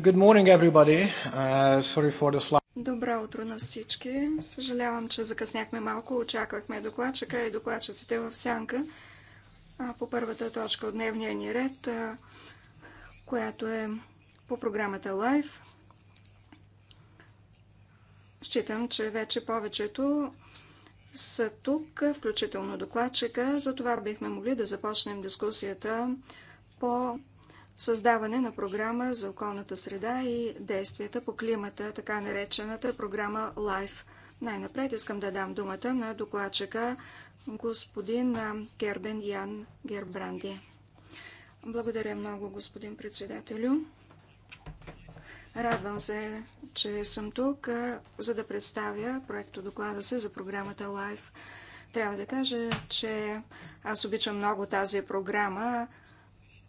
good morning everybody. Uh, sorry for the slide. Добро утро на всички. Съжалявам, че закъсняхме малко. Очаквахме докладчика и докладчиците в сянка по първата точка от дневния ни ред, която е по програмата Live. Считам, че вече повечето са тук, включително докладчика. Затова бихме могли да започнем дискусията по създаване на програма за околната среда и действията по климата, така наречената програма LIFE. Най-напред искам да дам думата на докладчика господин Гербен Ян Гербранди. Благодаря много, господин председателю. Радвам се, че съм тук, за да представя проекто доклада се за програмата LIFE. Трябва да кажа, че аз обичам много тази програма.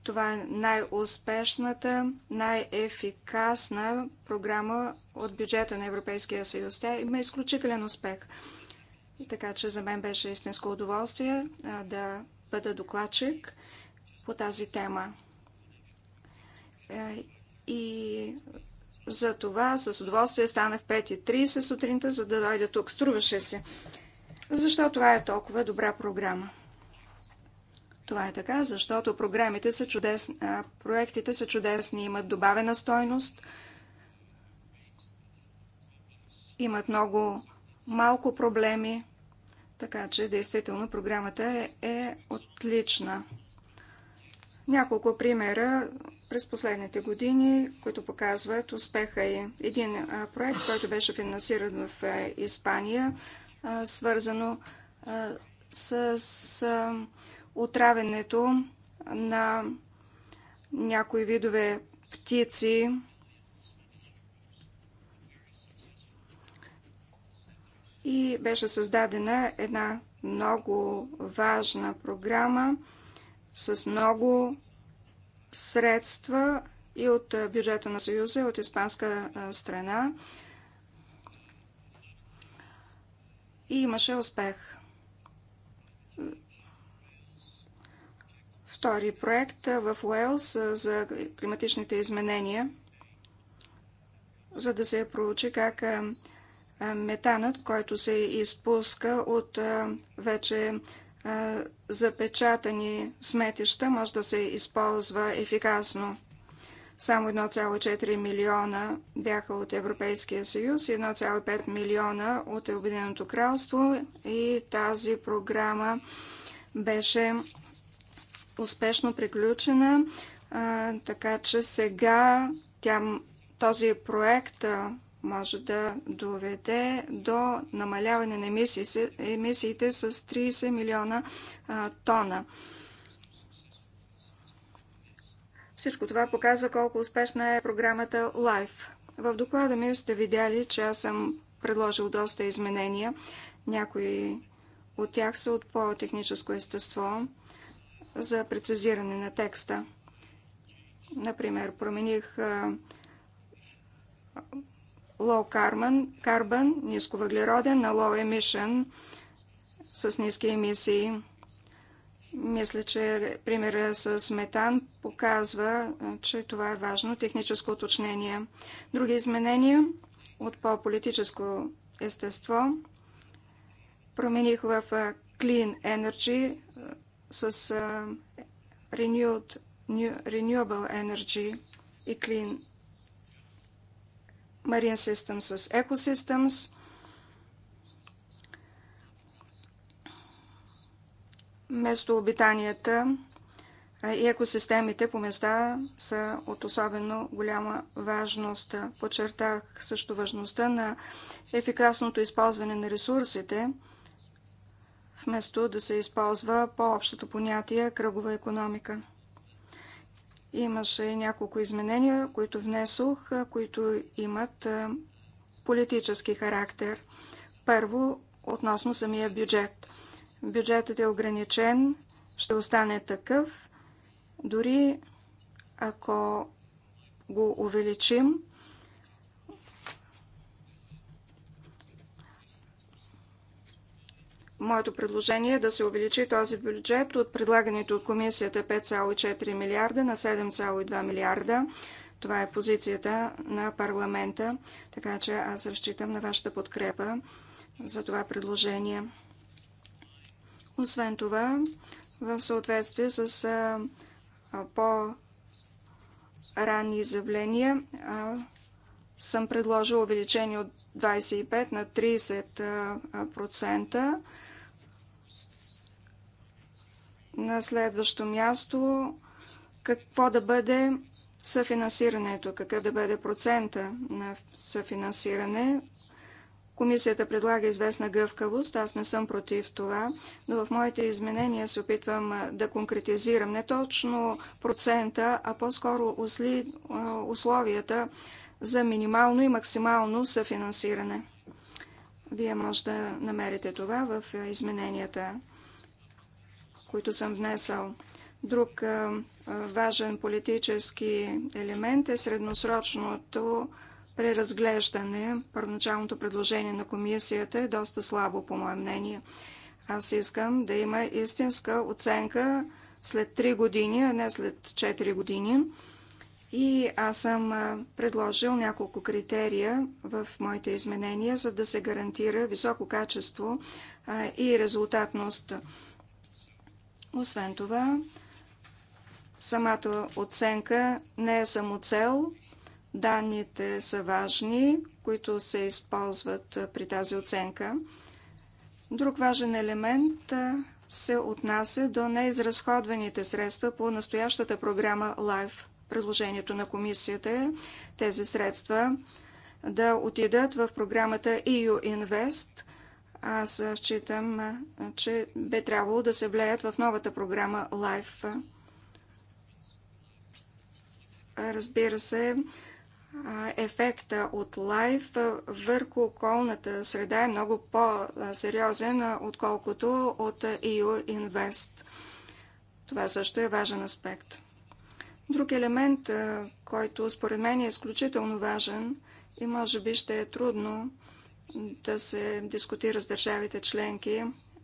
Това е най-успешната, най-ефикасна програма от бюджета на Европейския съюз. Тя има изключителен успех. И така че за мен беше истинско удоволствие да бъда докладчик по тази тема. Е, и за това с удоволствие стана в 5.30 сутринта, за да дойда тук. Струваше се. Защо това е толкова добра програма? Това е така, защото програмите са чудесни, проектите са чудесни, имат добавена стойност, имат много малко проблеми, така че действително програмата е, е отлична. Няколко примера през последните години, които показват успеха и един проект, който беше финансиран в Испания, свързано с отравянето на някои видове птици. И беше създадена една много важна програма с много средства и от бюджета на Съюза, и от испанска страна. И имаше успех. втори проект в Уелс за климатичните изменения, за да се проучи как метанът, който се изпуска от вече запечатани сметища, може да се използва ефикасно. Само 1,4 милиона бяха от Европейския съюз, 1,5 милиона от Обединеното кралство и тази програма беше успешно приключена, а, така че сега тя, този проект а, може да доведе до намаляване на емисиите с 30 милиона а, тона. Всичко това показва колко успешна е програмата LIFE. В доклада ми сте видяли, че аз съм предложил доста изменения. Някои от тях са от по-техническо естество за прецизиране на текста. Например, промених low carbon, carbon нисковъглероден на low emission с ниски емисии. Мисля, че примера с метан показва, че това е важно техническо уточнение. Други изменения от по-политическо естество промених в Clean Energy с Renewed, Renewable Energy и Clean Marine Systems с Ecosystems. Местообитанията и екосистемите по места са от особено голяма важност. Подчертах също важността на ефикасното използване на ресурсите – вместо да се използва по-общото понятие кръгова економика. Имаше няколко изменения, които внесох, които имат политически характер. Първо, относно самия бюджет. Бюджетът е ограничен, ще остане такъв, дори ако го увеличим, Моето предложение е да се увеличи този бюджет от предлагането от комисията 5,4 милиарда на 7,2 милиарда. Това е позицията на парламента, така че аз разчитам на вашата подкрепа за това предложение. Освен това, в съответствие с по-ранни изявления, съм предложил увеличение от 25 на 30% на следващо място, какво да бъде съфинансирането, какъв да бъде процента на съфинансиране. Комисията предлага известна гъвкавост, аз не съм против това, но в моите изменения се опитвам да конкретизирам не точно процента, а по-скоро условията за минимално и максимално съфинансиране. Вие може да намерите това в измененията които съм внесъл. Друг важен политически елемент е средносрочното преразглеждане. Първоначалното предложение на комисията е доста слабо, по мое мнение. Аз искам да има истинска оценка след 3 години, а не след 4 години. И аз съм предложил няколко критерия в моите изменения, за да се гарантира високо качество и резултатност. Освен това, самата оценка не е самоцел. Данните са важни, които се използват при тази оценка. Друг важен елемент се отнася до неизразходваните средства по настоящата програма LIFE. Предложението на комисията е тези средства да отидат в програмата EU Invest – аз считам, че бе трябвало да се влеят в новата програма LIFE. Разбира се, ефекта от лайф върху околната среда е много по-сериозен, отколкото от EU Invest. Това също е важен аспект. Друг елемент, който според мен е изключително важен и може би ще е трудно да се дискутира с държавите членки.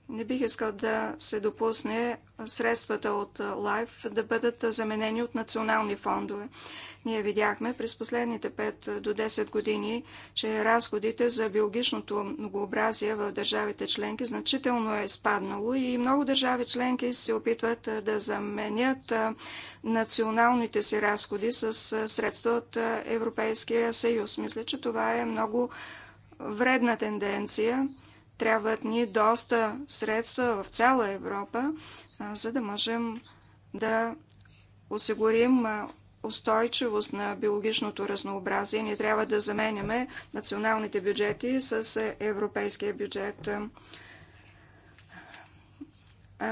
Не бих искал да се допусне средствата от ЛАЙФ да бъдат заменени от национални фондове. Ние видяхме през последните 5 до 10 години, че разходите за биологичното многообразие в държавите членки значително е спаднало и много държави членки се опитват да заменят националните си разходи с средства от Европейския съюз. Мисля, че това е много вредна тенденция. Трябват ни доста средства в цяла Европа, за да можем да осигурим устойчивост на биологичното разнообразие. Ние трябва да заменяме националните бюджети с европейския бюджет.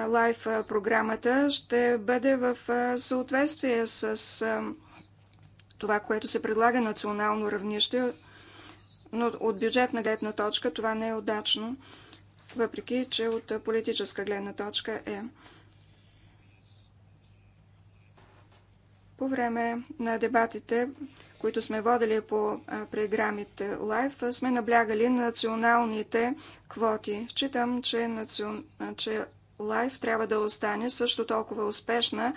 Лайф програмата ще бъде в съответствие с това, което се предлага национално равнище но от бюджетна гледна точка това не е удачно, въпреки че от политическа гледна точка е. По време на дебатите, които сме водили по програмите ЛАЙФ, сме наблягали на националните квоти. Читам, че, национ... че трябва да остане също толкова успешна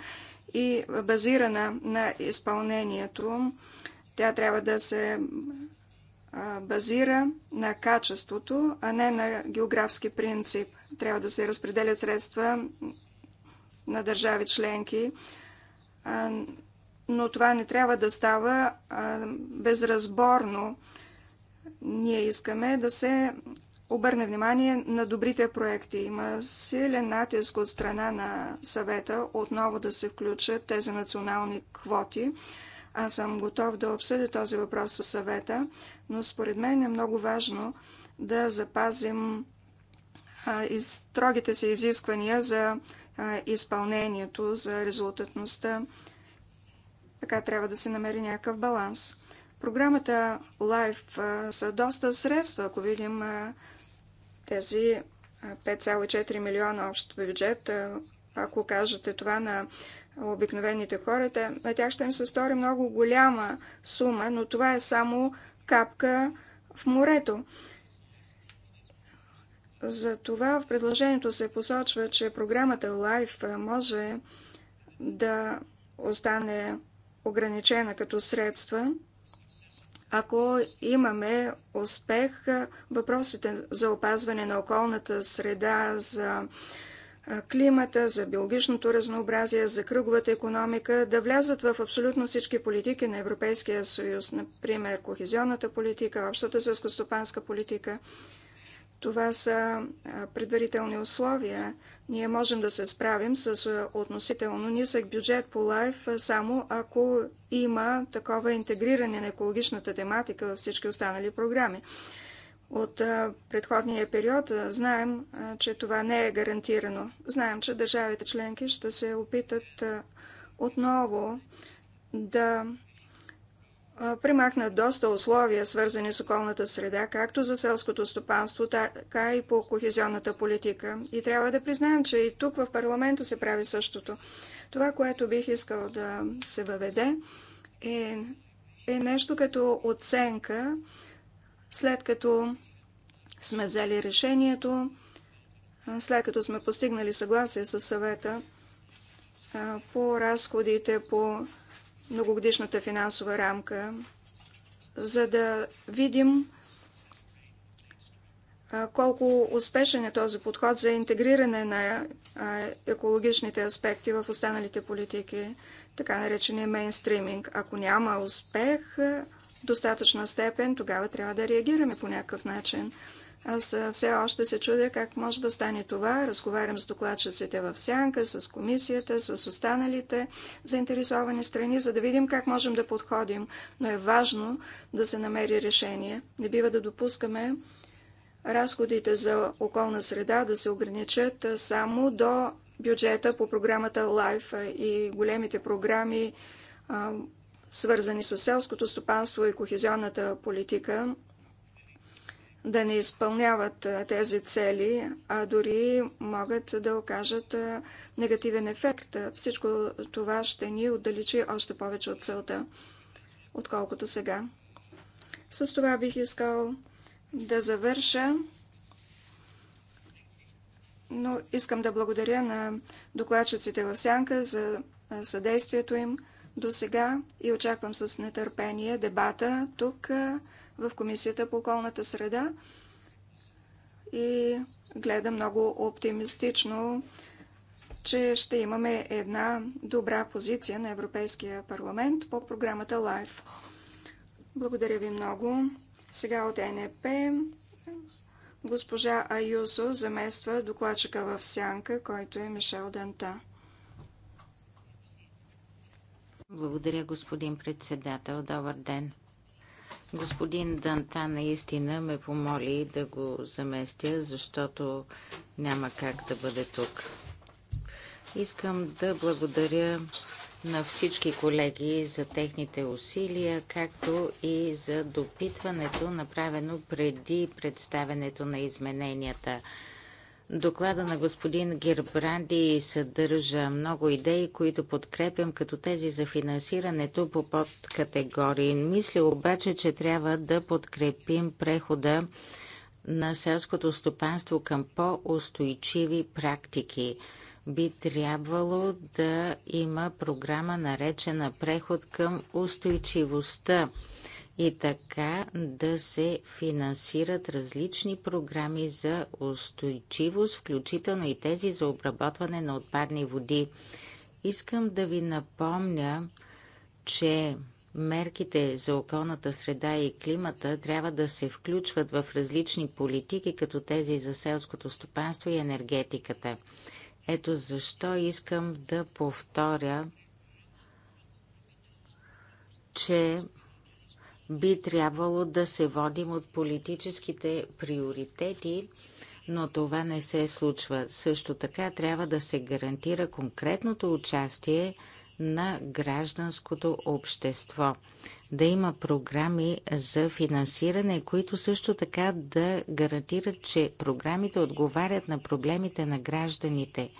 и базирана на изпълнението. Тя трябва да се базира на качеството, а не на географски принцип. Трябва да се разпределят средства на държави членки, но това не трябва да става безразборно. Ние искаме да се обърне внимание на добрите проекти. Има силен натиск от страна на съвета отново да се включат тези национални квоти. Аз съм готов да обсъдя този въпрос със съвета, но според мен е много важно да запазим и строгите се изисквания за изпълнението, за резултатността. Така трябва да се намери някакъв баланс. Програмата LIFE са доста средства, ако видим тези 5,4 милиона общо бюджет. Ако кажете това на обикновените хора, на тях ще им се стори много голяма сума, но това е само капка в морето. Затова в предложението се посочва, че програмата LIFE може да остане ограничена като средства, ако имаме успех, въпросите за опазване на околната среда, за климата, за биологичното разнообразие, за кръговата економика, да влязат в абсолютно всички политики на Европейския съюз, например кохезионната политика, общата селскостопанска политика. Това са предварителни условия. Ние можем да се справим с относително нисък бюджет по лайф, само ако има такова интегриране на екологичната тематика във всички останали програми от предходния период, знаем, че това не е гарантирано. Знаем, че държавите членки ще се опитат отново да примахнат доста условия, свързани с околната среда, както за селското стопанство, така и по кохезионната политика. И трябва да признаем, че и тук в парламента се прави същото. Това, което бих искал да се въведе, е, е нещо като оценка след като сме взели решението, след като сме постигнали съгласие с съвета по разходите по многогодишната финансова рамка, за да видим колко успешен е този подход за интегриране на екологичните аспекти в останалите политики, така наречения мейнстриминг. Ако няма успех, достатъчна степен, тогава трябва да реагираме по някакъв начин. Аз все още се чудя как може да стане това. Разговарям с докладчиците в Сянка, с комисията, с останалите заинтересовани страни, за да видим как можем да подходим. Но е важно да се намери решение. Не бива да допускаме разходите за околна среда да се ограничат само до бюджета по програмата LIFE и големите програми свързани с селското стопанство и кохезионната политика, да не изпълняват тези цели, а дори могат да окажат негативен ефект. Всичко това ще ни отдалечи още повече от целта, отколкото сега. С това бих искал да завърша, но искам да благодаря на докладчиците в Сянка за съдействието им – до сега и очаквам с нетърпение дебата тук в Комисията по околната среда и гледам много оптимистично, че ще имаме една добра позиция на Европейския парламент по програмата LIFE. Благодаря ви много. Сега от НЕП, госпожа Аюсо замества докладчика в сянка, който е Мишел Данта. Благодаря, господин председател. Добър ден. Господин Данта наистина ме помоли да го заместя, защото няма как да бъде тук. Искам да благодаря на всички колеги за техните усилия, както и за допитването, направено преди представенето на измененията. Доклада на господин Гербранди съдържа много идеи, които подкрепям, като тези за финансирането по подкатегории. Мисля обаче, че трябва да подкрепим прехода на селското стопанство към по-устойчиви практики. Би трябвало да има програма наречена преход към устойчивостта и така да се финансират различни програми за устойчивост, включително и тези за обработване на отпадни води. Искам да ви напомня, че мерките за околната среда и климата трябва да се включват в различни политики, като тези за селското стопанство и енергетиката. Ето защо искам да повторя, че би трябвало да се водим от политическите приоритети, но това не се случва. Също така трябва да се гарантира конкретното участие на гражданското общество. Да има програми за финансиране, които също така да гарантират, че програмите отговарят на проблемите на гражданите –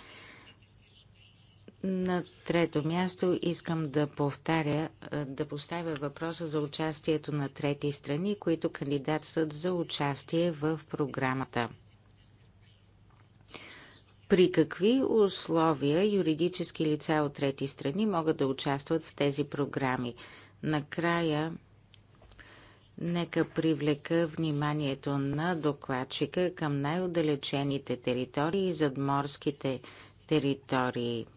на трето място искам да повтаря, да поставя въпроса за участието на трети страни, които кандидатстват за участие в програмата. При какви условия юридически лица от трети страни могат да участват в тези програми? Накрая, нека привлека вниманието на докладчика към най-отдалечените територии и задморските територии –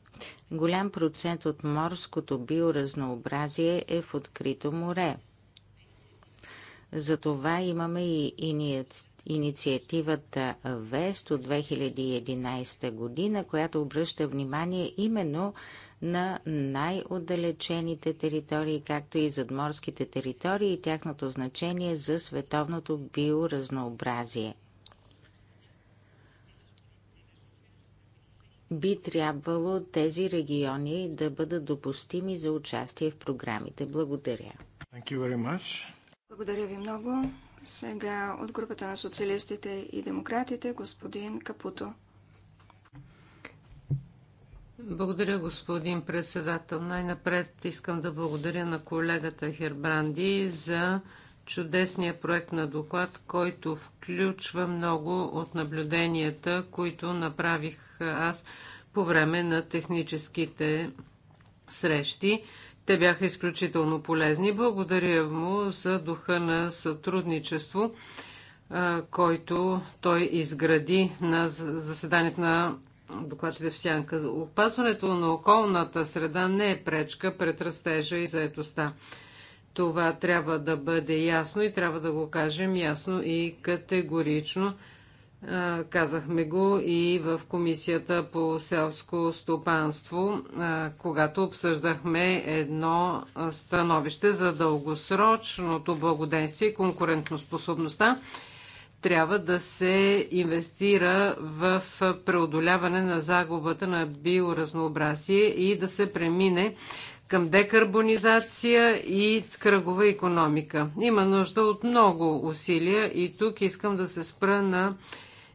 Голям процент от морското биоразнообразие е в открито море. Затова имаме и инициативата ВЕСТ от 2011 година, която обръща внимание именно на най-отдалечените територии, както и задморските територии и тяхното значение за световното биоразнообразие. би трябвало тези региони да бъдат допустими за участие в програмите. Благодаря. Благодаря ви много. Сега от групата на социалистите и демократите господин Капуто. Благодаря, господин председател. Най-напред искам да благодаря на колегата Хербранди за чудесния проект на доклад, който включва много от наблюденията, които направих аз по време на техническите срещи. Те бяха изключително полезни. Благодаря му за духа на сътрудничество, който той изгради на заседанието на докладчите в сянка. Опазването на околната среда не е пречка пред растежа и заетостта. Това трябва да бъде ясно и трябва да го кажем ясно и категорично. Казахме го и в Комисията по селско стопанство, когато обсъждахме едно становище за дългосрочното благоденствие и конкурентноспособността. Трябва да се инвестира в преодоляване на загубата на биоразнообразие и да се премине към декарбонизация и кръгова економика. Има нужда от много усилия и тук искам да се спра на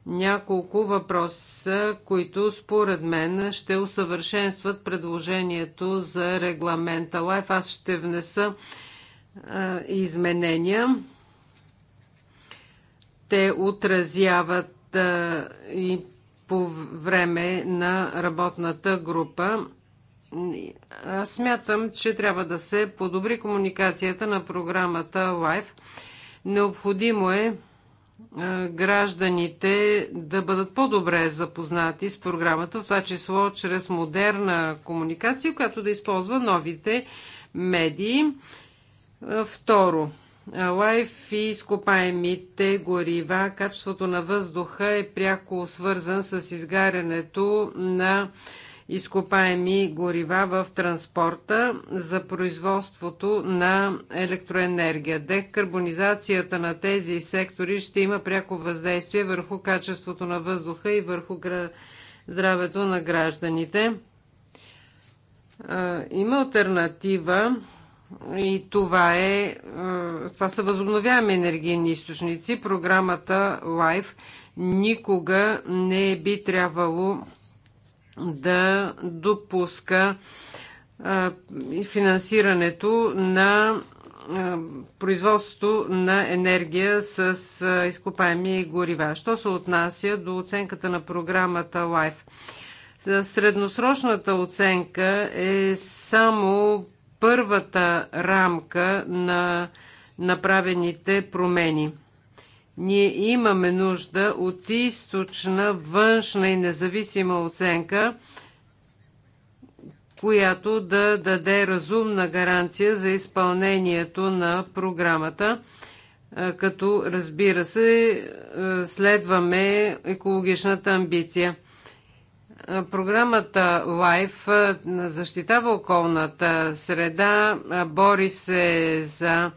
няколко въпроса, които според мен ще усъвършенстват предложението за регламента ЛАЙФ. Аз ще внеса изменения. Те отразяват и по време на работната група. Аз смятам, че трябва да се подобри комуникацията на програмата ЛАЙФ. Необходимо е гражданите да бъдат по-добре запознати с програмата, в това число чрез модерна комуникация, която да използва новите медии. Второ, лайф и изкопаемите горива, качеството на въздуха е пряко свързан с изгарянето на изкопаеми горива в транспорта за производството на електроенергия. Декарбонизацията на тези сектори ще има пряко въздействие върху качеството на въздуха и върху здравето на гражданите. Има альтернатива и това, е, това са възобновяеми енергийни източници. Програмата LIFE никога не е би трябвало да допуска финансирането на производството на енергия с изкопаеми горива. Що се отнася до оценката на програмата LIFE? Средносрочната оценка е само първата рамка на направените промени. Ние имаме нужда от източна, външна и независима оценка, която да даде разумна гаранция за изпълнението на програмата, като разбира се следваме екологичната амбиция. Програмата LIFE защитава околната среда, бори се за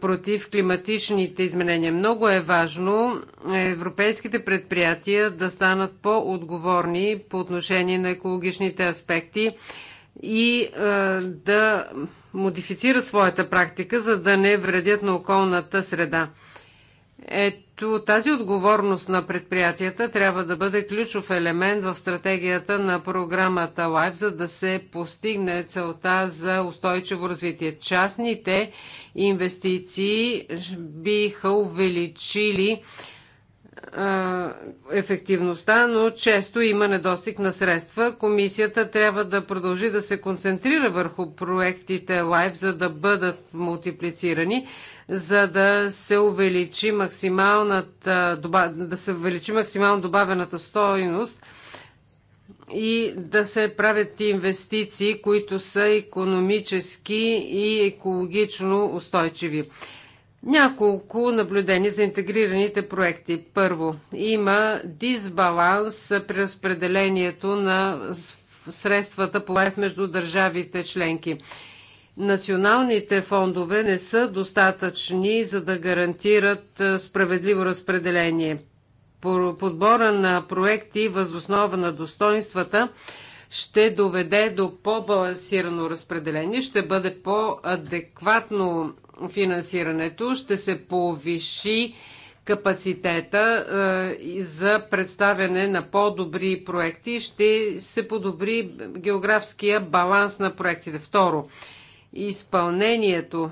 против климатичните изменения. Много е важно европейските предприятия да станат по-отговорни по отношение на екологичните аспекти и да модифицират своята практика, за да не вредят на околната среда. Ето тази отговорност на предприятията трябва да бъде ключов елемент в стратегията на програмата LIFE, за да се постигне целта за устойчиво развитие. Частните инвестиции биха увеличили ефективността, но често има недостиг на средства. Комисията трябва да продължи да се концентрира върху проектите LIFE, за да бъдат мултиплицирани за да се увеличи максималната, да се увеличи максимално добавената стоеност и да се правят инвестиции, които са економически и екологично устойчиви. Няколко наблюдения за интегрираните проекти. Първо, има дисбаланс при разпределението на средствата по лайф между държавите членки националните фондове не са достатъчни, за да гарантират справедливо разпределение. Подбора на проекти възоснова на достоинствата ще доведе до по-балансирано разпределение, ще бъде по-адекватно финансирането, ще се повиши капацитета за представяне на по-добри проекти, ще се подобри географския баланс на проектите. Второ, изпълнението,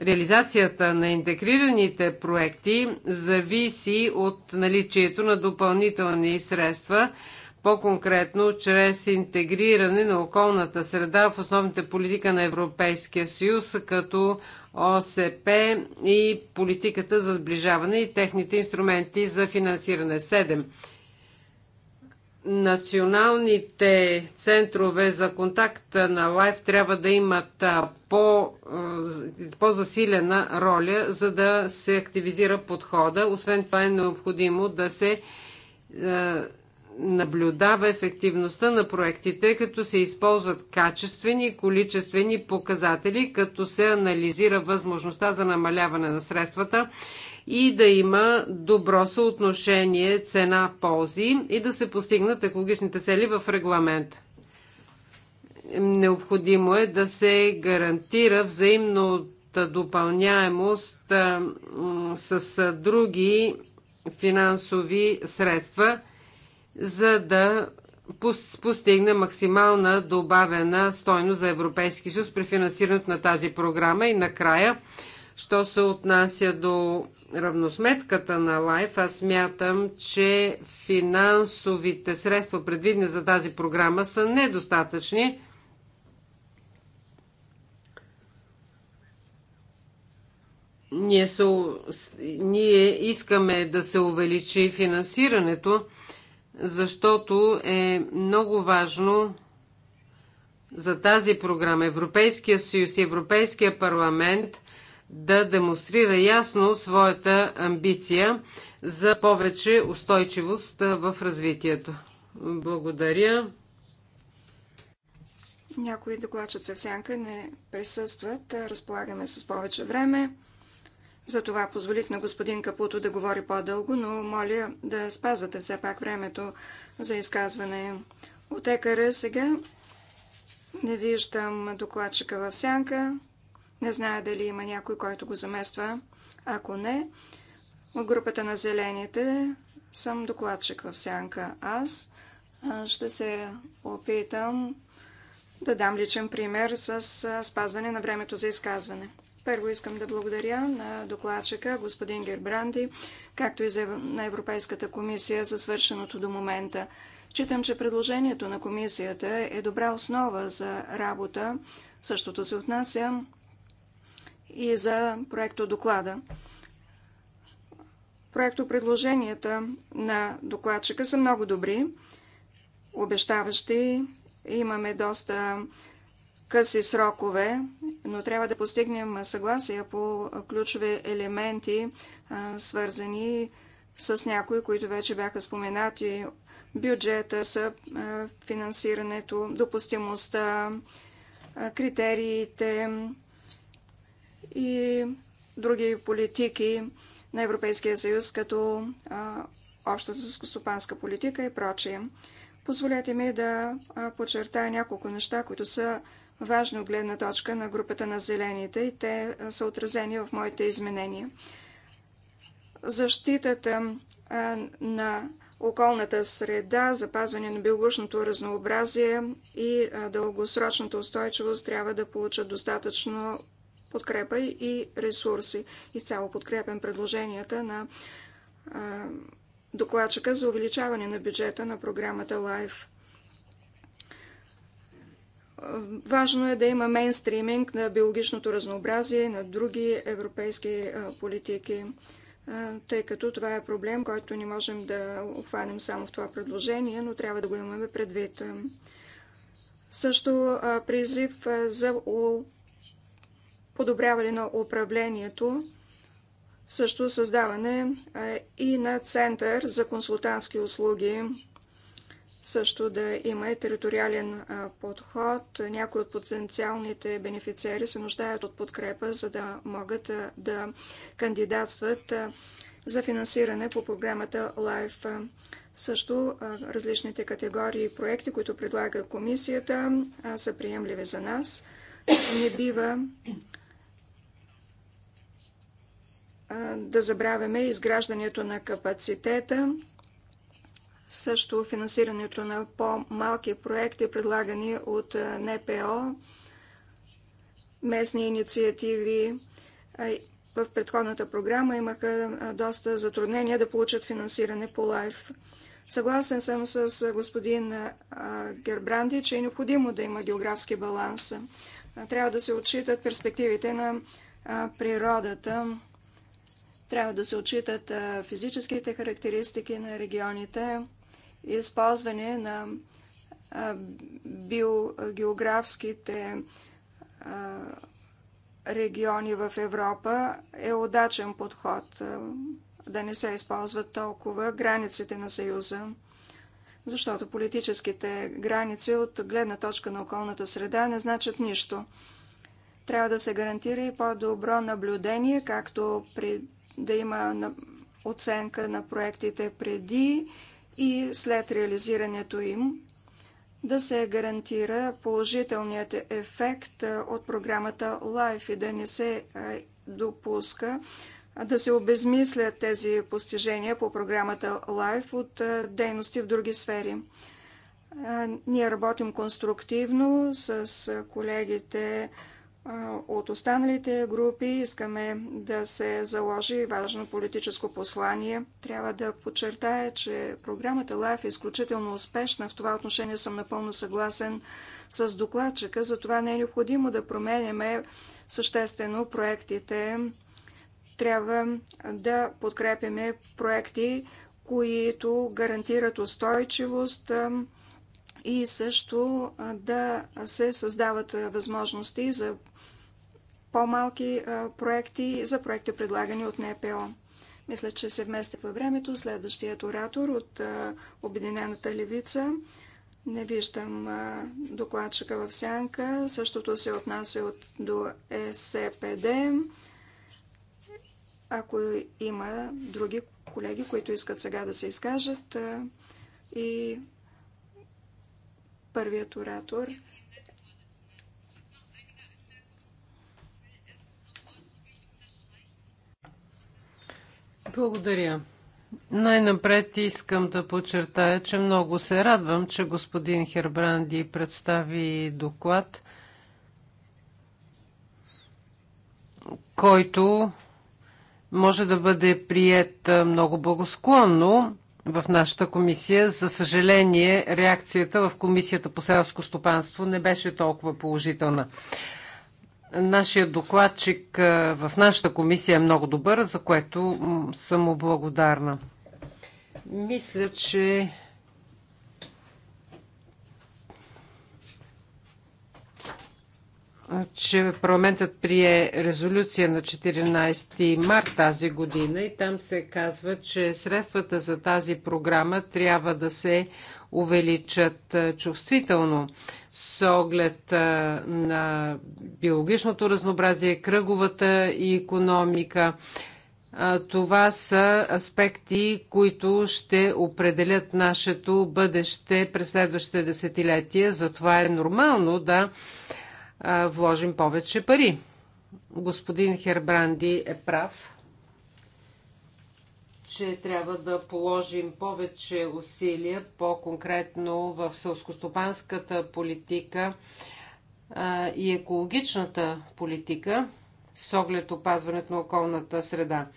реализацията на интегрираните проекти зависи от наличието на допълнителни средства, по-конкретно чрез интегриране на околната среда в основните политика на Европейския съюз, като ОСП и политиката за сближаване и техните инструменти за финансиране. 7 националните центрове за контакт на Лайф трябва да имат по, по-засилена роля, за да се активизира подхода. Освен това е необходимо да се наблюдава ефективността на проектите, като се използват качествени и количествени показатели, като се анализира възможността за намаляване на средствата и да има добро съотношение цена-ползи и да се постигнат екологичните цели в регламент. Необходимо е да се гарантира взаимно допълняемост с други финансови средства, за да постигне максимална добавена стойност за Европейски съюз при финансирането на тази програма. И накрая Що се отнася до равносметката на Лайф, аз мятам, че финансовите средства, предвидени за тази програма, са недостатъчни. Ние, ние искаме да се увеличи финансирането, защото е много важно за тази програма Европейския съюз и Европейския парламент – да демонстрира ясно своята амбиция за повече устойчивост в развитието. Благодаря. Някои докладчат в сянка не присъстват. Разполагаме с повече време. Затова позволих на господин Капуто да говори по-дълго, но моля да спазвате все пак времето за изказване. От ЕКР сега не виждам докладчика в сянка. Не зная дали има някой, който го замества. Ако не, от групата на зелените съм докладчик в сянка. Аз ще се опитам да дам личен пример с спазване на времето за изказване. Първо искам да благодаря на докладчика господин Гербранди, както и на Европейската комисия за свършеното до момента. Читам, че предложението на комисията е добра основа за работа. Същото се отнася и за проекто доклада. Проекто предложенията на докладчика са много добри, обещаващи. Имаме доста къси срокове, но трябва да постигнем съгласие по ключови елементи, свързани с някои, които вече бяха споменати. Бюджета, финансирането, допустимостта, критериите, и други политики на Европейския съюз, като общата скостопанска политика и прочие. Позволете ми да подчертая няколко неща, които са важни от гледна точка на групата на зелените и те са отразени в моите изменения. Защитата на околната среда, запазване на биологичното разнообразие и дългосрочната устойчивост трябва да получат достатъчно подкрепа и ресурси. Изцяло подкрепям предложенията на докладчика за увеличаване на бюджета на програмата LIFE. Важно е да има мейнстриминг на биологичното разнообразие и на други европейски политики, тъй като това е проблем, който не можем да обхванем само в това предложение, но трябва да го имаме предвид. Също призив за подобряване на управлението, също създаване и на център за консултантски услуги, също да има и териториален подход. Някои от потенциалните бенефициери се нуждаят от подкрепа, за да могат да кандидатстват за финансиране по програмата LIFE. Също различните категории и проекти, които предлага комисията, са приемливи за нас. Не бива да забравяме изграждането на капацитета, също финансирането на по-малки проекти, предлагани от НПО, местни инициативи. В предходната програма имаха доста затруднения да получат финансиране по лайф. Съгласен съм с господин Гербранди, че е необходимо да има географски баланс. Трябва да се отчитат перспективите на природата трябва да се отчитат физическите характеристики на регионите, използване на биогеографските региони в Европа е удачен подход да не се използват толкова границите на Съюза, защото политическите граници от гледна точка на околната среда не значат нищо. Трябва да се гарантира и по-добро наблюдение, както при да има оценка на проектите преди и след реализирането им, да се гарантира положителният ефект от програмата LIFE и да не се допуска да се обезмислят тези постижения по програмата LIFE от дейности в други сфери. Ние работим конструктивно с колегите от останалите групи искаме да се заложи важно политическо послание. Трябва да подчертая, че програмата ЛАФ е изключително успешна. В това отношение съм напълно съгласен с докладчика. Затова не е необходимо да променяме съществено проектите. Трябва да подкрепяме проекти, които гарантират устойчивост, и също да се създават възможности за по-малки проекти за проекти предлагани от НПО. Мисля, че се вместе във времето. Следващият оратор от Обединената левица. Не виждам докладчика в сянка. Същото се отнася от, до СПД. Ако има други колеги, които искат сега да се изкажат и първият оратор Благодаря. Най-напред искам да подчертая, че много се радвам, че господин Хербранди представи доклад, който може да бъде прият много благосклонно в нашата комисия. За съжаление, реакцията в комисията по селско стопанство не беше толкова положителна. Нашия докладчик в нашата комисия е много добър, за което съм му благодарна. Мисля, че че парламентът прие резолюция на 14 март тази година и там се казва, че средствата за тази програма трябва да се увеличат чувствително с оглед на биологичното разнообразие, кръговата и економика. Това са аспекти, които ще определят нашето бъдеще през следващите десетилетия. Затова е нормално да вложим повече пари. Господин Хербранди е прав че трябва да положим повече усилия, по-конкретно в селскостопанската политика и екологичната политика с оглед опазването на околната среда.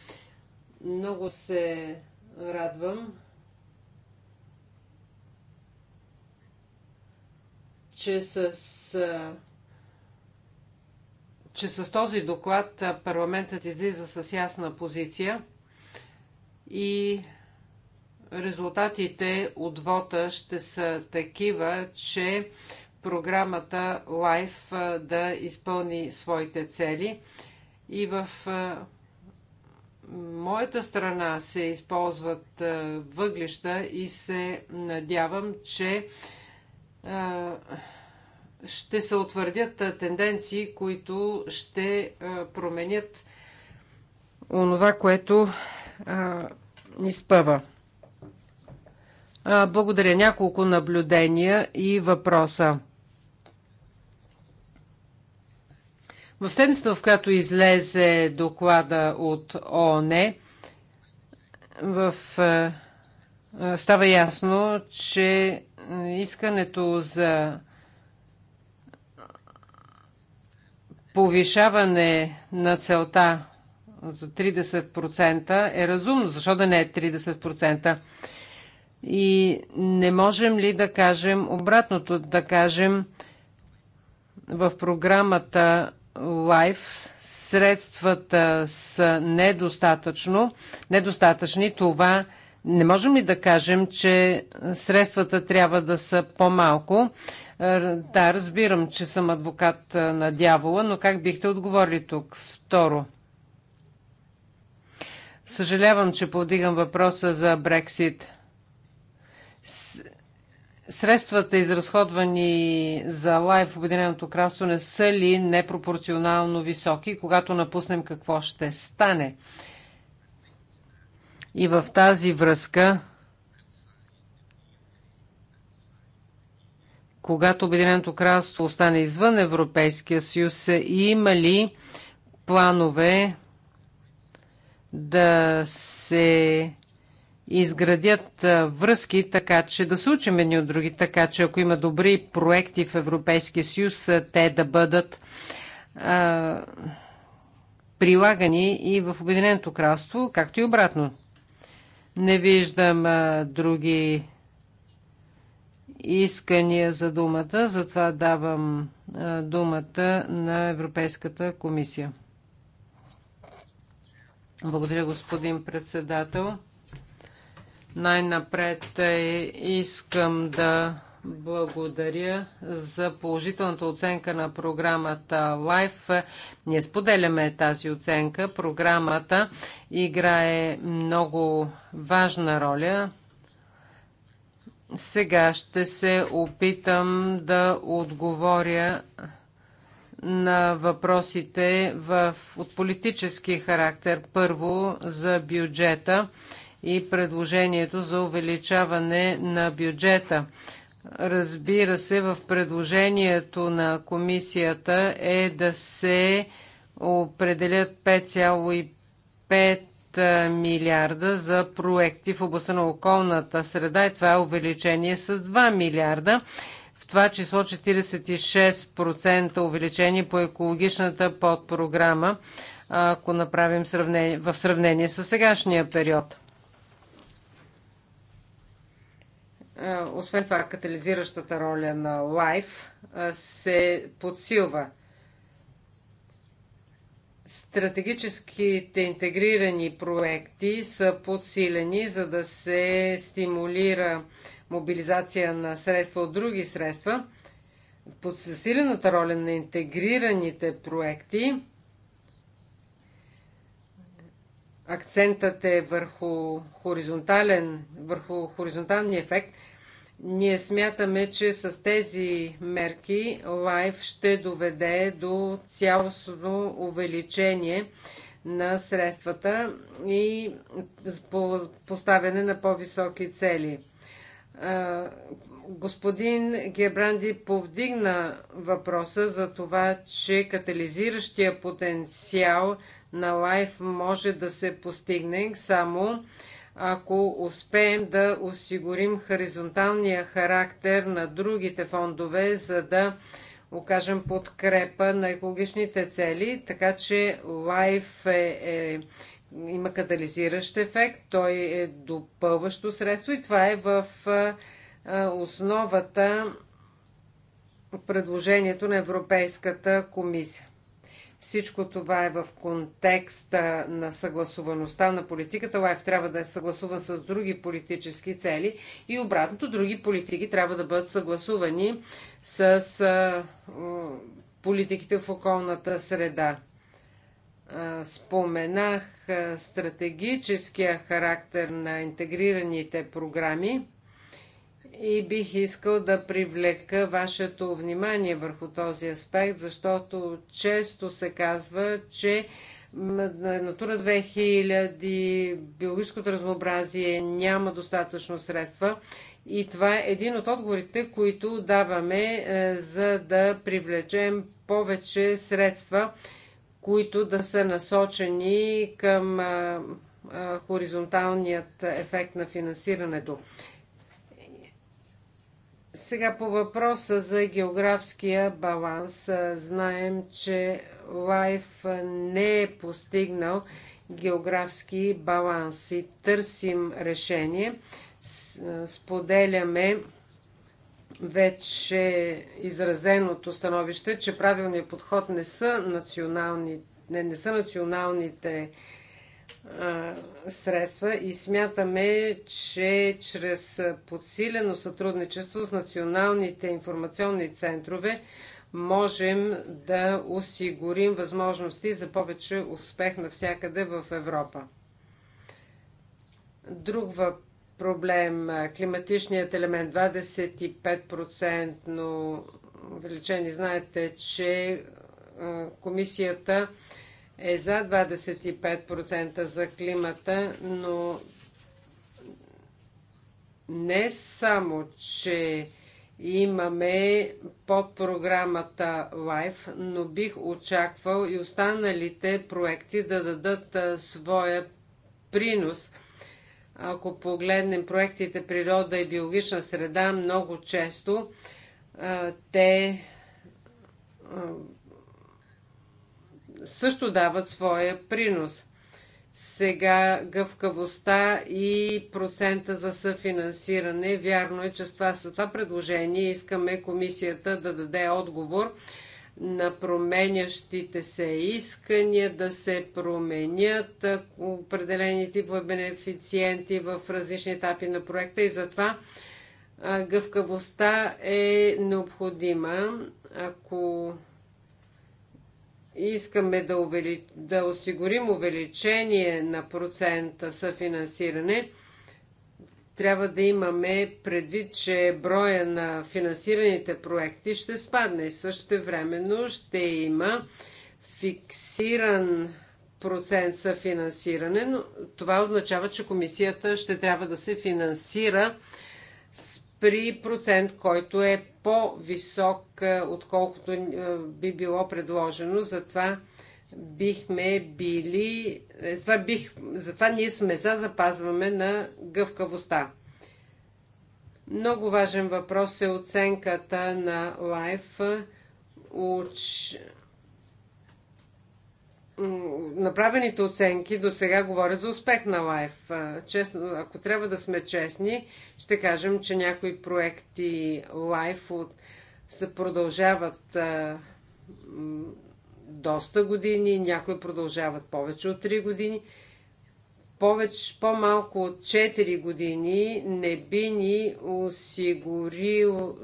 Много се радвам, че с че с този доклад парламентът излиза с ясна позиция и резултатите от вота ще са такива, че програмата LIFE да изпълни своите цели. И в моята страна се използват въглища и се надявам, че ще се утвърдят тенденции, които ще променят онова, което изпъва. Благодаря. Няколко наблюдения и въпроса. В седмицата, в която излезе доклада от ООН, в, става ясно, че искането за повишаване на целта за 30% е разумно. Защо да не е 30%? И не можем ли да кажем обратното, да кажем в програмата Life средствата са недостатъчно, недостатъчни, това не можем ли да кажем, че средствата трябва да са по-малко? Да, разбирам, че съм адвокат на дявола, но как бихте отговорили тук? Второ – Съжалявам, че повдигам въпроса за Брексит. Средствата, изразходвани за лайф в Обединеното кралство, не са ли непропорционално високи? Когато напуснем, какво ще стане? И в тази връзка, когато Обединеното кралство остане извън Европейския съюз, има ли планове да се изградят връзки, така че да се учим едни от други, така че ако има добри проекти в Европейския съюз, те да бъдат а, прилагани и в Обединеното кралство, както и обратно. Не виждам а, други искания за думата, затова давам а, думата на Европейската комисия. Благодаря, господин председател. Най-напред е, искам да благодаря за положителната оценка на програмата LIFE. Ние споделяме тази оценка. Програмата играе много важна роля. Сега ще се опитам да отговоря на въпросите в, от политически характер. Първо за бюджета и предложението за увеличаване на бюджета. Разбира се, в предложението на комисията е да се определят 5,5 милиарда за проекти в областта на околната среда и това е увеличение с 2 милиарда това число 46% увеличение по екологичната подпрограма, ако направим сравнение, в сравнение с сегашния период. Освен това, катализиращата роля на Лайф се подсилва. Стратегическите интегрирани проекти са подсилени, за да се стимулира мобилизация на средства от други средства, под засилената роля на интегрираните проекти, акцентът е върху, хоризонтален, върху хоризонталния ефект, ние смятаме, че с тези мерки Life ще доведе до цялостно увеличение на средствата и поставяне на по-високи цели господин Гебранди повдигна въпроса за това, че катализиращия потенциал на лайф може да се постигне само ако успеем да осигурим хоризонталния характер на другите фондове, за да окажем подкрепа на екологичните цели, така че лайф е, е има катализиращ ефект, той е допълващо средство и това е в основата предложението на Европейската комисия. Всичко това е в контекста на съгласуваността на политиката. Лайф трябва да е съгласуван с други политически цели и обратното, други политики трябва да бъдат съгласувани с политиките в околната среда споменах стратегическия характер на интегрираните програми и бих искал да привлека вашето внимание върху този аспект, защото често се казва, че Натура 2000, биологическото разнообразие няма достатъчно средства и това е един от отговорите, които даваме, е, за да привлечем повече средства които да са насочени към хоризонталният ефект на финансирането. Сега по въпроса за географския баланс. Знаем, че Лайф не е постигнал географски баланс и търсим решение. Споделяме вече изразеното становище, че правилният подход не са, национални, не, не са националните а, средства и смятаме, че чрез подсилено сътрудничество с националните информационни центрове можем да осигурим възможности за повече успех навсякъде в Европа. Друг въпрос проблем. Климатичният елемент 25% увеличени. Знаете, че комисията е за 25% за климата, но не само, че имаме под програмата LIFE, но бих очаквал и останалите проекти да дадат своя принос – ако погледнем проектите природа и биологична среда, много често те също дават своя принос. Сега гъвкавостта и процента за съфинансиране. Вярно е, че с това, с това предложение искаме комисията да даде отговор на променящите се искания, да се променят определени типове бенефициенти в различни етапи на проекта и затова гъвкавостта е необходима. Ако искаме да, увели... да осигурим увеличение на процента съфинансиране, трябва да имаме предвид, че броя на финансираните проекти ще спадне. Също времено ще има фиксиран процент за финансиране, но това означава, че комисията ще трябва да се финансира при процент, който е по-висок, е, отколкото е, би било предложено. Затова бихме били... Затова, бих, затова ние сме за запазваме на гъвкавостта. Много важен въпрос е оценката на лайф. Уч... Направените оценки до сега говорят за успех на лайф. Честно, ако трябва да сме честни, ще кажем, че някои проекти лайф от... се продължават доста години, някои продължават повече от 3 години. Повече, по-малко от 4 години не би ни осигурило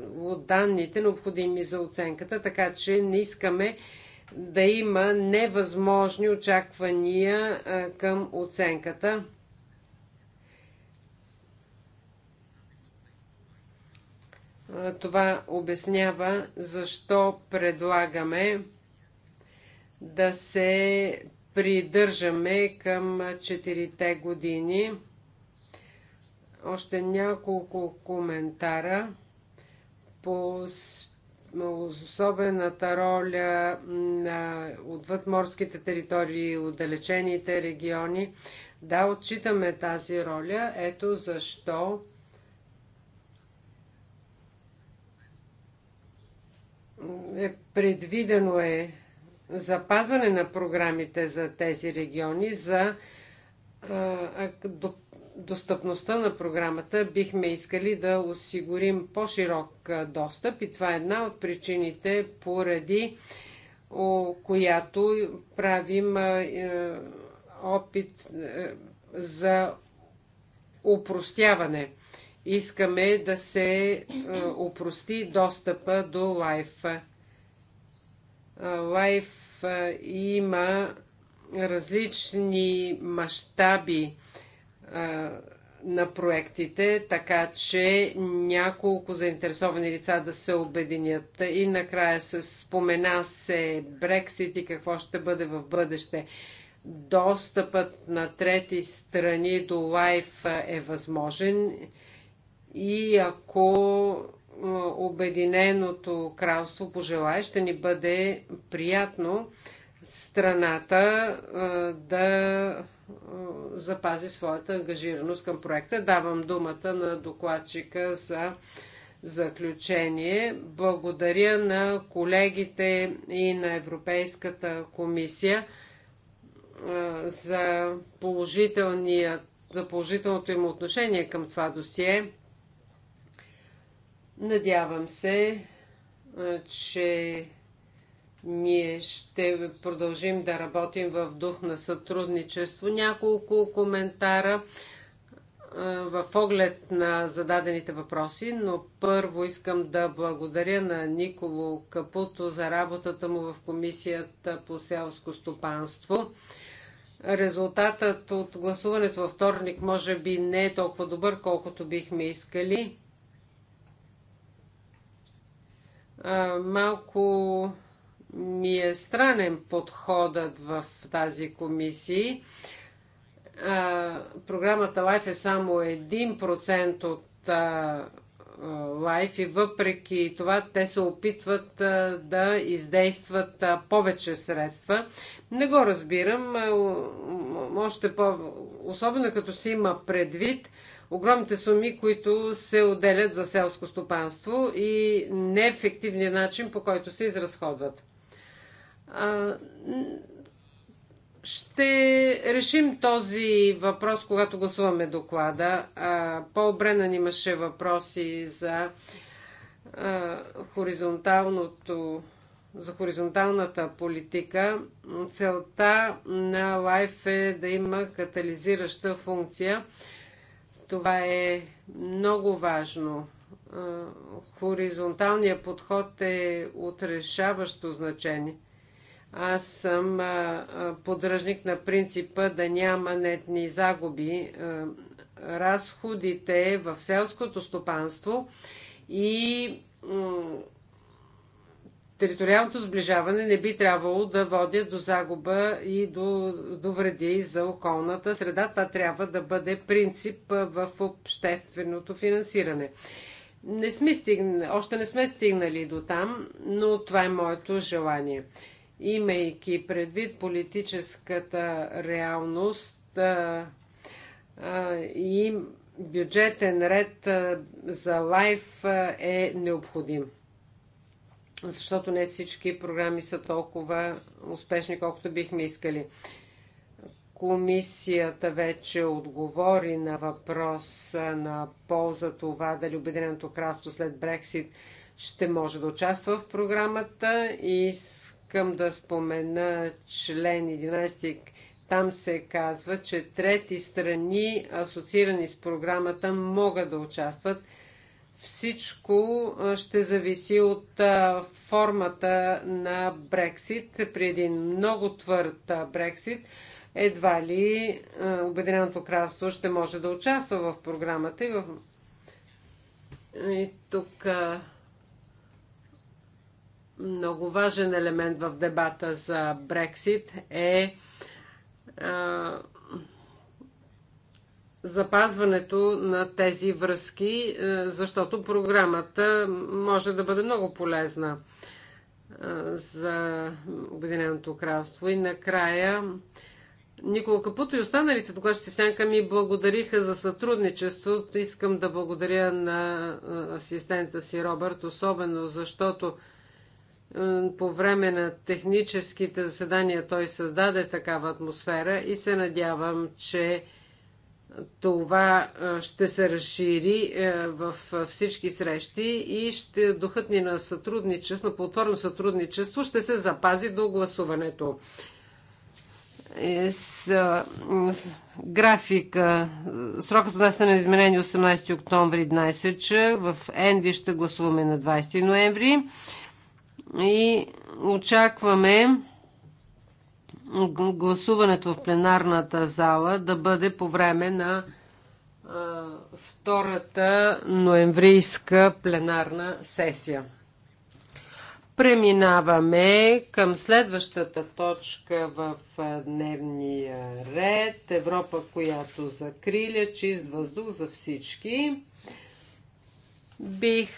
данните, необходими за оценката, така че не искаме да има невъзможни очаквания към оценката. Това обяснява защо предлагаме да се придържаме към четирите години. Още няколко коментара по особената роля на отвъдморските територии и отдалечените региони. Да, отчитаме тази роля. Ето защо е предвидено е запазване на програмите за тези региони, за а, до, достъпността на програмата, бихме искали да осигурим по-широк достъп и това е една от причините, поради о, която правим а, е, опит е, за упростяване. Искаме да се е, упрости достъпа до лайф. Лайф е, има различни мащаби на проектите, така че няколко заинтересовани лица да се обединят. И накрая се спомена се Брексит и какво ще бъде в бъдеще. Достъпът на трети страни до лайф е възможен и ако Обединеното кралство пожелае, ще ни бъде приятно страната да запази своята ангажираност към проекта. Давам думата на докладчика за заключение. Благодаря на колегите и на Европейската комисия за, положителния, за положителното им отношение към това досие. Надявам се, че ние ще продължим да работим в дух на сътрудничество. Няколко коментара в оглед на зададените въпроси, но първо искам да благодаря на Николо Капуто за работата му в Комисията по селско стопанство. Резултатът от гласуването във вторник може би не е толкова добър, колкото бихме искали малко ми е странен подходът в тази комисии. Програмата Life е само 1% от Life и въпреки това те се опитват да издействат повече средства. Не го разбирам, още по- особено като си има предвид, огромните суми, които се отделят за селско стопанство и неефективния начин, по който се изразходват. Ще решим този въпрос, когато гласуваме доклада. Пол Бренън имаше въпроси за хоризонталното за хоризонталната политика. Целта на Лайф е да има катализираща функция – това е много важно. Хоризонталният подход е отрешаващо значение. Аз съм подръжник на принципа да няма нетни загуби. Разходите в селското стопанство и териториалното сближаване не би трябвало да води до загуба и до, до вреди за околната среда. Това трябва да бъде принцип в общественото финансиране. Не сме стигнали, още не сме стигнали до там, но това е моето желание. Имайки предвид политическата реалност а, а, и бюджетен ред а, за лайф е необходим защото не всички програми са толкова успешни, колкото бихме искали. Комисията вече отговори на въпрос на полза това дали Обединеното кралство след Брексит ще може да участва в програмата. И искам да спомена член 11. Там се казва, че трети страни, асоциирани с програмата, могат да участват – всичко ще зависи от формата на Брексит. При един много твърд Брексит, едва ли Обединеното кралство ще може да участва в програмата. И, в... и тук много важен елемент в дебата за Брексит е запазването на тези връзки, е, защото програмата може да бъде много полезна е, за Обединеното кралство. И накрая Никола Капуто и останалите докладчици в Сянка ми благодариха за сътрудничеството. Искам да благодаря на е, асистента си Робърт, особено защото по време на техническите заседания той създаде такава атмосфера и се надявам, че това ще се разшири в всички срещи и ще духът ни на сътрудничество, на плотворно сътрудничество ще се запази до гласуването. С, с графика, срокът за на изменение 18 октомври 11 ч. В Енви ще гласуваме на 20 ноември и очакваме гласуването в пленарната зала да бъде по време на втората ноемврийска пленарна сесия. Преминаваме към следващата точка в дневния ред. Европа, която закриля чист въздух за всички. Бих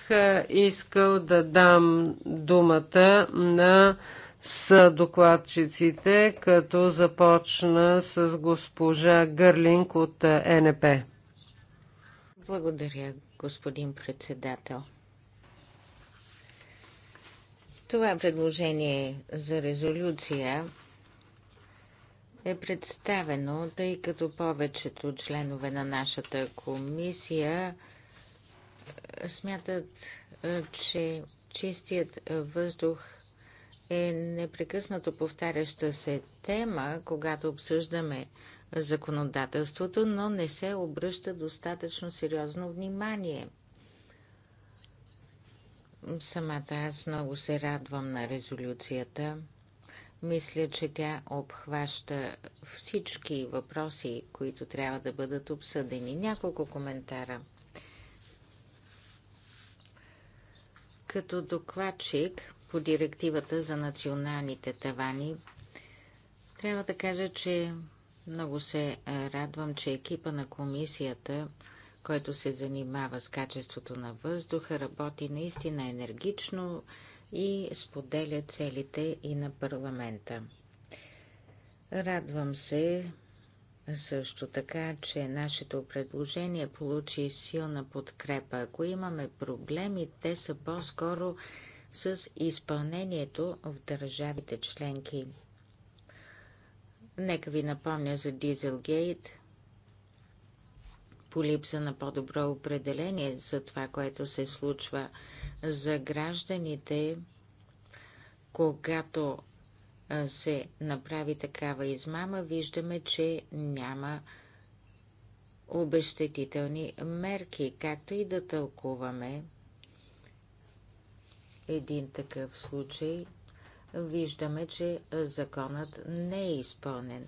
искал да дам думата на с докладчиците, като започна с госпожа Гърлинг от е, НП. Благодаря, господин председател. Това предложение за резолюция е представено, тъй като повечето членове на нашата комисия е, смятат, е, че чистият въздух е непрекъснато повтаряща се тема, когато обсъждаме законодателството, но не се обръща достатъчно сериозно внимание. Самата аз много се радвам на резолюцията. Мисля, че тя обхваща всички въпроси, които трябва да бъдат обсъдени. Няколко коментара. Като докладчик по директивата за националните тавани. Трябва да кажа, че много се радвам, че екипа на комисията, който се занимава с качеството на въздуха, работи наистина енергично и споделя целите и на парламента. Радвам се също така, че нашето предложение получи силна подкрепа. Ако имаме проблеми, те са по-скоро с изпълнението в държавите членки. Нека ви напомня за Дизелгейт, по липса на по-добро определение за това, което се случва за гражданите, когато се направи такава измама, виждаме, че няма обещетителни мерки, както и да тълкуваме един такъв случай, виждаме, че законът не е изпълнен.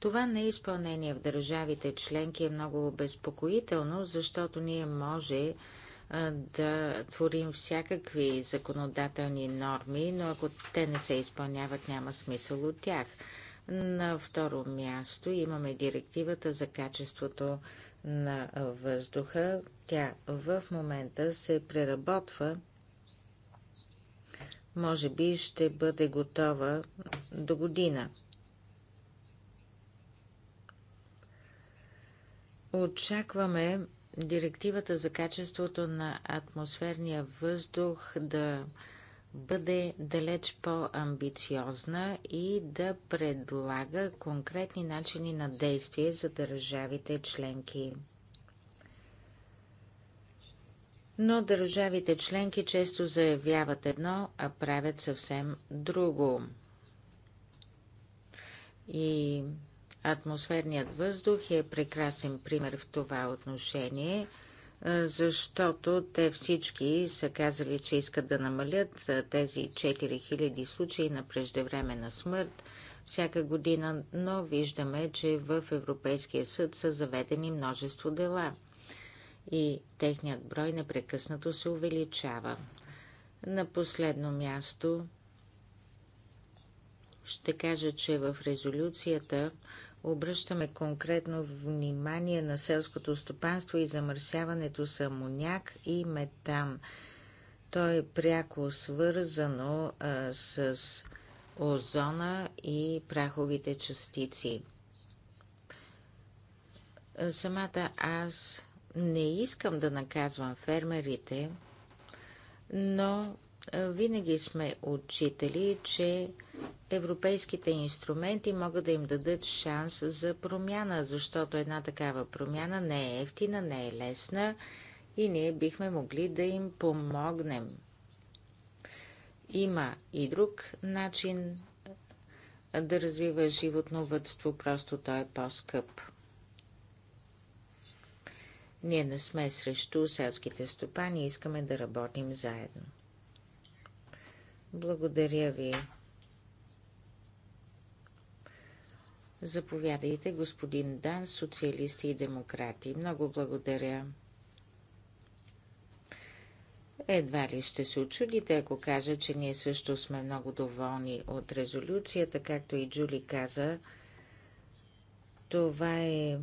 Това неизпълнение в държавите членки е много обезпокоително, защото ние може да творим всякакви законодателни норми, но ако те не се изпълняват, няма смисъл от тях. На второ място имаме директивата за качеството на въздуха. Тя в момента се преработва. Може би ще бъде готова до година. Очакваме директивата за качеството на атмосферния въздух да бъде далеч по-амбициозна и да предлага конкретни начини на действие за държавите членки. Но държавите членки често заявяват едно, а правят съвсем друго. И атмосферният въздух е прекрасен пример в това отношение – защото те всички са казали, че искат да намалят тези 4000 случаи на преждевременна смърт всяка година, но виждаме, че в Европейския съд са заведени множество дела и техният брой непрекъснато се увеличава. На последно място ще кажа, че в резолюцията Обръщаме конкретно внимание на селското стопанство и замърсяването с амоняк и метан. То е пряко свързано а, с озона и праховите частици. Самата аз не искам да наказвам фермерите, но е, винаги сме отчитали, че европейските инструменти могат да им дадат шанс за промяна, защото една такава промяна не е ефтина, не е лесна и ние бихме могли да им помогнем. Има и друг начин да развива животновътство, просто той е по-скъп. Ние не сме срещу селските стопани, искаме да работим заедно. Благодаря ви. Заповядайте, господин Дан, социалисти и демократи. Много благодаря. Едва ли ще се очудите, ако кажа, че ние също сме много доволни от резолюцията, както и Джули каза. Това е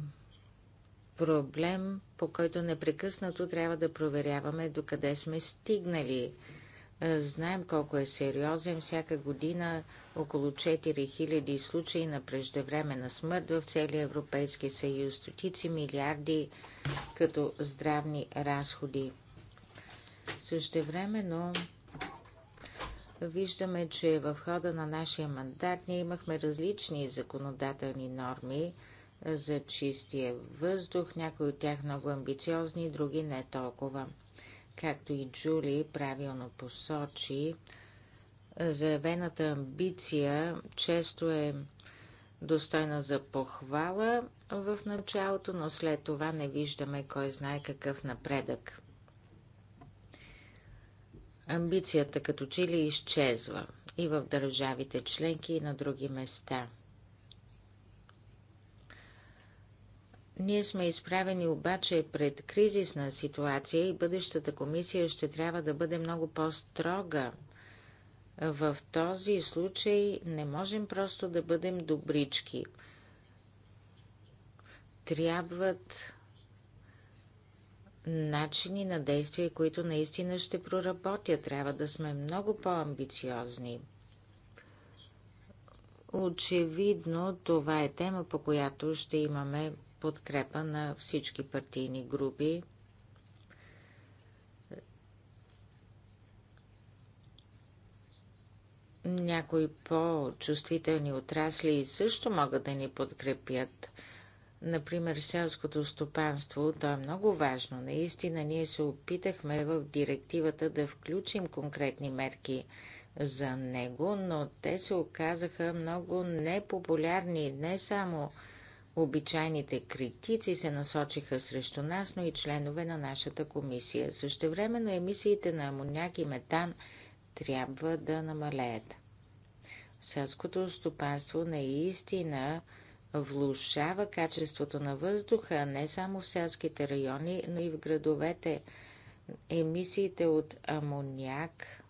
проблем, по който непрекъснато трябва да проверяваме докъде сме стигнали – е, знаем колко е сериозен. Всяка година около 4000 случаи на преждевременна смърт в целия Европейски съюз. Стотици милиарди като здравни разходи. Същевременно виждаме, че в хода на нашия мандат ние имахме различни законодателни норми за чистия въздух, някои от тях много амбициозни, други не толкова – Както и Джули правилно посочи, заявената амбиция често е достойна за похвала в началото, но след това не виждаме кой знае какъв напредък. Амбицията като че ли изчезва и в държавите членки и на други места – Ние сме изправени обаче пред кризисна ситуация и бъдещата комисия ще трябва да бъде много по-строга. В този случай не можем просто да бъдем добрички. Трябват начини на действие, които наистина ще проработят. Трябва да сме много по-амбициозни. Очевидно, това е тема, по която ще имаме подкрепа на всички партийни групи. Някои по-чувствителни отрасли също могат да ни подкрепят. Например, селското стопанство, то е много важно. Наистина ние се опитахме в директивата да включим конкретни мерки за него, но те се оказаха много непопулярни не само Обичайните критици се насочиха срещу нас, но и членове на нашата комисия. Същевременно емисиите на амоняк и метан трябва да намалеят. Селското стопанство наистина влушава качеството на въздуха не само в селските райони, но и в градовете. Емисиите от амоняк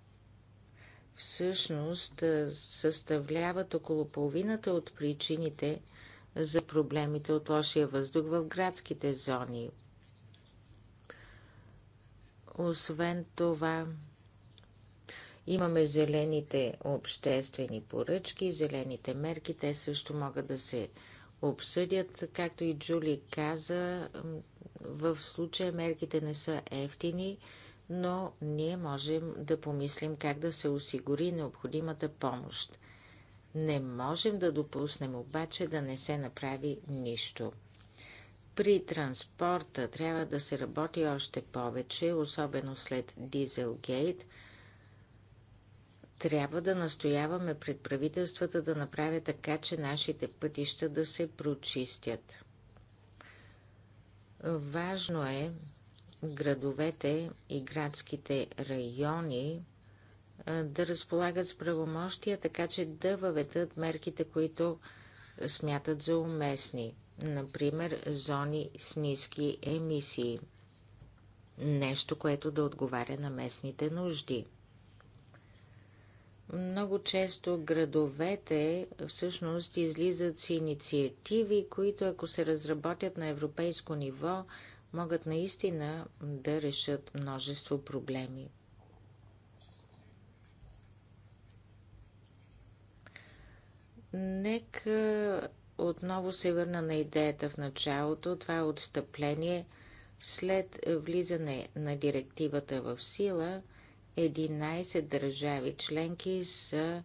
всъщност съставляват около половината от причините – за проблемите от лошия въздух в градските зони. Освен това, имаме зелените обществени поръчки, зелените мерки, те също могат да се обсъдят. Както и Джули каза, в случая мерките не са ефтини, но ние можем да помислим как да се осигури необходимата помощ. Не можем да допуснем обаче да не се направи нищо. При транспорта трябва да се работи още повече, особено след Дизелгейт. Трябва да настояваме пред правителствата да направят така, че нашите пътища да се прочистят. Важно е градовете и градските райони да разполагат с правомощия, така че да въведат мерките, които смятат за уместни. Например, зони с ниски емисии. Нещо, което да отговаря на местните нужди. Много често градовете всъщност излизат с инициативи, които ако се разработят на европейско ниво, могат наистина да решат множество проблеми. Нека отново се върна на идеята в началото. Това е отстъпление след влизане на директивата в сила. 11 държави членки са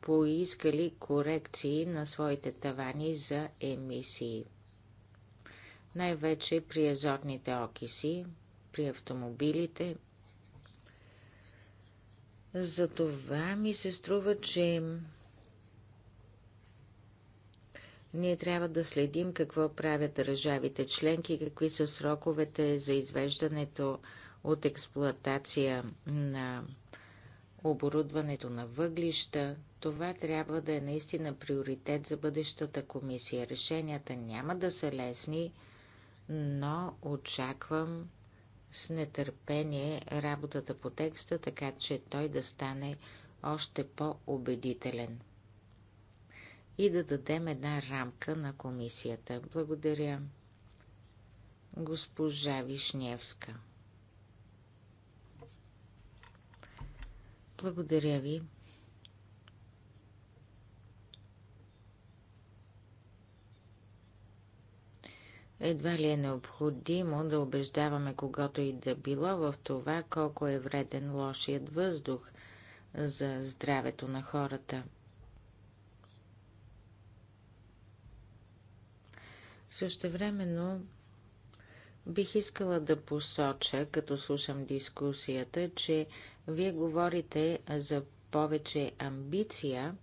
поискали корекции на своите тавани за емисии. Най-вече при азотните окиси, при автомобилите. Затова ми се струва, че ние трябва да следим какво правят държавите членки, какви са сроковете за извеждането от експлоатация на оборудването на въглища. Това трябва да е наистина приоритет за бъдещата комисия. Решенията няма да са лесни, но очаквам с нетърпение работата по текста, така че той да стане още по-убедителен и да дадем една рамка на комисията. Благодаря. Госпожа Вишневска. Благодаря ви. Едва ли е необходимо да убеждаваме когато и да било в това, колко е вреден лошият въздух за здравето на хората – Същевременно бих искала да посоча, като слушам дискусията, че вие говорите за повече амбиция,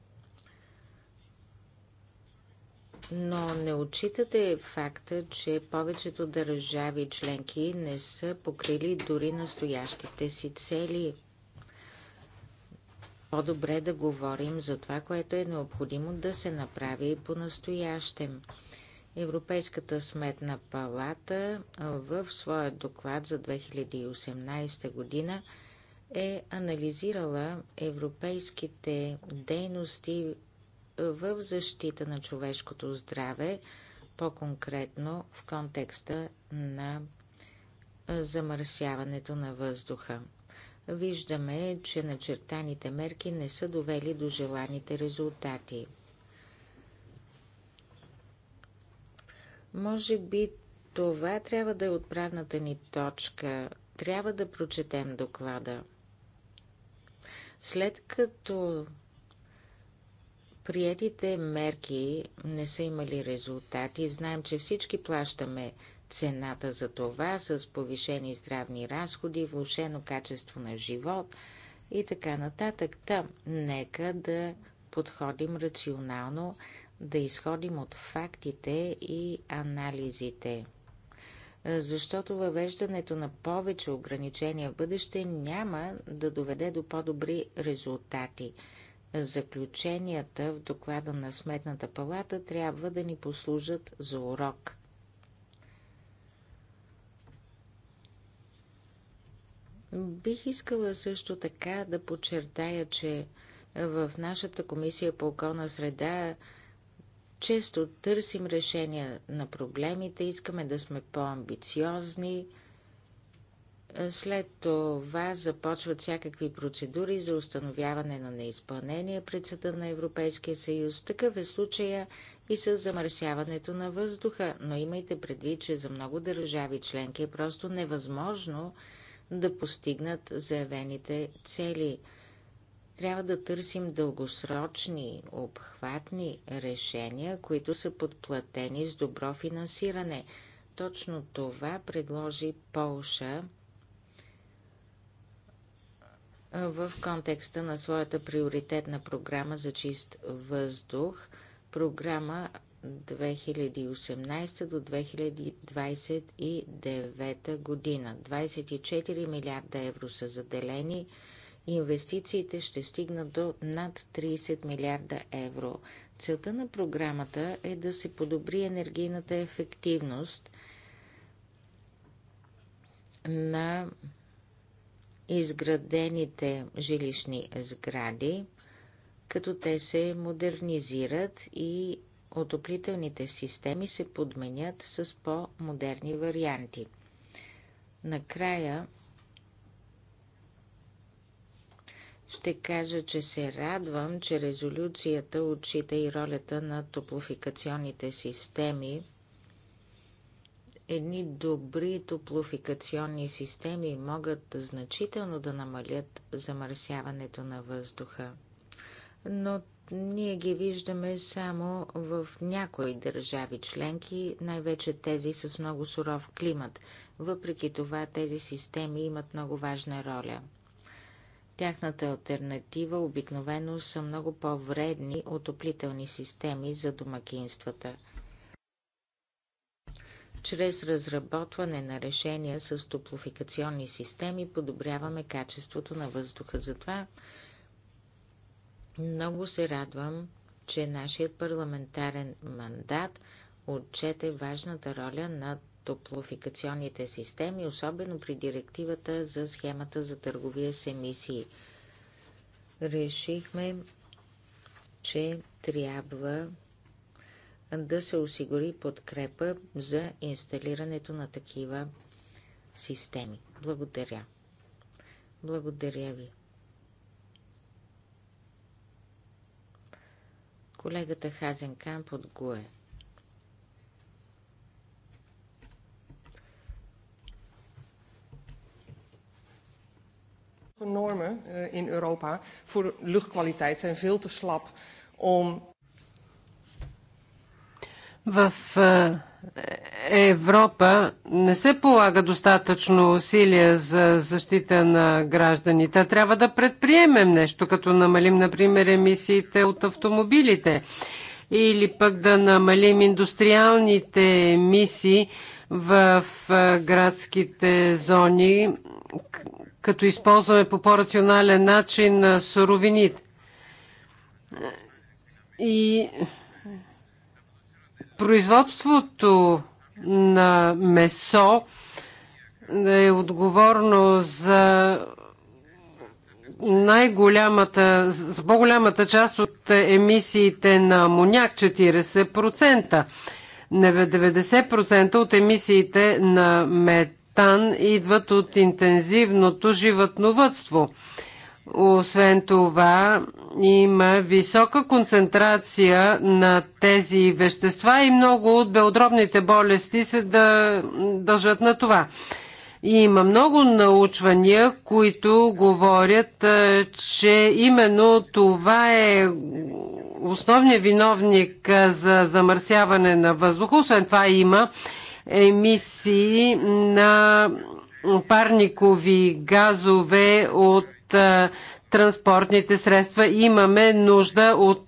но не отчитате факта, че повечето държави членки не са покрили дори настоящите си цели. По-добре да говорим за това, което е необходимо да се направи по-настоящем. Европейската сметна палата в своя доклад за 2018 година е анализирала европейските дейности в защита на човешкото здраве, по-конкретно в контекста на замърсяването на въздуха. Виждаме, че начертаните мерки не са довели до желаните резултати – Може би това трябва да е отправната ни точка. Трябва да прочетем доклада. След като приятите мерки не са имали резултати, знаем, че всички плащаме цената за това с повишени здравни разходи, влушено качество на живот и така нататък. Та, нека да подходим рационално, да изходим от фактите и анализите. Защото въвеждането на повече ограничения в бъдеще няма да доведе до по-добри резултати. Заключенията в доклада на Сметната палата трябва да ни послужат за урок. Бих искала също така да подчертая, че в нашата комисия по околна среда често търсим решения на проблемите, искаме да сме по-амбициозни. След това започват всякакви процедури за установяване на неизпълнение пред съда на Европейския съюз. Такъв е случая и с замърсяването на въздуха, но имайте предвид, че за много държави членки е просто невъзможно да постигнат заявените цели – трябва да търсим дългосрочни, обхватни решения, които са подплатени с добро финансиране. Точно това предложи Полша в контекста на своята приоритетна програма за чист въздух, програма 2018 до 2029 година. 24 милиарда евро са заделени инвестициите ще стигнат до над 30 милиарда евро. Целта на програмата е да се подобри енергийната ефективност на изградените жилищни сгради, като те се модернизират и отоплителните системи се подменят с по-модерни варианти. Накрая Ще кажа, че се радвам, че резолюцията отчита и ролята на топлофикационните системи. Едни добри топлофикационни системи могат значително да намалят замърсяването на въздуха. Но ние ги виждаме само в някои държави членки, най-вече тези с много суров климат. Въпреки това, тези системи имат много важна роля – Тяхната альтернатива обикновено са много по-вредни отоплителни системи за домакинствата. Чрез разработване на решения с топлофикационни системи подобряваме качеството на въздуха. Затова много се радвам, че нашият парламентарен мандат отчете важната роля на топлофикационните системи, особено при директивата за схемата за търговия с емисии. Решихме, че трябва да се осигури подкрепа за инсталирането на такива системи. Благодаря. Благодаря ви. Колегата Хазенкамп от ГУЕ. de normen uh, in Europa voor de luchtkwaliteit zijn veel te slap om. В eh, Европа не се полага достатъчно усилия за защита на гражданите. Трябва да предприемем нещо, като намалим, например, емисиите от автомобилите или пък да намалим индустриалните емисии в э, градските зони, като използваме по по-рационален начин суровините. И производството на месо е отговорно за най-голямата, за по-голямата част от емисиите на амоняк 40%. 90% от емисиите на мед. Тан идват от интензивното животновътство. Освен това, има висока концентрация на тези вещества и много от белодробните болести се да дължат на това. И има много научвания, които говорят, е, че именно това е основният виновник е, за замърсяване на въздуха. Освен това има емисии на парникови газове от транспортните средства. Имаме нужда от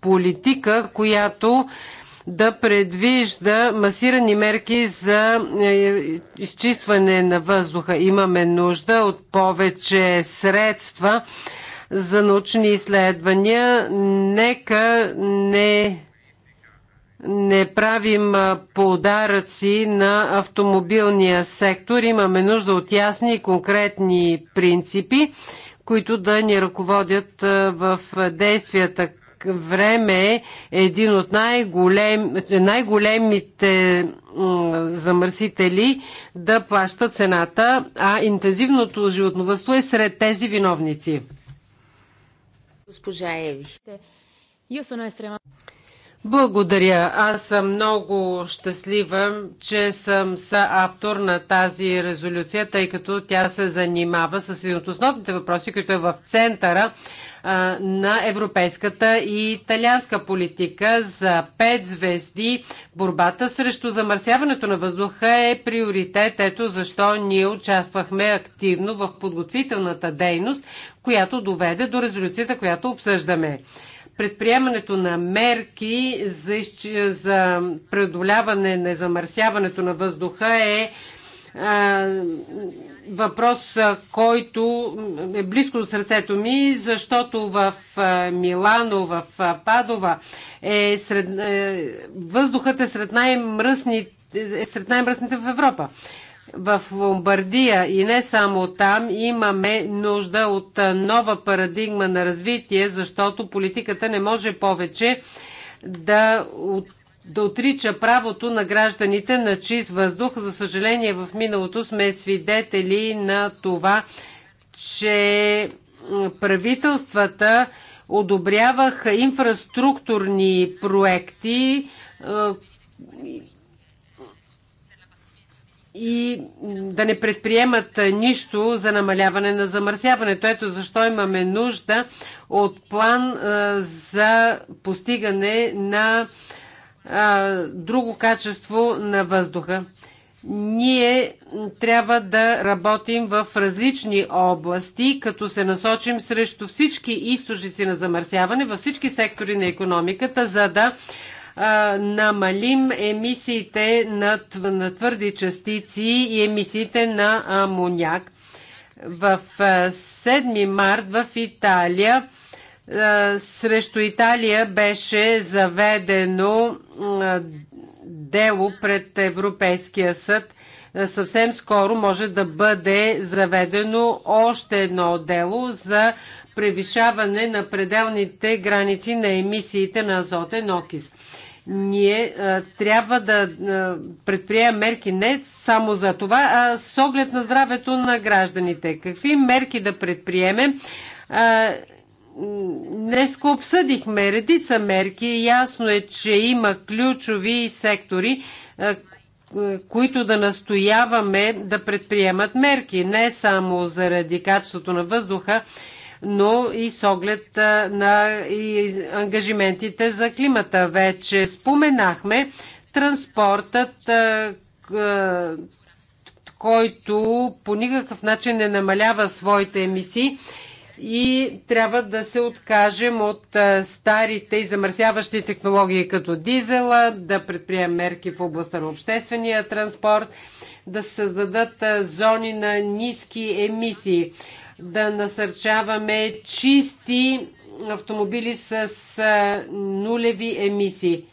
политика, която да предвижда масирани мерки за е, изчистване на въздуха. Имаме нужда от повече средства за научни изследвания. Нека не не правим подаръци на автомобилния сектор. Имаме нужда от ясни и конкретни принципи, които да ни ръководят в действията. Време е един от най-голем, най-големите замърсители да плащат цената, а интензивното животновътство е сред тези виновници. Госпожа Еви. Благодаря. Аз съм много щастлива, че съм съавтор на тази резолюция, тъй като тя се занимава с един от основните въпроси, който е в центъра на европейската и италианска политика за пет звезди. Борбата срещу замърсяването на въздуха е приоритет. Ето защо ние участвахме активно в подготвителната дейност, която доведе до резолюцията, която обсъждаме предприемането на мерки за, за преодоляване на замърсяването на въздуха е а, е, въпрос, който е близко до сърцето ми, защото в е, Милано, в е, Падова е сред, а, въздухът е сред най-мръсните е сред най-мръсните в Европа в Ломбардия и не само там имаме нужда от нова парадигма на развитие, защото политиката не може повече да, от, да отрича правото на гражданите на чист въздух. За съжаление, в миналото сме свидетели на това, че правителствата одобряваха инфраструктурни проекти, и да не предприемат нищо за намаляване на замърсяването. Ето защо имаме нужда от план за постигане на друго качество на въздуха. Ние трябва да работим в различни области, като се насочим срещу всички източници на замърсяване във всички сектори на економиката, за да намалим емисиите на твърди частици и емисиите на амоняк. В 7 март в Италия срещу Италия беше заведено дело пред Европейския съд. Съвсем скоро може да бъде заведено още едно дело за превишаване на пределните граници на емисиите на азотен окис. Ние а, е, трябва да а, е, предприемем мерки не само за това, а с оглед на здравето на гражданите. Какви мерки да предприемем? А, е, Днеско обсъдихме редица мерки. Ясно е, че има ключови сектори, които да настояваме да предприемат мерки, не само заради качеството на въздуха, но и с оглед на и ангажиментите за климата. Вече споменахме транспортът, който по никакъв начин не намалява своите емисии и трябва да се откажем от старите и замърсяващи технологии като дизела, да предприемем мерки в областта на обществения транспорт, да създадат зони на ниски емисии да насърчаваме чисти автомобили с нулеви емисии.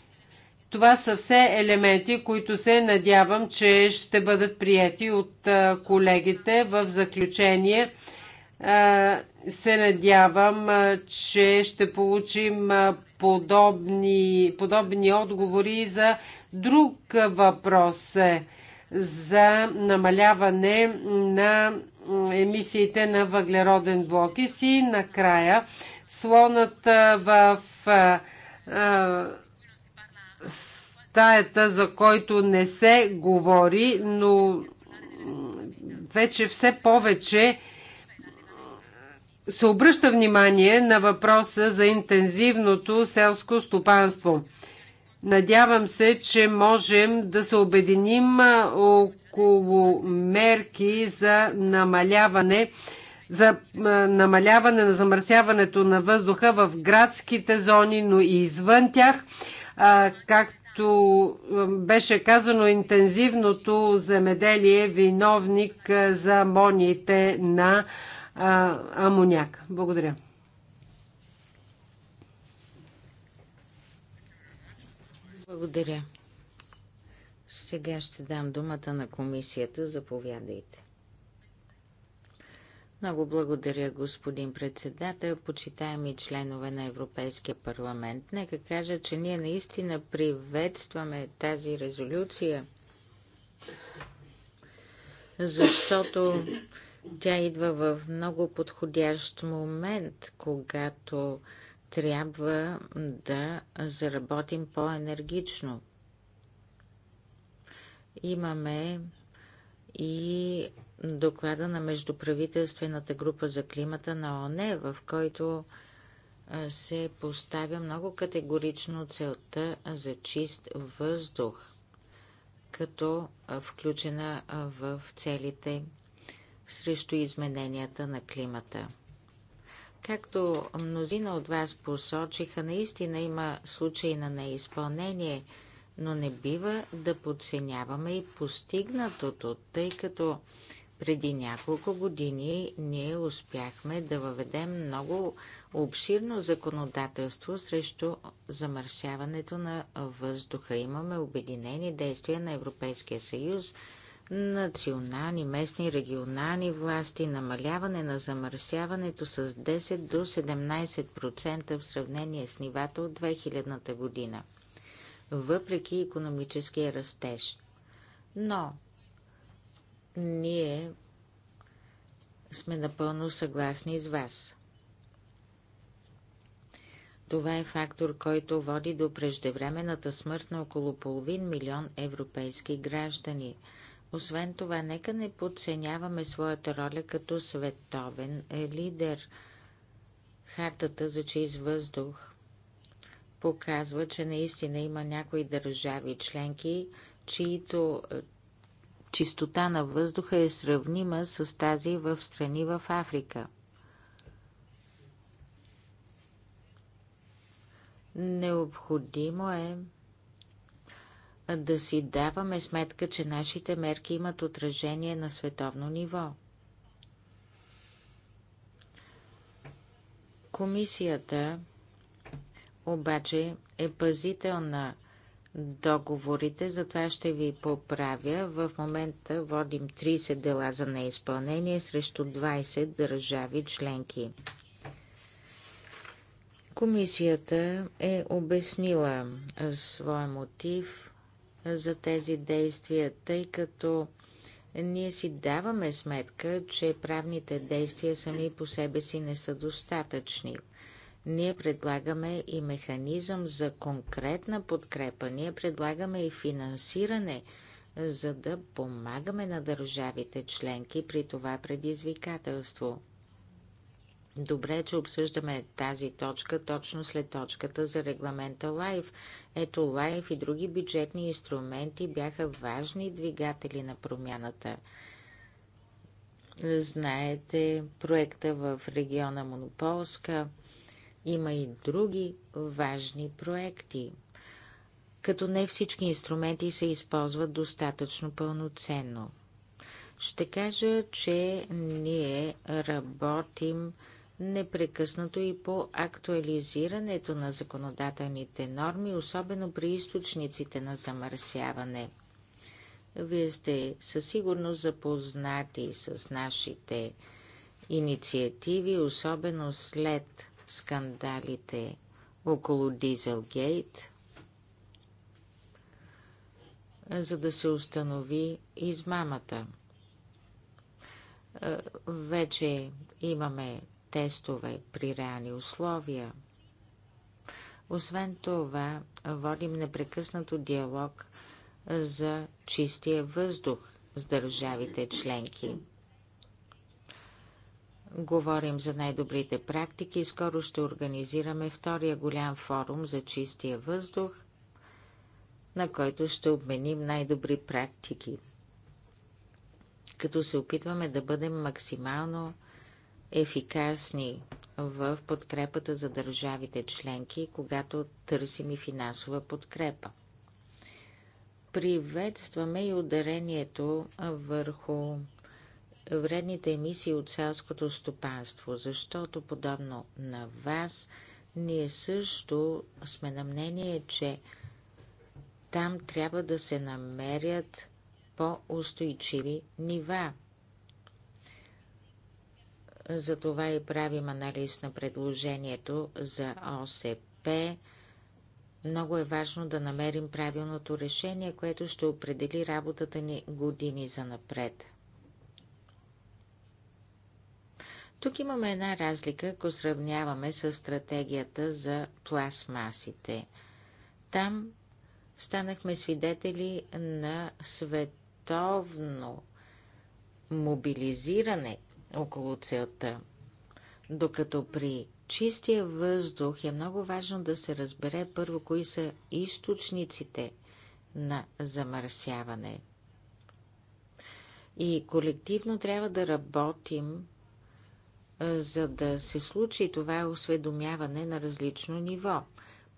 Това са все елементи, които се надявам, че ще бъдат прияти от колегите. В заключение се надявам, че ще получим подобни, подобни отговори за друг въпрос е, за намаляване на емисиите на въглероден блокис и накрая слонът в стаята, за който не се говори, но вече все повече се обръща внимание на въпроса за интензивното селско стопанство. Надявам се, че можем да се обединим около мерки за намаляване за намаляване на замърсяването на въздуха в градските зони, но и извън тях, както беше казано, интензивното земеделие е виновник за амониите на амоняк. Благодаря. Благодаря. Сега ще дам думата на комисията. Заповядайте. Много благодаря, господин председател, почитаеми членове на Европейския парламент. Нека кажа, че ние наистина приветстваме тази резолюция, защото тя идва в много подходящ момент, когато трябва да заработим по-енергично. Имаме и доклада на Междуправителствената група за климата на ОНЕ, в който се поставя много категорично целта за чист въздух, като включена в целите срещу измененията на климата. Както мнозина от вас посочиха, наистина има случаи на неизпълнение, но не бива да подценяваме и постигнатото, тъй като преди няколко години ние успяхме да въведем много обширно законодателство срещу замърсяването на въздуха. Имаме обединени действия на Европейския съюз – национални, местни, регионални власти, намаляване на замърсяването с 10 до 17% в сравнение с нивата от 2000 година, въпреки економическия растеж. Но ние сме напълно съгласни с вас. Това е фактор, който води до преждевременната смърт на около половин милион европейски граждани – освен това, нека не подценяваме своята роля като световен лидер. Хартата за чист въздух показва, че наистина има някои държави членки, чието е, чистота на въздуха е сравнима с тази в страни в Африка. Необходимо е да си даваме сметка, че нашите мерки имат отражение на световно ниво. Комисията обаче е пазител на договорите, затова ще ви поправя. В момента водим 30 дела за неизпълнение срещу 20 държави членки. Комисията е обяснила своя мотив за тези действия, тъй като ние си даваме сметка, че правните действия сами по себе си не са достатъчни. Ние предлагаме и механизъм за конкретна подкрепа, ние предлагаме и финансиране, за да помагаме на държавите членки при това предизвикателство. Добре е, че обсъждаме тази точка точно след точката за регламента Лайф. Ето Лайф и други бюджетни инструменти бяха важни двигатели на промяната. Знаете проекта в региона Монополска. Има и други важни проекти. Като не всички инструменти се използват достатъчно пълноценно. Ще кажа, че ние работим непрекъснато и по актуализирането на законодателните норми, особено при източниците на замърсяване. Вие сте със сигурност запознати с нашите инициативи, особено след скандалите около Дизелгейт, за да се установи измамата. Вече имаме тестове при реални условия. Освен това, водим непрекъснато диалог за чистия въздух с държавите членки. Говорим за най-добрите практики. Скоро ще организираме втория голям форум за чистия въздух, на който ще обменим най-добри практики, като се опитваме да бъдем максимално ефикасни в подкрепата за държавите членки, когато търсим и финансова подкрепа. Приветстваме и ударението върху вредните емисии от селското стопанство, защото подобно на вас, ние също сме на мнение, че там трябва да се намерят по-устойчиви нива затова и правим анализ на предложението за ОСП. Много е важно да намерим правилното решение, което ще определи работата ни години за напред. Тук имаме една разлика, ако сравняваме с стратегията за пластмасите. Там станахме свидетели на световно мобилизиране около целта. Докато при чистия въздух е много важно да се разбере първо кои са източниците на замърсяване. И колективно трябва да работим, за да се случи това осведомяване на различно ниво.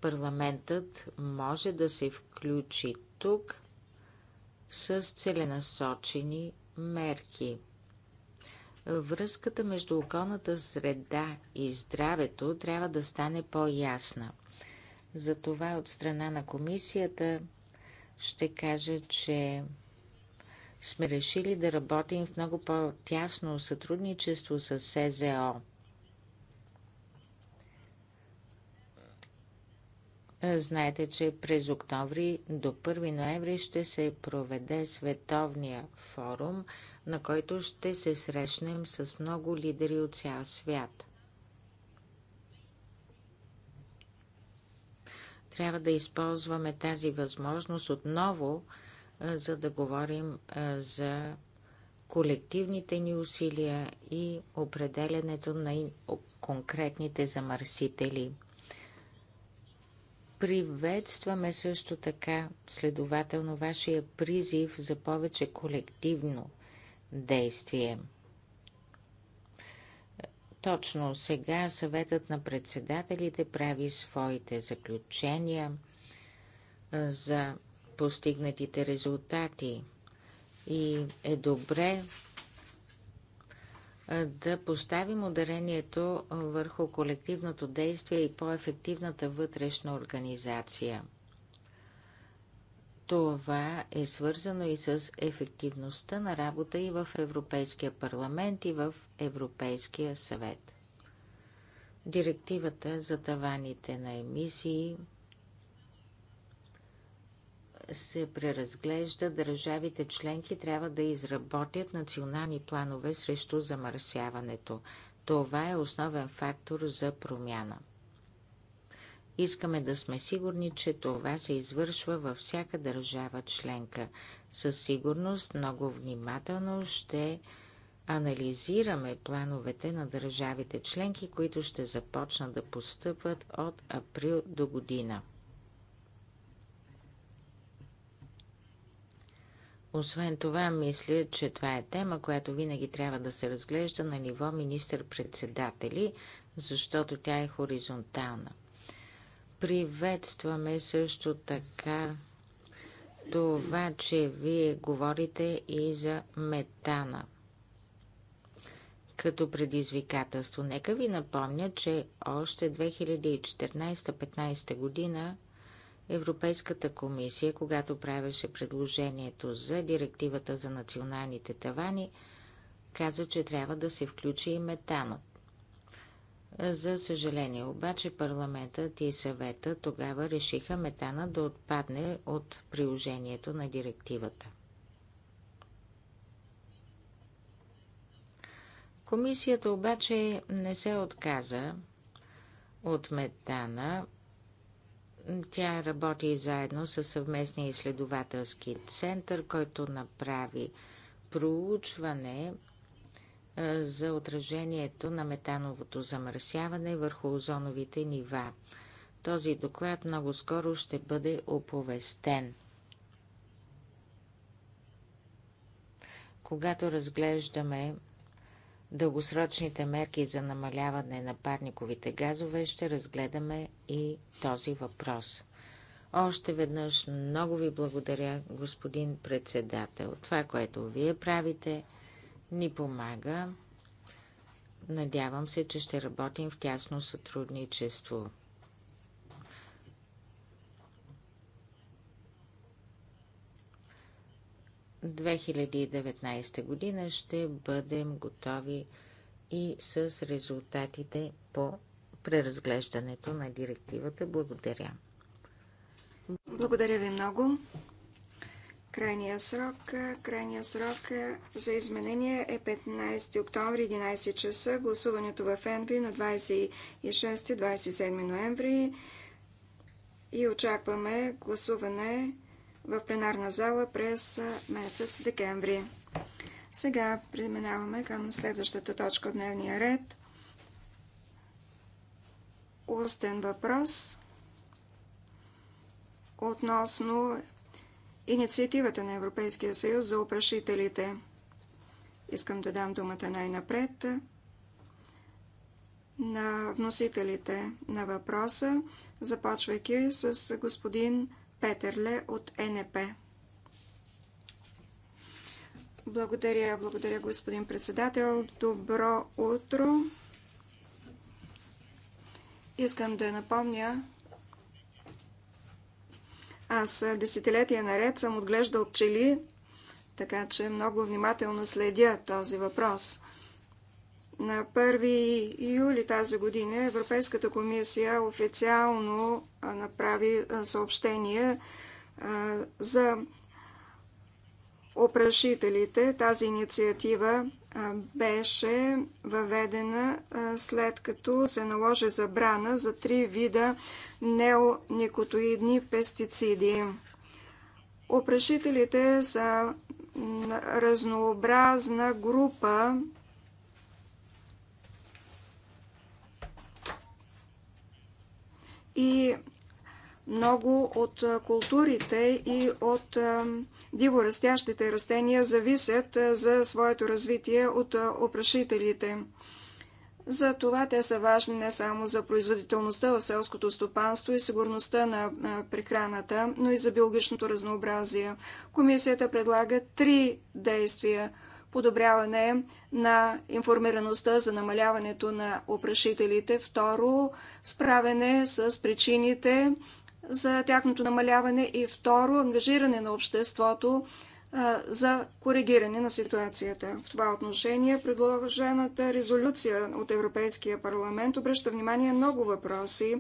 Парламентът може да се включи тук с целенасочени мерки връзката между околната среда и здравето трябва да стане по-ясна. Затова от страна на комисията ще кажа, че сме решили да работим в много по-тясно сътрудничество с СЗО. Знаете, че през октомври до 1 ноември ще се проведе световния форум – на който ще се срещнем с много лидери от цял свят. Трябва да използваме тази възможност отново, за да говорим за колективните ни усилия и определянето на конкретните замърсители. Приветстваме също така, следователно, вашия призив за повече колективно действие. Точно сега съветът на председателите прави своите заключения за постигнатите резултати и е добре да поставим ударението върху колективното действие и по-ефективната вътрешна организация – това е свързано и с ефективността на работа и в Европейския парламент, и в Европейския съвет. Директивата за таваните на емисии се преразглежда, държавите членки трябва да изработят национални планове срещу замърсяването. Това е основен фактор за промяна. Искаме да сме сигурни, че това се извършва във всяка държава членка. Със сигурност много внимателно ще анализираме плановете на държавите членки, които ще започнат да постъпват от април до година. Освен това, мисля, че това е тема, която винаги трябва да се разглежда на ниво министър-председатели, защото тя е хоризонтална. Приветстваме също така това, че вие говорите и за метана като предизвикателство. Нека ви напомня, че още 2014-15 година Европейската комисия, когато правеше предложението за директивата за националните тавани, каза, че трябва да се включи и метанът. За съжаление обаче парламентът и съвета тогава решиха метана да отпадне от приложението на директивата. Комисията обаче не се отказа от метана. Тя работи заедно с съвместния изследователски център, който направи проучване – е, за отражението на метановото замърсяване върху озоновите нива. Този доклад много скоро ще бъде оповестен. Когато разглеждаме дългосрочните мерки за намаляване на парниковите газове, ще разгледаме и този въпрос. Още веднъж много ви благодаря, господин председател. Това, което вие правите, ни помага. Надявам се, че ще работим в тясно сътрудничество. В 2019 година ще бъдем готови и с резултатите по преразглеждането на директивата. Благодаря. Благодаря ви много. Крайния срок, крайния срок е, за изменение е 15 октомври 11 часа. Гласуването в ЕНВИ на 26-27 ноември и очакваме гласуване в пленарна зала през месец декември. Сега преминаваме към следващата точка от дневния ред. Устен въпрос относно инициативата на Европейския съюз за опрашителите. Искам да дам думата най-напред на вносителите на въпроса, започвайки с господин Петерле от НП. Благодаря, благодаря господин председател. Добро утро. Искам да напомня аз десетилетия наред съм отглеждал пчели, така че много внимателно следя този въпрос. На 1 юли тази година Европейската комисия официално направи съобщение за опрашителите. Тази инициатива беше въведена след като се наложи забрана за три вида неоникотоидни пестициди. Опрешителите са разнообразна група и много от културите и от диворастящите растения зависят за своето развитие от опрашителите. За това те са важни не само за производителността в селското стопанство и сигурността на прехраната, но и за биологичното разнообразие. Комисията предлага три действия подобряване на информираността за намаляването на опрашителите. Второ, справяне с причините за тяхното намаляване и второ, ангажиране на обществото за коригиране на ситуацията. В това отношение предложената резолюция от Европейския парламент обръща внимание много въпроси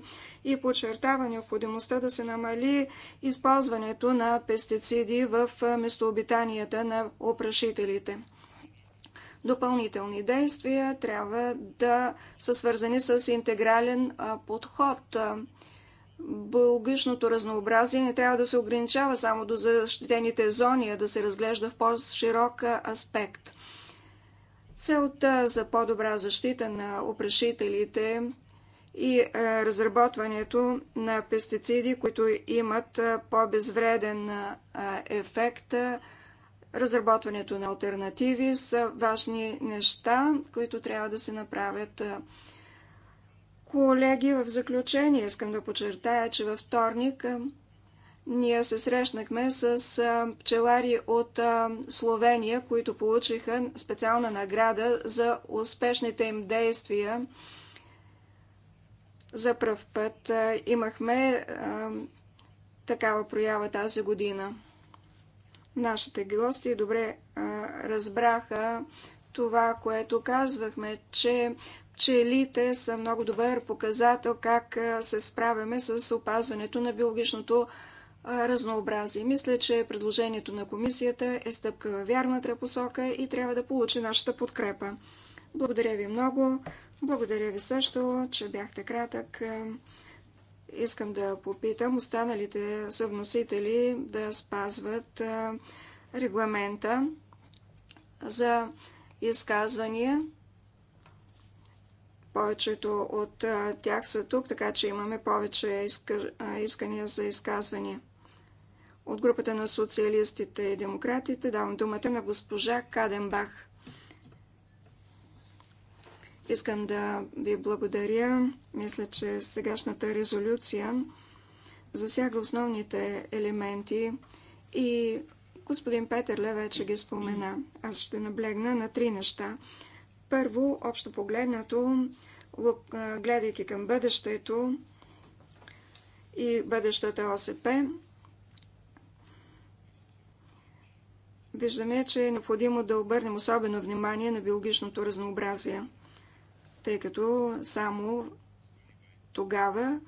и подчертава необходимостта да се намали използването на пестициди в местообитанията на опрашителите. Допълнителни действия трябва да са свързани с интегрален подход – биологичното разнообразие не трябва да се ограничава само до защитените зони, а да се разглежда в по-широк аспект. Целта за по-добра защита на опрешителите и е, разработването на пестициди, които имат е, по-безвреден е, ефект, разработването на альтернативи са важни неща, които трябва да се направят Колеги, в заключение искам да подчертая, че във вторник ние се срещнахме с пчелари от Словения, които получиха специална награда за успешните им действия. За пръв път имахме такава проява тази година. Нашите гости добре разбраха това, което казвахме, че пчелите са много добър показател как се справяме с опазването на биологичното разнообразие. Мисля, че предложението на комисията е стъпка във вярната посока и трябва да получи нашата подкрепа. Благодаря ви много. Благодаря ви също, че бяхте кратък. Искам да попитам останалите съвносители да спазват регламента за изказвания. Повечето от тях са тук, така че имаме повече искания за изказвания. От групата на социалистите и демократите давам думата на госпожа Каденбах. Искам да ви благодаря. Мисля, че сегашната резолюция засяга основните елементи и господин Петерле вече ги спомена. Аз ще наблегна на три неща. Първо, общо погледнато, гледайки към бъдещето и бъдещата ОСП, виждаме, че е необходимо да обърнем особено внимание на биологичното разнообразие, тъй като само тогава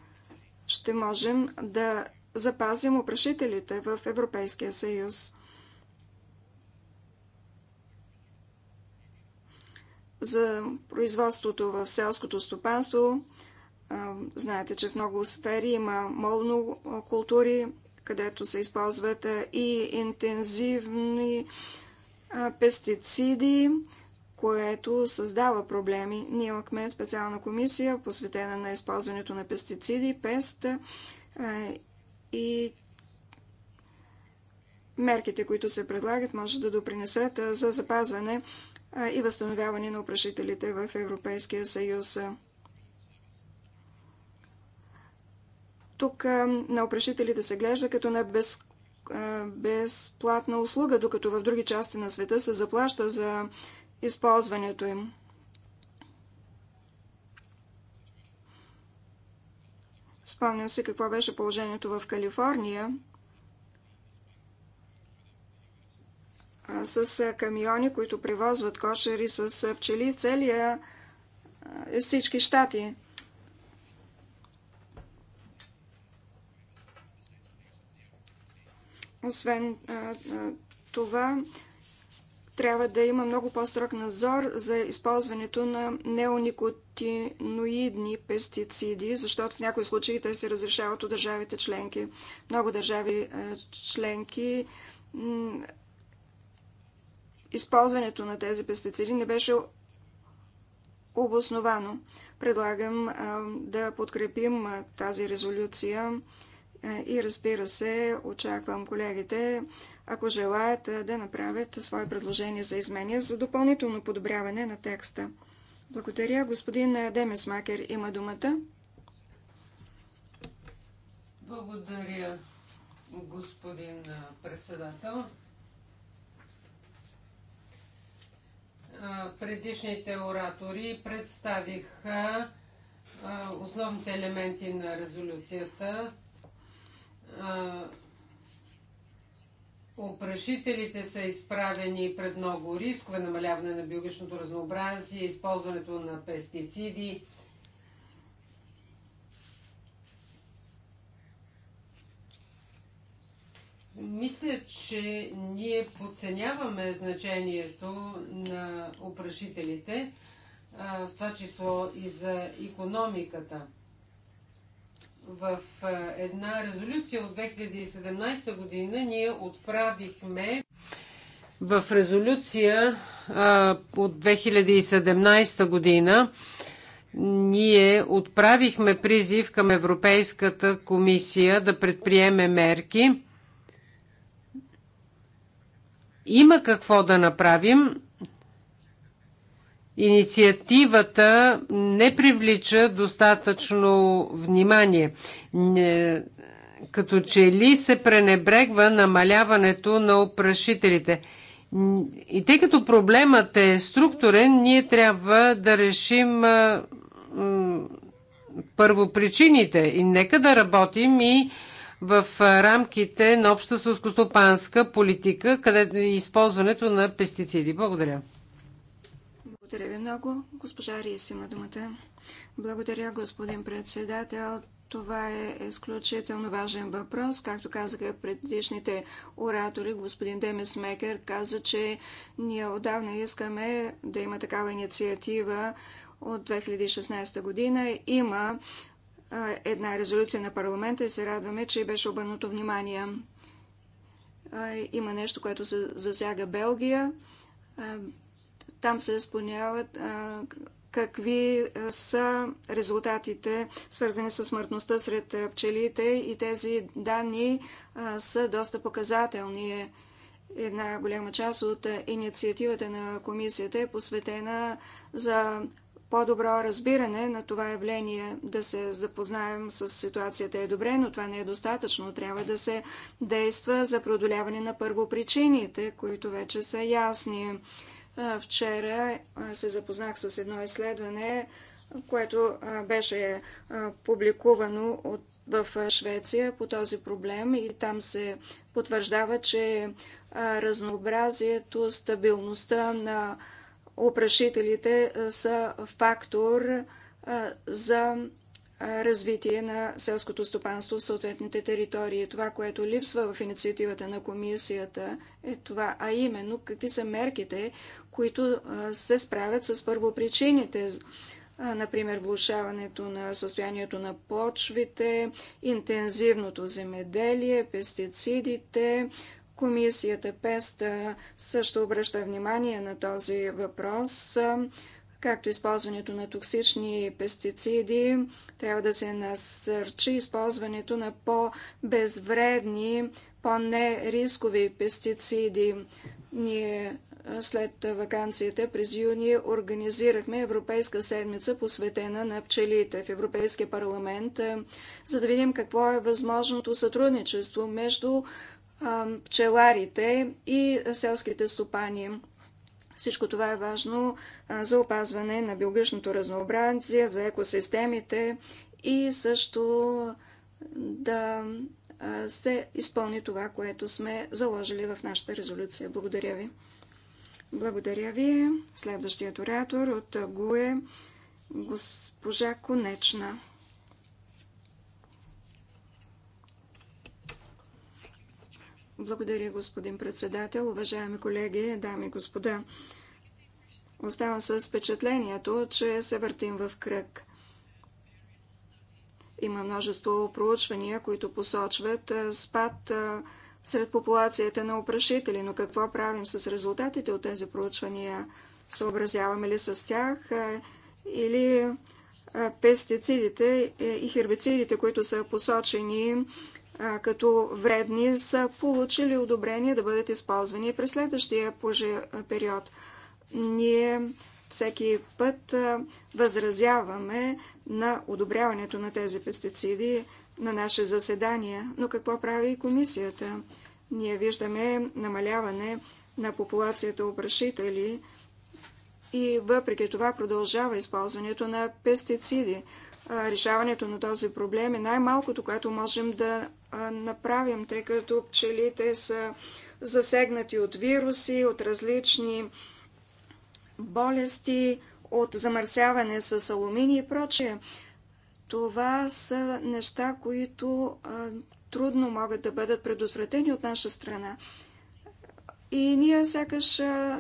ще можем да запазим опрашителите в Европейския съюз. за производството в селското стопанство. Знаете, че в много сфери има молно култури, където се използват и интензивни пестициди, което създава проблеми. Ние имахме специална комисия, посветена на използването на пестициди, пест и мерките, които се предлагат, може да допринесат за запазване и възстановяване на опрашителите в Европейския съюз. Тук на опрашителите се глежда като на без, безплатна услуга, докато в други части на света се заплаща за използването им. Спомням се какво беше положението в Калифорния. с камиони, които привозват кошери с пчели целия всички щати. Освен това, трябва да има много по-строг надзор за използването на неоникотиноидни пестициди, защото в някои случаи те се разрешават от държавите членки. Много държави членки използването на тези пестициди не беше обосновано. Предлагам да подкрепим тази резолюция и разбира се, очаквам колегите, ако желаят да направят свое предложение за изменение за допълнително подобряване на текста. Благодаря. Господин Демесмакер има думата. Благодаря, господин председател. предишните оратори представиха основните елементи на резолюцията. Опрашителите са изправени пред много рискове, намаляване на биологичното разнообразие, използването на пестициди, Мисля, че ние подценяваме значението на опрашителите, в това число и за економиката. В една резолюция от 2017 година ние отправихме в резолюция а, от 2017 година ние отправихме призив към Европейската комисия да предприеме мерки има какво да направим. Инициативата не привлича достатъчно внимание. Не, като че ли се пренебрегва намаляването на опрашителите. И тъй като проблемът е структурен, ние трябва да решим първопричините. И нека да работим и в рамките на обща сълскостопанска политика, където е използването на пестициди. Благодаря. Благодаря ви много. Госпожа Рис има думата. Благодаря, господин председател. Това е изключително важен въпрос. Както казаха предишните оратори, господин Демес Мекер каза, че ние отдавна искаме да има такава инициатива от 2016 година. Има една резолюция на парламента и се радваме, че беше обърнато внимание. Има нещо, което се засяга Белгия. Там се изпълняват какви са резултатите, свързани с смъртността сред пчелите и тези данни са доста показателни. Една голяма част от инициативата на комисията е посветена за по-добро разбиране на това явление, да се запознаем с ситуацията е добре, но това не е достатъчно. Трябва да се действа за продоляване на първопричините, които вече са ясни. Вчера се запознах с едно изследване, което беше публикувано от в Швеция по този проблем и там се потвърждава, че разнообразието, стабилността на опрашителите са фактор за развитие на селското стопанство в съответните територии. Това, което липсва в инициативата на комисията е това, а именно какви са мерките, които се справят с първопричините, например влушаването на състоянието на почвите, интензивното земеделие, пестицидите, Комисията ПЕСТ също обръща внимание на този въпрос, както използването на токсични пестициди. Трябва да се насърчи използването на по-безвредни, по-нерискови пестициди. Ние след вакансията през юни организирахме Европейска седмица, посветена на пчелите в Европейския парламент, за да видим какво е възможното сътрудничество между пчеларите и селските стопани. Всичко това е важно за опазване на биологичното разнообразие, за екосистемите и също да се изпълни това, което сме заложили в нашата резолюция. Благодаря ви. Благодаря ви. Следващият оратор от ГУЕ госпожа Конечна. Благодаря, господин председател. Уважаеми колеги, дами и господа, оставам с впечатлението, че се въртим в кръг. Има множество проучвания, които посочват спад сред популацията на опрашители, но какво правим с резултатите от тези проучвания? Съобразяваме ли с тях или пестицидите е, и хербицидите, които са посочени като вредни, са получили одобрение да бъдат използвани през следващия период. Ние всеки път възразяваме на одобряването на тези пестициди на наши заседания. Но какво прави и комисията? Ние виждаме намаляване на популацията обрашители и въпреки това продължава използването на пестициди. Решаването на този проблем е най-малкото, което можем да направим, тъй като пчелите са засегнати от вируси, от различни болести, от замърсяване с алумини и прочее. Това са неща, които а, трудно могат да бъдат предотвратени от наша страна. И ние сякаш а,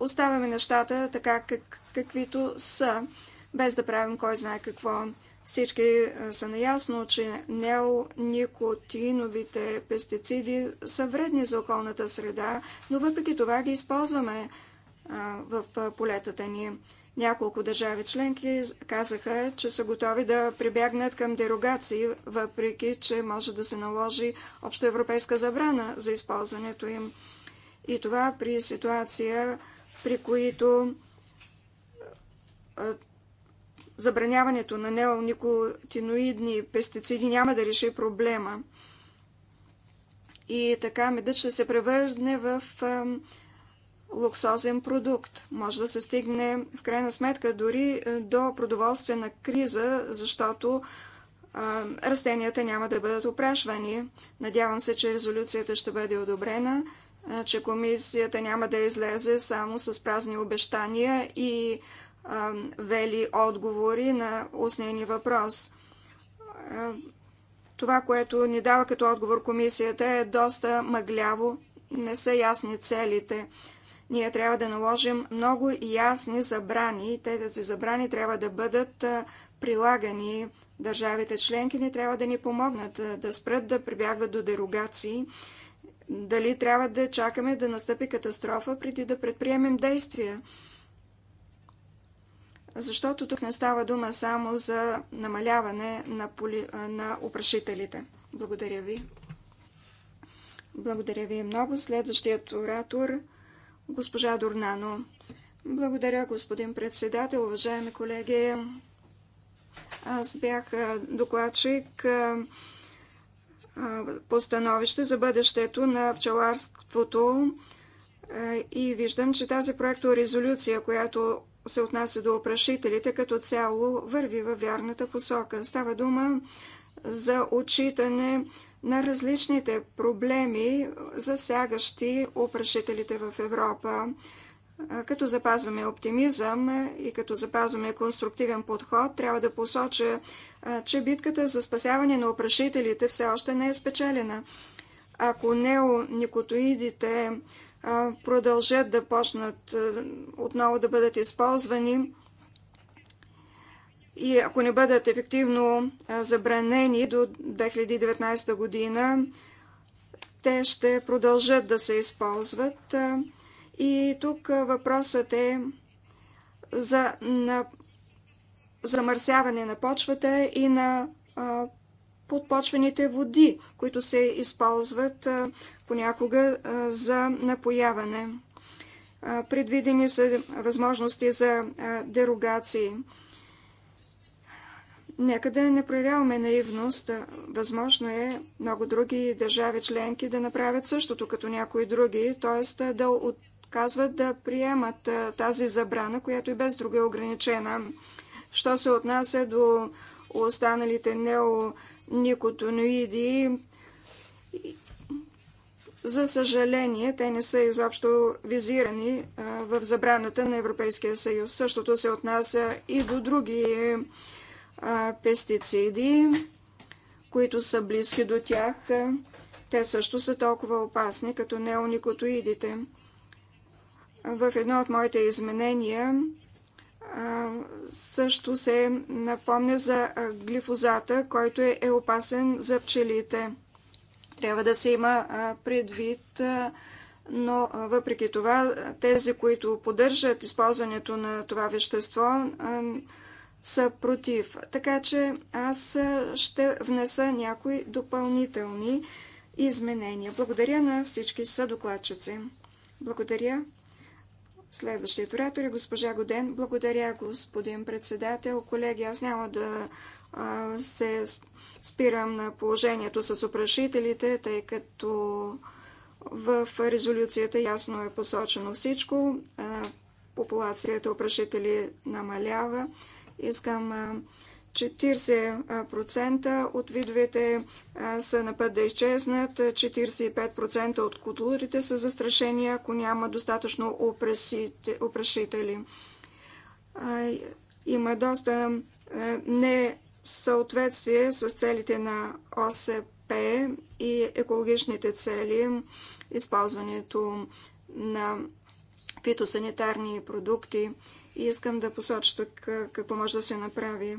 оставяме нещата така, как, каквито са, без да правим кой знае какво. Всички е, са наясно, че неоникотиновите пестициди са вредни за околната среда, но въпреки това ги използваме е, в е, полетата ни. Няколко държави членки казаха, че са готови да прибягнат към дерогации, въпреки че може да се наложи общоевропейска забрана за използването им. И това при ситуация, при които забраняването на неоникотиноидни пестициди няма да реши проблема. И така медът ще се превърне в луксозен продукт. Може да се стигне в крайна сметка дори е, до продоволствена криза, защото растенията няма да бъдат опрашвани. Надявам се, че резолюцията ще бъде одобрена, че комисията няма да излезе само с празни обещания и вели отговори на устния въпрос. Това, което ни дава като отговор комисията е доста мъгляво, не са ясни целите. Ние трябва да наложим много ясни забрани и тези забрани трябва да бъдат прилагани. Държавите членки ни трябва да ни помогнат да спрат да прибягват до дерогации. Дали трябва да чакаме да настъпи катастрофа преди да предприемем действия? защото тук не става дума само за намаляване на, поли... на опрашителите. Благодаря ви. Благодаря ви много. Следващият оратор, госпожа Дорнано. Благодаря, господин председател, уважаеми колеги. Аз бях докладчик по становище за бъдещето на пчеларството и виждам, че тази проекторезолюция, която се отнася до опрашителите, като цяло върви във вярната посока. Става дума за отчитане на различните проблеми, засягащи опрашителите в Европа. Като запазваме оптимизъм и като запазваме конструктивен подход, трябва да посоча, че битката за спасяване на опрашителите все още не е спечелена. Ако неоникотоидите продължат да почнат отново да бъдат използвани и ако не бъдат ефективно забранени до 2019 година, те ще продължат да се използват. И тук въпросът е за на замърсяване на почвата и на а, подпочвените води, които се използват понякога за напояване. Предвидени са възможности за дерогации. Нека да не проявяваме наивност. Възможно е много други държави членки да направят същото като някои други, т.е. да отказват да приемат тази забрана, която и без друга е ограничена. Що се отнася до останалите нео никотиноиди. За съжаление, те не са изобщо визирани в забраната на Европейския съюз. Същото се отнася и до други пестициди, които са близки до тях. Те също са толкова опасни, като неоникотоидите. В едно от моите изменения също се напомня за глифозата, който е, е опасен за пчелите. Трябва да се има предвид, но въпреки това тези, които поддържат използването на това вещество, са против. Така че аз ще внеса някои допълнителни изменения. Благодаря на всички съдокладчици. Благодаря. Следващият оратор е госпожа Годен. Благодаря, господин председател. Колеги, аз няма да а, се спирам на положението с опрашителите, тъй като в резолюцията ясно е посочено всичко. А, популацията опрашители намалява. Искам а, 40% от видовете са на път да изчезнат, 45% от културите са застрашени, ако няма достатъчно опрашители. Има доста несъответствие с целите на ОСП и екологичните цели, използването на фитосанитарни продукти. И искам да посоча тук какво може да се направи.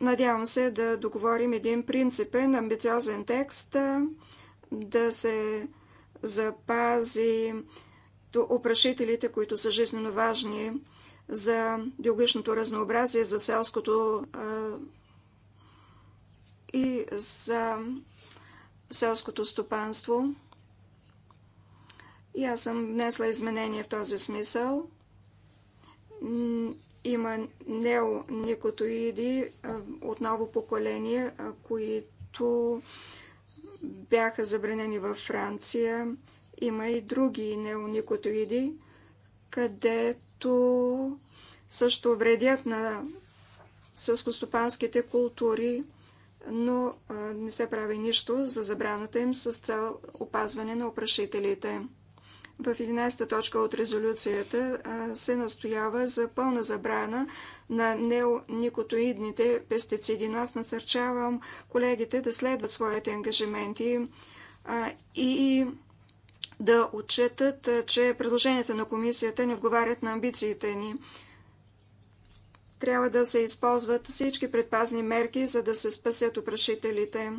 Надявам се да договорим един принципен, амбициозен текст, да се запази опрашителите, които са жизненно важни за биологичното разнообразие, за селското и за селското стопанство. И аз съм внесла изменения в този смисъл. Има неоникотоиди, отново поколение, които бяха забранени във Франция. Има и други неоникотоиди, където също вредят на съскостопанските култури, но не се прави нищо за забраната им с цел опазване на опрашителите. В 11-та точка от резолюцията се настоява за пълна забрана на неоникотоидните пестициди. Но аз насърчавам колегите да следват своите ангажименти и да отчетат, че предложенията на комисията не отговарят на амбициите ни. Трябва да се използват всички предпазни мерки, за да се спасят опрашителите.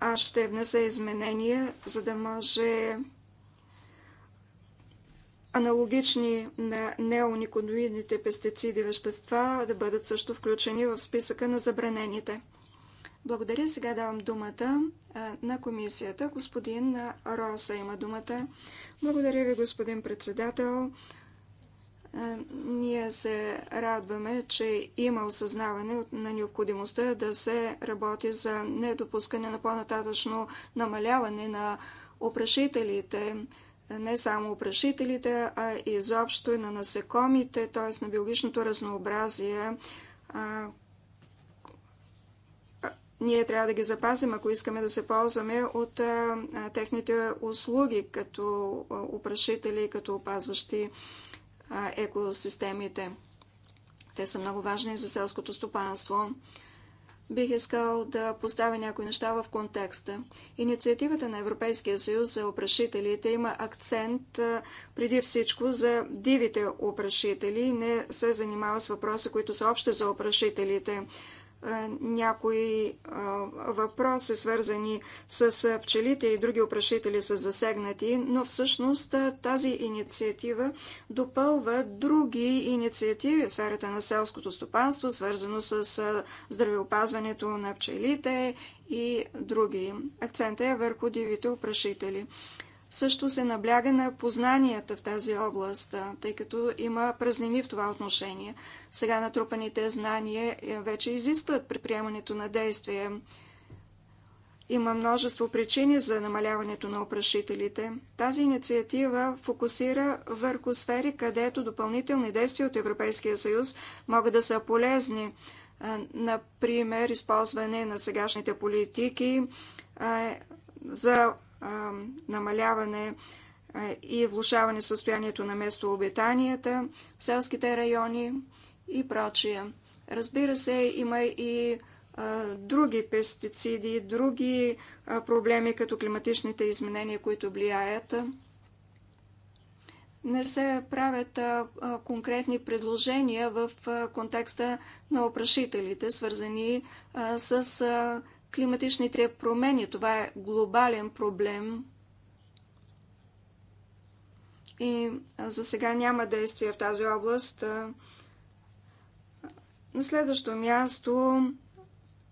Аз ще внеса изменения, за да може аналогични на неониконоидните пестициди вещества да бъдат също включени в списъка на забранените. Благодаря. Сега давам думата на комисията. Господин Роса има думата. Благодаря ви, господин председател. Ние се радваме, че има осъзнаване на необходимостта да се работи за недопускане на по-нататъчно намаляване на опрашителите, не само опрашителите, а и изобщо и на насекомите, т.е. на биологичното разнообразие. А, ние трябва да ги запазим, ако искаме да се ползваме от а, а, техните услуги като опрашители, като опазващи екосистемите. Те са много важни за селското стопанство бих искал да поставя някои неща в контекста. Инициативата на Европейския съюз за опрашителите има акцент преди всичко за дивите опрашители, не се занимава с въпроси, които са общи за опрашителите някои въпроси, свързани с пчелите и други опрашители са засегнати, но всъщност тази инициатива допълва други инициативи в сферата на селското стопанство, свързано с здравеопазването на пчелите и други. Акцентът е върху дивите опрашители също се набляга на познанията в тази област, тъй като има празнини в това отношение. Сега натрупаните знания е, вече изискват предприемането на действия. Има множество причини за намаляването на опрашителите. Тази инициатива фокусира върху сфери, където допълнителни действия от Европейския съюз могат да са полезни. Например, използване на сегашните политики е, за намаляване и влушаване състоянието на местообитанията, селските райони и прочие. Разбира се, има и други пестициди, други проблеми, като климатичните изменения, които влияят. Не се правят конкретни предложения в контекста на опрашителите, свързани с климатичните промени. Това е глобален проблем. И за сега няма действия в тази област. На следващо място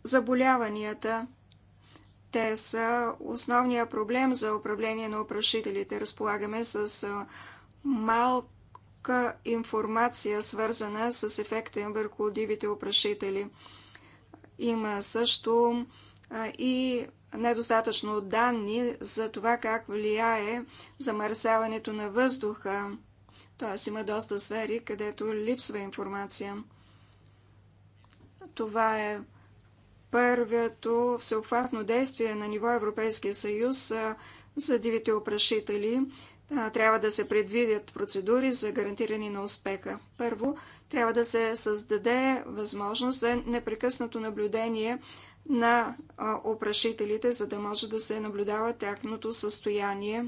заболяванията. Те са основния проблем за управление на опрашителите. Разполагаме с малка информация, свързана с ефекта им върху дивите опрашители. Има също и недостатъчно данни за това как влияе замърсяването на въздуха. Т.е. има доста сфери, където липсва информация. Това е първото всеобхватно действие на ниво Европейския съюз за дивите опрашители. Трябва да се предвидят процедури за гарантиране на успеха. Първо, трябва да се създаде възможност за непрекъснато наблюдение на опрашителите, за да може да се наблюдава тяхното състояние,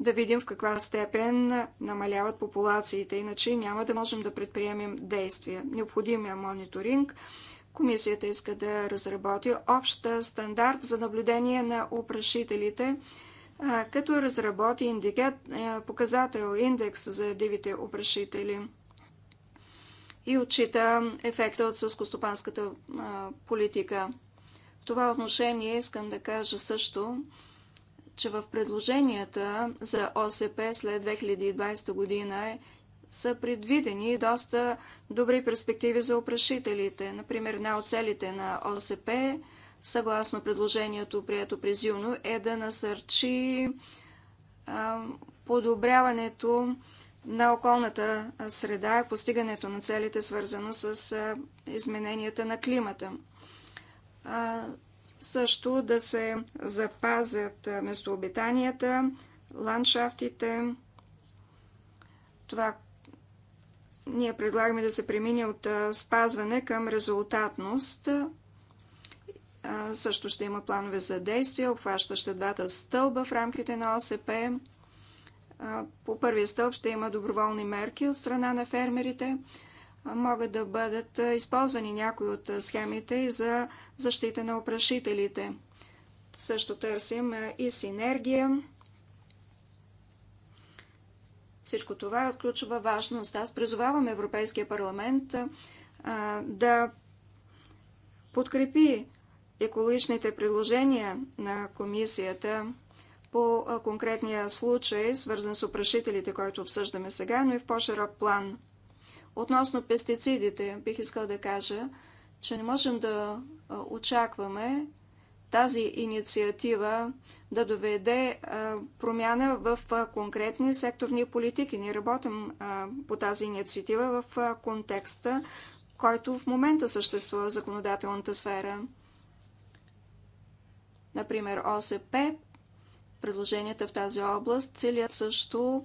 да видим в каква степен намаляват популациите, иначе няма да можем да предприемем действия. Необходимия е мониторинг. Комисията иска да разработи общ стандарт за наблюдение на опрашителите, като разработи индикет, показател, индекс за дивите опрашители – и отчита ефекта от сълскостопанската политика. В това отношение искам да кажа също, че в предложенията за ОСП след 2020 година са предвидени доста добри перспективи за опрашителите. Например, една от целите на ОСП, съгласно предложението, прието през юно, е да насърчи подобряването на околната среда и е постигането на целите, свързано с измененията на климата. Също да се запазят местообитанията, ландшафтите. Това ние предлагаме да се премине от спазване към резултатност. Също ще има планове за действия, обхващащи двата стълба в рамките на ОСП по първия стълб ще има доброволни мерки от страна на фермерите. Могат да бъдат използвани някои от схемите и за защита на опрашителите. Също търсим и синергия. Всичко това е от ключова важност. Аз призовавам Европейския парламент да подкрепи екологичните приложения на комисията по конкретния случай, свързан с опрашителите, който обсъждаме сега, но и в по-широк план. Относно пестицидите, бих искал да кажа, че не можем да очакваме тази инициатива да доведе промяна в конкретни секторни политики. Ние работим по тази инициатива в контекста, който в момента съществува в законодателната сфера. Например, ОСП Предложенията в тази област целят също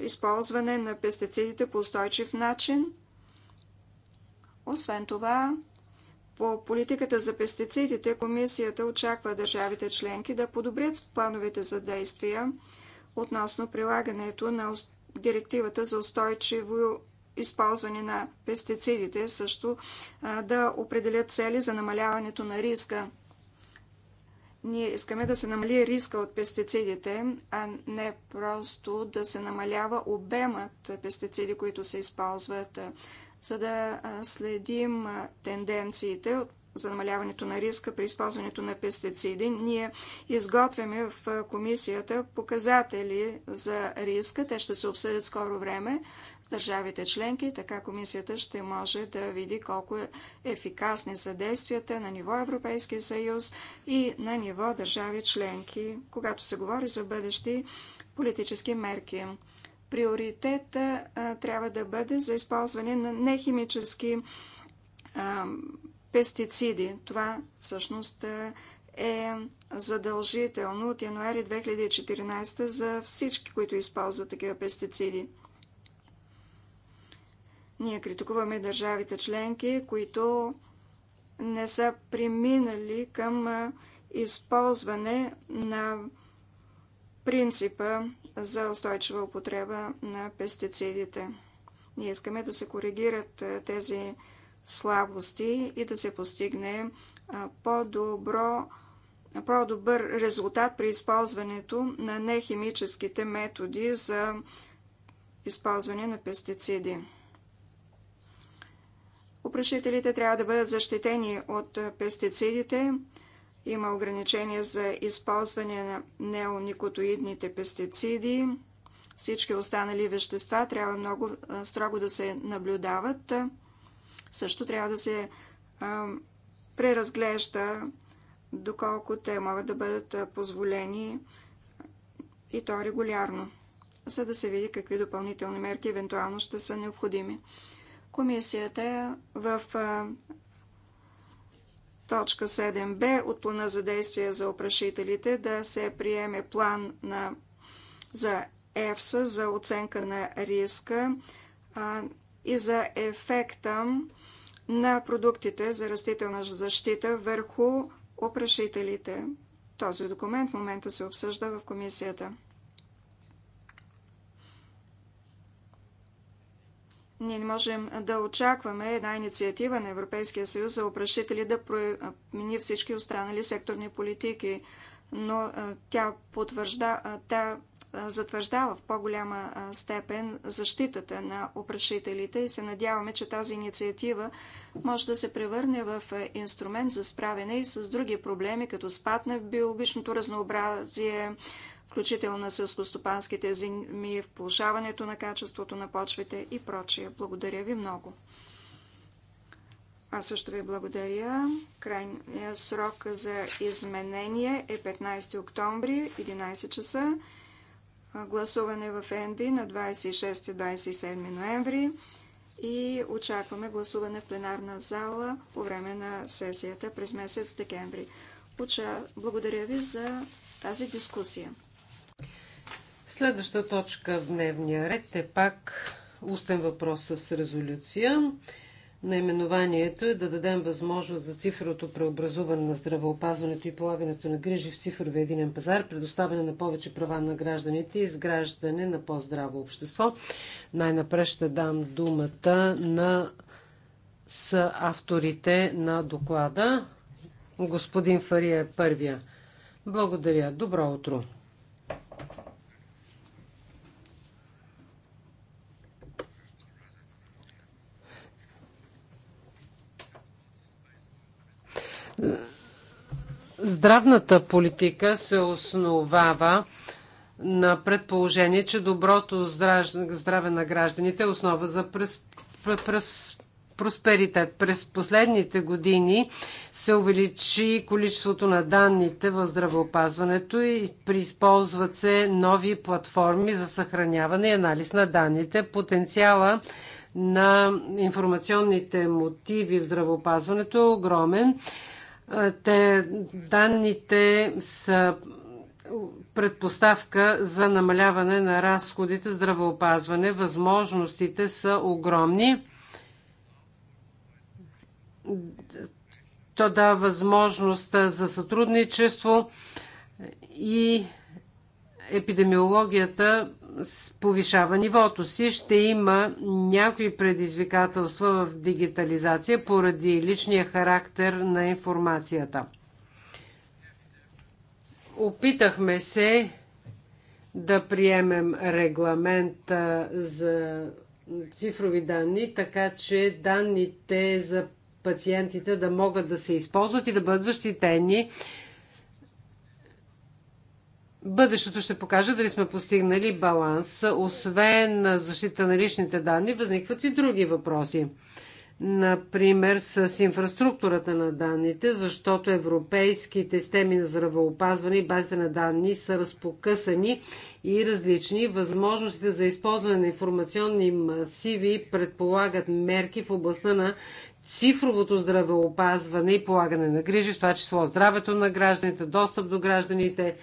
използване на пестицидите по устойчив начин. Освен това, по политиката за пестицидите комисията очаква държавите членки да подобрят плановете за действия относно прилагането на директивата за устойчиво използване на пестицидите, също да определят цели за намаляването на риска. Ние искаме да се намали риска от пестицидите, а не просто да се намалява обемът пестициди, които се използват, за да следим тенденциите за намаляването на риска при използването на пестициди. Ние изготвяме в комисията показатели за риска. Те ще се обсъдят скоро време в държавите членки. Така комисията ще може да види колко е ефикасни са действията на ниво Европейския съюз и на ниво държави членки, когато се говори за бъдещи политически мерки приоритет трябва да бъде за използване на нехимически пестициди. Това всъщност е, е задължително от януари 2014 за всички, които използват такива пестициди. Ние критикуваме държавите членки, които не са преминали към е, използване на принципа за устойчива употреба на пестицидите. Ние искаме да се коригират е, тези слабости и да се постигне по-добро по-добър резултат при използването на нехимическите методи за използване на пестициди. Опрашителите трябва да бъдат защитени от пестицидите. Има ограничения за използване на неоникотоидните пестициди. Всички останали вещества трябва много строго да се наблюдават също трябва да се а, преразглежда доколко те могат да бъдат позволени и то регулярно, за да се види какви допълнителни мерки евентуално ще са необходими. Комисията е в а, точка 7б от плана за действие за опрашителите да се приеме план на, за ЕФСА за оценка на риска а, и за ефекта на продуктите за растителна защита върху опрашителите. Този документ в момента се обсъжда в комисията. Ние не можем да очакваме една инициатива на Европейския съюз за опрашители да промени всички останали секторни политики, но тя потвържда, тя затвърждава в по-голяма степен защитата на опрашителите и се надяваме, че тази инициатива може да се превърне в инструмент за справяне и с други проблеми, като спад на биологичното разнообразие, включително на селскостопанските земи, влушаването на качеството на почвите и прочие. Благодаря ви много. Аз също ви благодаря. Крайният срок за изменение е 15 октомври, 11 часа гласуване в ЕНБ на 26-27 ноември и очакваме гласуване в пленарна зала по време на сесията през месец декември. Благодаря ви за тази дискусия. Следваща точка в дневния ред е пак устен въпрос с резолюция наименованието е да дадем възможност за цифровото преобразуване на здравеопазването и полагането на грижи в цифровия единен пазар, предоставяне на повече права на гражданите и изграждане на по-здраво общество. Най-напред ще дам думата на с авторите на доклада. Господин Фария е първия. Благодаря. Добро утро. Здравната политика се основава на предположение, че доброто здраве на гражданите е основа за през, през, просперитет. През последните години се увеличи количеството на данните в здравеопазването и преизползват се нови платформи за съхраняване и анализ на данните. Потенциала на информационните мотиви в здравеопазването е огромен. Те, данните са предпоставка за намаляване на разходите здравеопазване. Възможностите са огромни. То дава възможност за сътрудничество и епидемиологията повишава нивото си. Ще има някои предизвикателства в дигитализация поради личния характер на информацията. Опитахме се да приемем регламента за цифрови данни, така че данните за пациентите да могат да се използват и да бъдат защитени бъдещето ще покаже дали сме постигнали баланс. Освен защита на личните данни, възникват и други въпроси. Например, с инфраструктурата на данните, защото европейските системи на здравеопазване и базите на данни са разпокъсани и различни. Възможностите за използване на информационни масиви предполагат мерки в областта на цифровото здравеопазване и полагане на грижи, в това число здравето на гражданите, достъп до гражданите,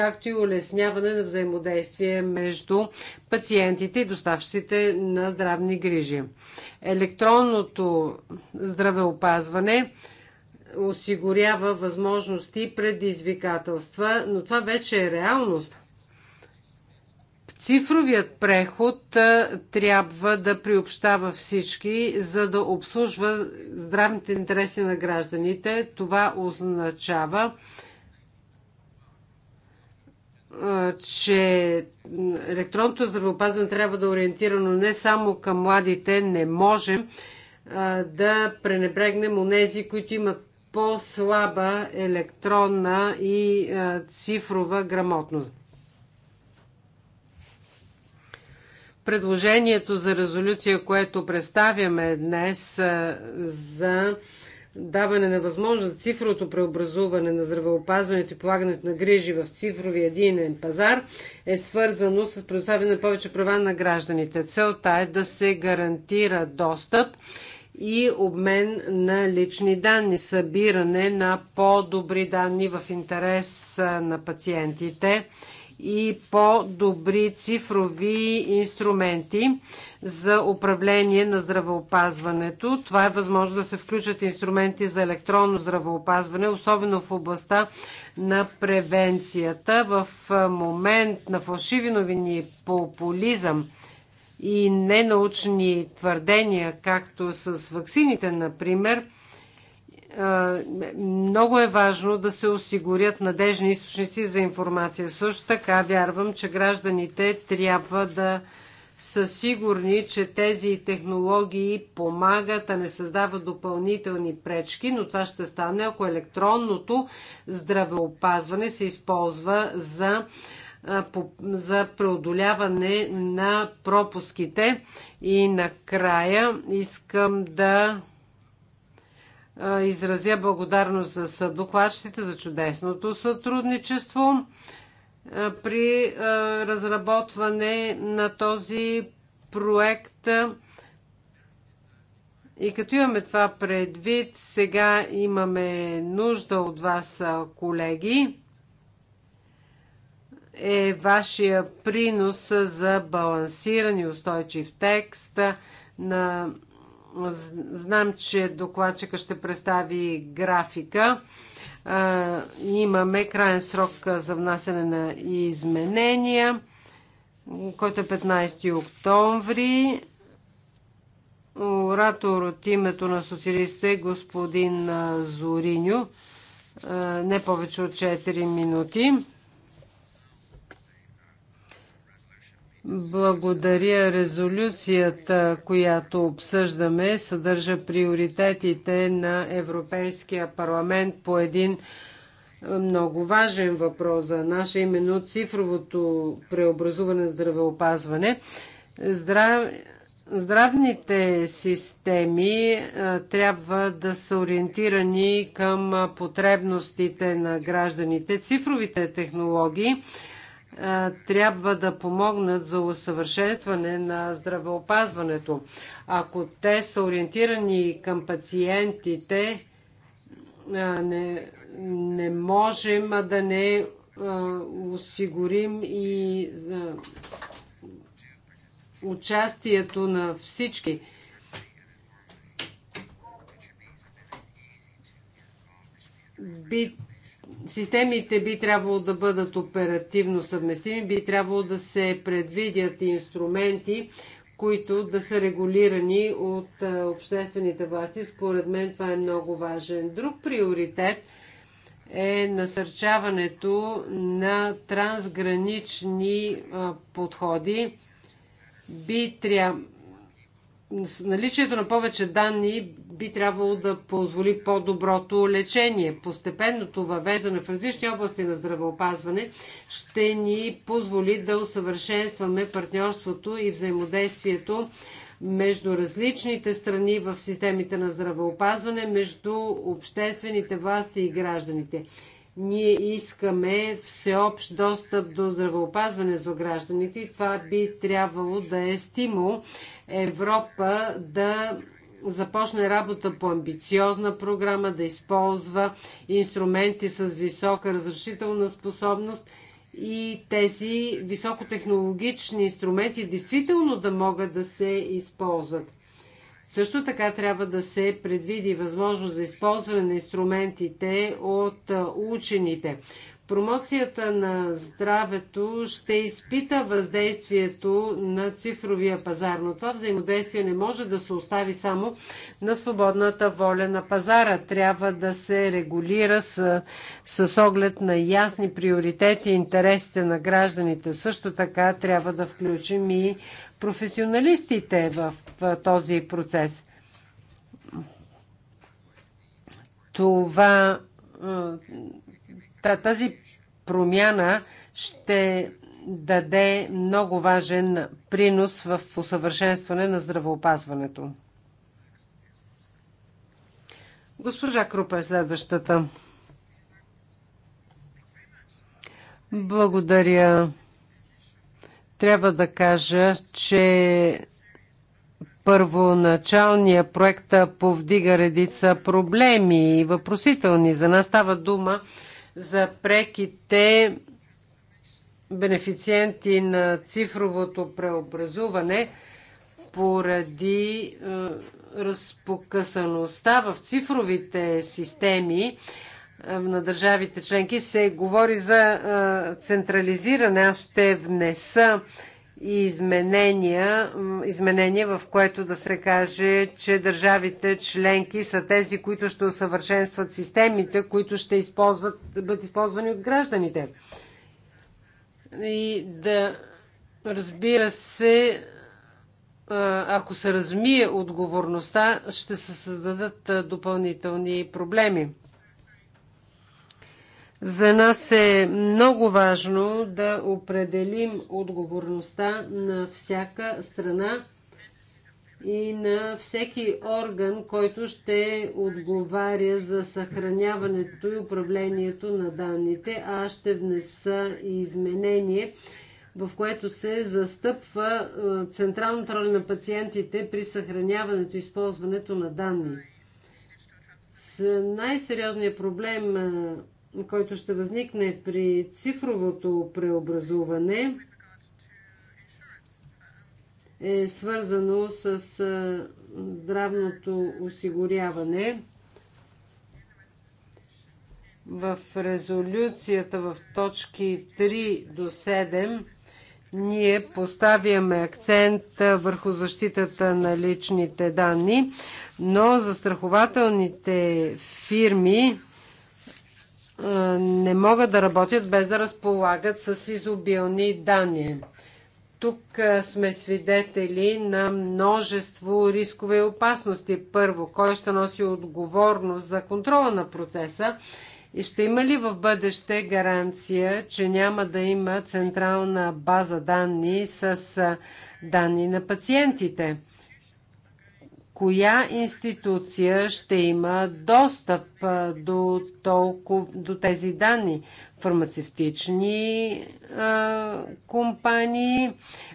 както и улесняване на взаимодействие между пациентите и доставчиците на здравни грижи. Електронното здравеопазване осигурява възможности и предизвикателства, но това вече е реалност. Цифровият преход трябва да приобщава всички, за да обслужва здравните интереси на гражданите. Това означава че електронното здравеопазване трябва да е ориентирано не само към младите, не можем да пренебрегнем онези, които имат по-слаба електронна и цифрова грамотност. Предложението за резолюция, което представяме днес за даване на възможност за цифровото преобразуване на здравеопазването и полагането на грижи в цифрови единен пазар е свързано с предоставяне на повече права на гражданите. Целта е да се гарантира достъп и обмен на лични данни, събиране на по-добри данни в интерес на пациентите и по-добри цифрови инструменти за управление на здравеопазването. Това е възможно да се включат инструменти за електронно здравеопазване, особено в областта на превенцията. В момент на фалшиви новини, популизъм и ненаучни твърдения, както с ваксините, например – много е важно да се осигурят надежни източници за информация. Също така вярвам, че гражданите трябва да са сигурни, че тези технологии помагат, а не създават допълнителни пречки, но това ще стане, ако електронното здравеопазване се използва за за преодоляване на пропуските. И накрая искам да изразя благодарност за съдокладчите за чудесното сътрудничество при разработване на този проект. И като имаме това предвид, сега имаме нужда от вас, колеги, е вашия принос за балансиран и устойчив текст на Знам, че докладчика ще представи графика. Имаме крайен срок за внасяне на изменения, който е 15 октомври. Оратор от името на социалистите е господин Зориню, Не повече от 4 минути. Благодаря. Резолюцията, която обсъждаме, съдържа приоритетите на Европейския парламент по един е, много важен въпрос за наше, именно цифровото преобразуване на здравеопазване. Здрав... Здравните системи а, е, трябва да са ориентирани към потребностите на гражданите. Цифровите технологии трябва да помогнат за усъвършенстване на здравеопазването. Ако те са ориентирани към пациентите, не, не можем да не осигурим и участието на всички. Би Системите би трябвало да бъдат оперативно съвместими, би трябвало да се предвидят инструменти, които да са регулирани от обществените власти. Според мен това е много важен. Друг приоритет е насърчаването на трансгранични подходи. Би, трябвало наличието на повече данни би трябвало да позволи по-доброто лечение. Постепенното въвеждане в различни области на здравеопазване ще ни позволи да усъвършенстваме партньорството и взаимодействието между различните страни в системите на здравеопазване, между обществените власти и гражданите. Ние искаме всеобщ достъп до здравеопазване за гражданите и това би трябвало да е стимул Европа да започне работа по амбициозна програма, да използва инструменти с висока разрешителна способност и тези високотехнологични инструменти действително да могат да се използват. Също така трябва да се предвиди възможност за използване на инструментите от учените. Промоцията на здравето ще изпита въздействието на цифровия пазар, но това взаимодействие не може да се остави само на свободната воля на пазара. Трябва да се регулира с, с оглед на ясни приоритети и интересите на гражданите. Също така трябва да включим и професионалистите в, в този процес. Това тази промяна ще даде много важен принос в усъвършенстване на здравеопазването. Госпожа Крупа е следващата. Благодаря. Трябва да кажа, че първоначалният проект повдига редица проблеми и въпросителни. За нас става дума за преките бенефициенти на цифровото преобразуване поради е, разпокъсаността в цифровите системи е, на държавите членки се говори за е, централизиране. Аз ще внеса изменения, изменение, в което да се каже, че държавите членки са тези, които ще усъвършенстват системите, които ще използват, бъдат използвани от гражданите. И да, разбира се, ако се размие отговорността, ще се създадат допълнителни проблеми. За нас е много важно да определим отговорността на всяка страна и на всеки орган, който ще отговаря за съхраняването и управлението на данните. Аз ще внеса изменение, в което се застъпва е, централната роля на пациентите при съхраняването и използването на данни. С най-сериозният проблем е, който ще възникне при цифровото преобразуване, е свързано с здравното осигуряване. В резолюцията в точки 3 до 7 ние поставяме акцент върху защитата на личните данни, но застрахователните фирми не могат да работят без да разполагат с изобилни данни. Тук сме свидетели на множество рискове и опасности. Първо, кой ще носи отговорност за контрола на процеса и ще има ли в бъдеще гаранция, че няма да има централна база данни с данни на пациентите? коя институция ще има достъп до, толкова, до тези данни? Фармацевтични а, компании,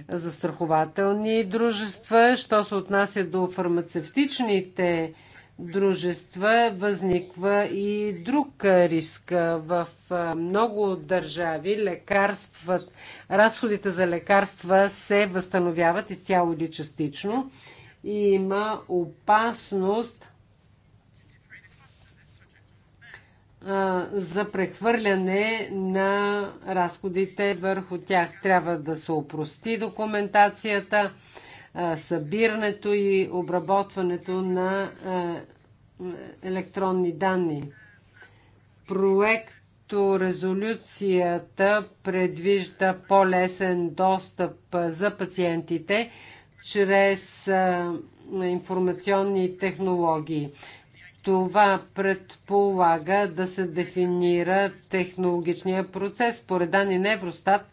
застрахователни дружества. Що се отнася до фармацевтичните дружества, възниква и друг риск. В много държави лекарстват, разходите за лекарства се възстановяват изцяло или частично има опасност за прехвърляне на разходите върху тях. Трябва да се опрости документацията, събирането и обработването на електронни данни. Проекторезолюцията резолюцията предвижда по-лесен достъп за пациентите чрез информационни технологии. Това предполага да се дефинира технологичния процес. Поред данни на Евростат,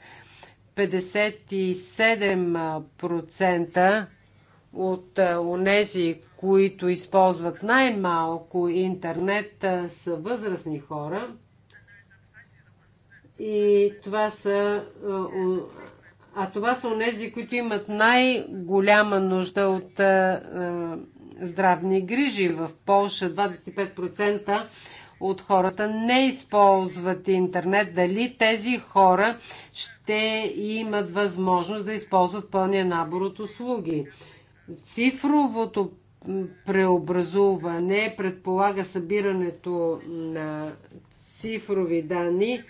57% от онези, които използват най-малко интернет, са възрастни хора. И това са а това са онези, които имат най-голяма нужда от е, здравни грижи. В Польша 25% от хората не използват интернет. Дали тези хора ще имат възможност да използват пълния набор от услуги? Цифровото преобразуване предполага събирането на цифрови данни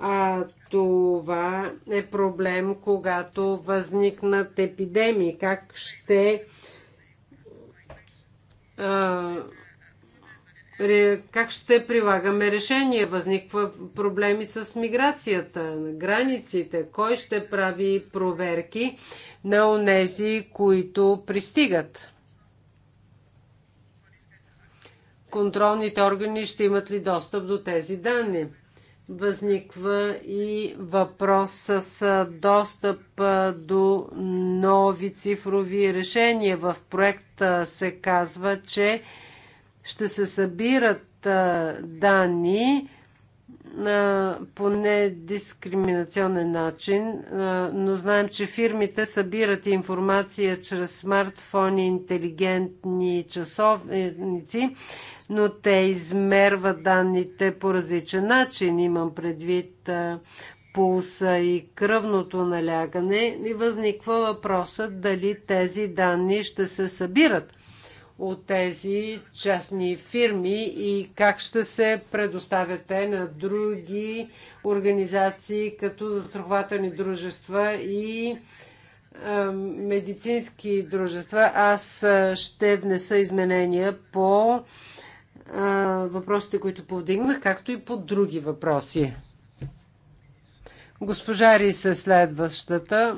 а това е проблем, когато възникнат епидемии. Как ще а, как ще прилагаме решение? Възниква проблеми с миграцията, на границите. Кой ще прави проверки на онези, които пристигат? Контролните органи ще имат ли достъп до тези данни? възниква и въпрос с достъп до нови цифрови решения. В проекта се казва, че ще се събират данни по недискриминационен начин, но знаем, че фирмите събират информация чрез смартфони, интелигентни часовници но те измерват данните по различен начин. Имам предвид пулса и кръвното налягане и възниква въпросът дали тези данни ще се събират от тези частни фирми и как ще се предоставят те на други организации, като застрахователни дружества и медицински дружества. Аз ще внеса изменения по въпросите, които повдигнах, както и по други въпроси. Госпожа Рис е следващата.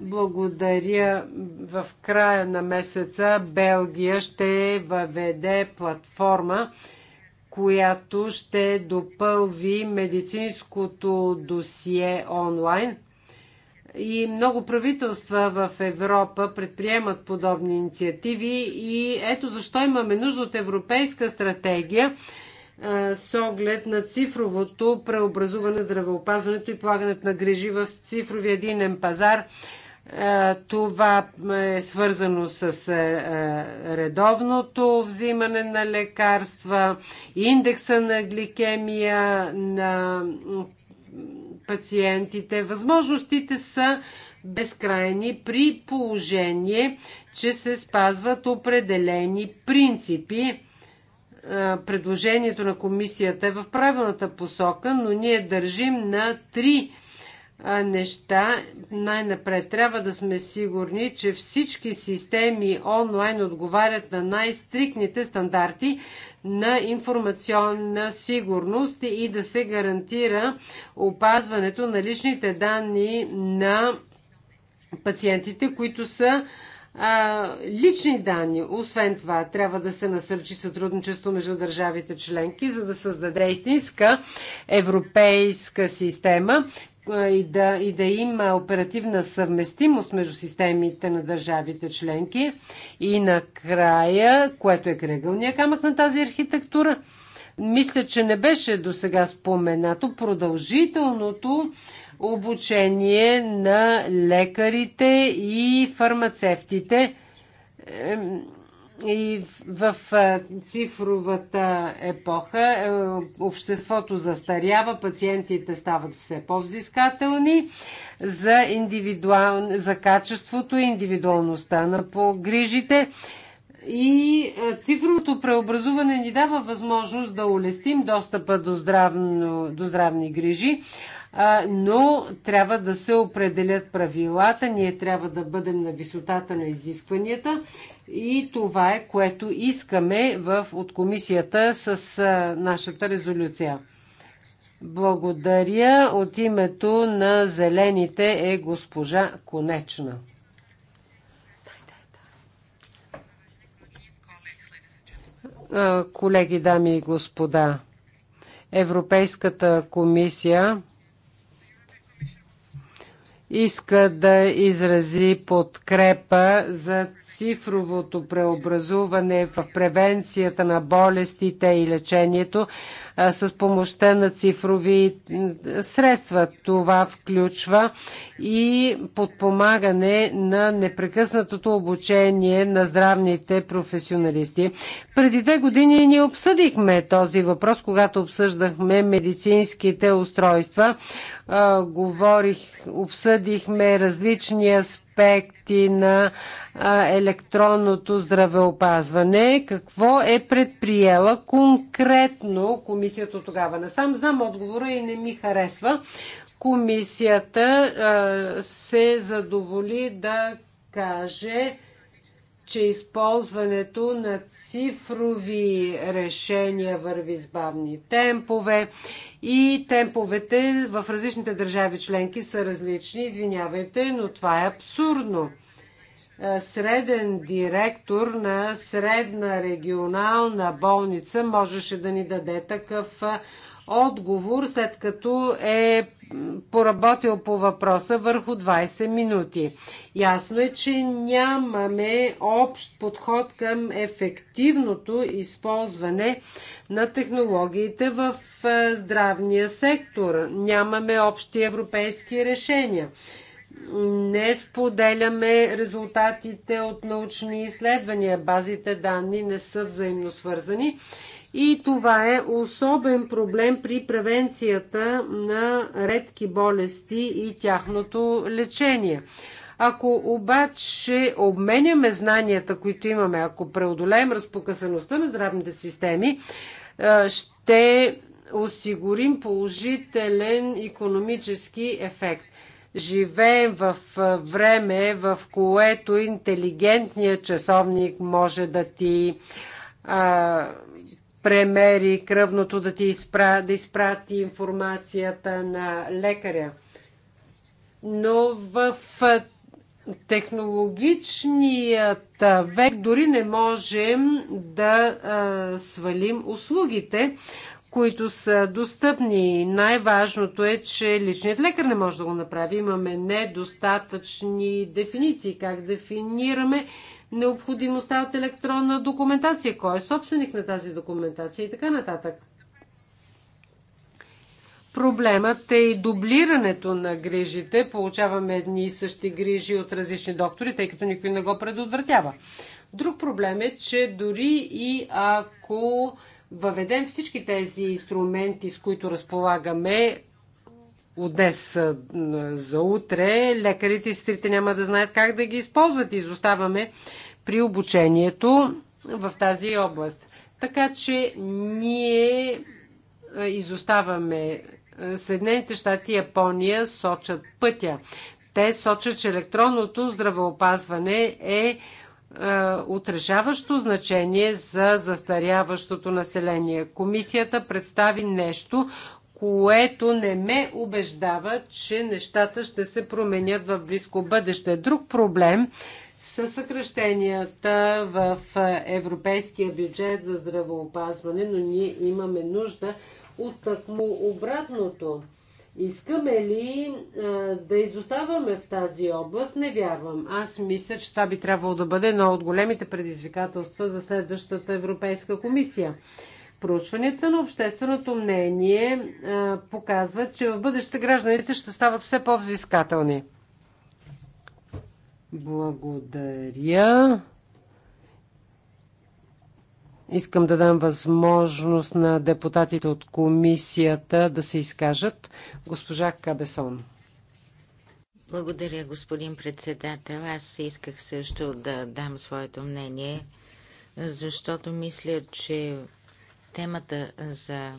Благодаря. В края на месеца Белгия ще въведе платформа, която ще допълви медицинското досие онлайн – и много правителства в Европа предприемат подобни инициативи и ето защо имаме нужда от европейска стратегия с оглед на цифровото преобразуване, здравеопазването и полагането на грижи в цифрови единен пазар. Това е свързано с редовното взимане на лекарства, индекса на гликемия, на пациентите. Възможностите са безкрайни при положение, че се спазват определени принципи. Предложението на комисията е в правилната посока, но ние държим на три неща. Най-напред трябва да сме сигурни, че всички системи онлайн отговарят на най-стрикните стандарти на информационна сигурност и да се гарантира опазването на личните данни на пациентите, които са а, лични данни. Освен това, трябва да се насърчи сътрудничество между държавите членки, за да създаде истинска европейска система, и да, и да има оперативна съвместимост между системите на държавите членки. И накрая, което е кръгълния камък на тази архитектура, мисля, че не беше до сега споменато продължителното обучение на лекарите и фармацевтите и в цифровата епоха е, обществото застарява, пациентите стават все по-взискателни за, индивидуал... за качеството и индивидуалността на погрижите. И е, цифровото преобразуване ни дава възможност да улестим достъпа до, здравно, до здравни грижи, но трябва да се определят правилата, ние трябва да бъдем на висотата на изискванията и това е, което искаме в, от комисията с а, нашата резолюция. Благодаря. От името на Зелените е госпожа Конечна. Колеги, дами и господа, Европейската комисия иска да изрази подкрепа за цифровото преобразуване в превенцията на болестите и лечението, с помощта на цифрови средства. Това включва и подпомагане на непрекъснатото обучение на здравните професионалисти. Преди две години ние обсъдихме този въпрос, когато обсъждахме медицинските устройства. Говорих, обсъдихме различни аспекти аспекти на електронното здравеопазване. Какво е предприела конкретно комисията тогава насам? Знам отговора и не ми харесва. Комисията се задоволи да каже, че използването на цифрови решения върви с бавни темпове и темповете в различните държави членки са различни. Извинявайте, но това е абсурдно. Е, среден директор на средна регионална болница можеше да ни даде такъв е, отговор, след като е поработил по въпроса върху 20 минути. Ясно е, че нямаме общ подход към ефективното използване на технологиите в здравния сектор. Нямаме общи европейски решения. Не споделяме резултатите от научни изследвания. Базите данни не са взаимно свързани и това е особен проблем при превенцията на редки болести и тяхното лечение. Ако обаче обменяме знанията, които имаме, ако преодолеем разпокъсаността на здравните системи, ще осигурим положителен економически ефект. Живеем в време, в което интелигентният часовник може да ти а, премери кръвното, да ти изпра, да изпрати информацията на лекаря. Но в технологичният век дори не можем да а, свалим услугите, които са достъпни. Най-важното е, че личният лекар не може да го направи. Имаме недостатъчни дефиниции. Как дефинираме необходимостта от електронна документация, кой е собственик на тази документация и така нататък. Проблемът е и дублирането на грижите. Получаваме едни и същи грижи от различни доктори, тъй като никой не го предотвратява. Друг проблем е, че дори и ако въведем всички тези инструменти, с които разполагаме, от днес за утре. Лекарите и сестрите няма да знаят как да ги използват. Изоставаме при обучението в тази област. Така че ние изоставаме. Съединените щати и Япония сочат пътя. Те сочат, че електронното здравеопазване е отрешаващо значение за застаряващото население. Комисията представи нещо, което не ме убеждава, че нещата ще се променят в близко бъдеще. Друг проблем са съкръщенията в европейския бюджет за здравеопазване, но ние имаме нужда от такмо обратното. Искаме ли а, да изоставаме в тази област? Не вярвам. Аз мисля, че това би трябвало да бъде едно от големите предизвикателства за следващата Европейска комисия. Проучванията на общественото мнение е, показват, че в бъдеще гражданите ще стават все по-взискателни. Благодаря. Искам да дам възможност на депутатите от комисията да се изкажат. Госпожа Кабесон. Благодаря, господин председател. Аз исках също да дам своето мнение, защото мисля, че Темата за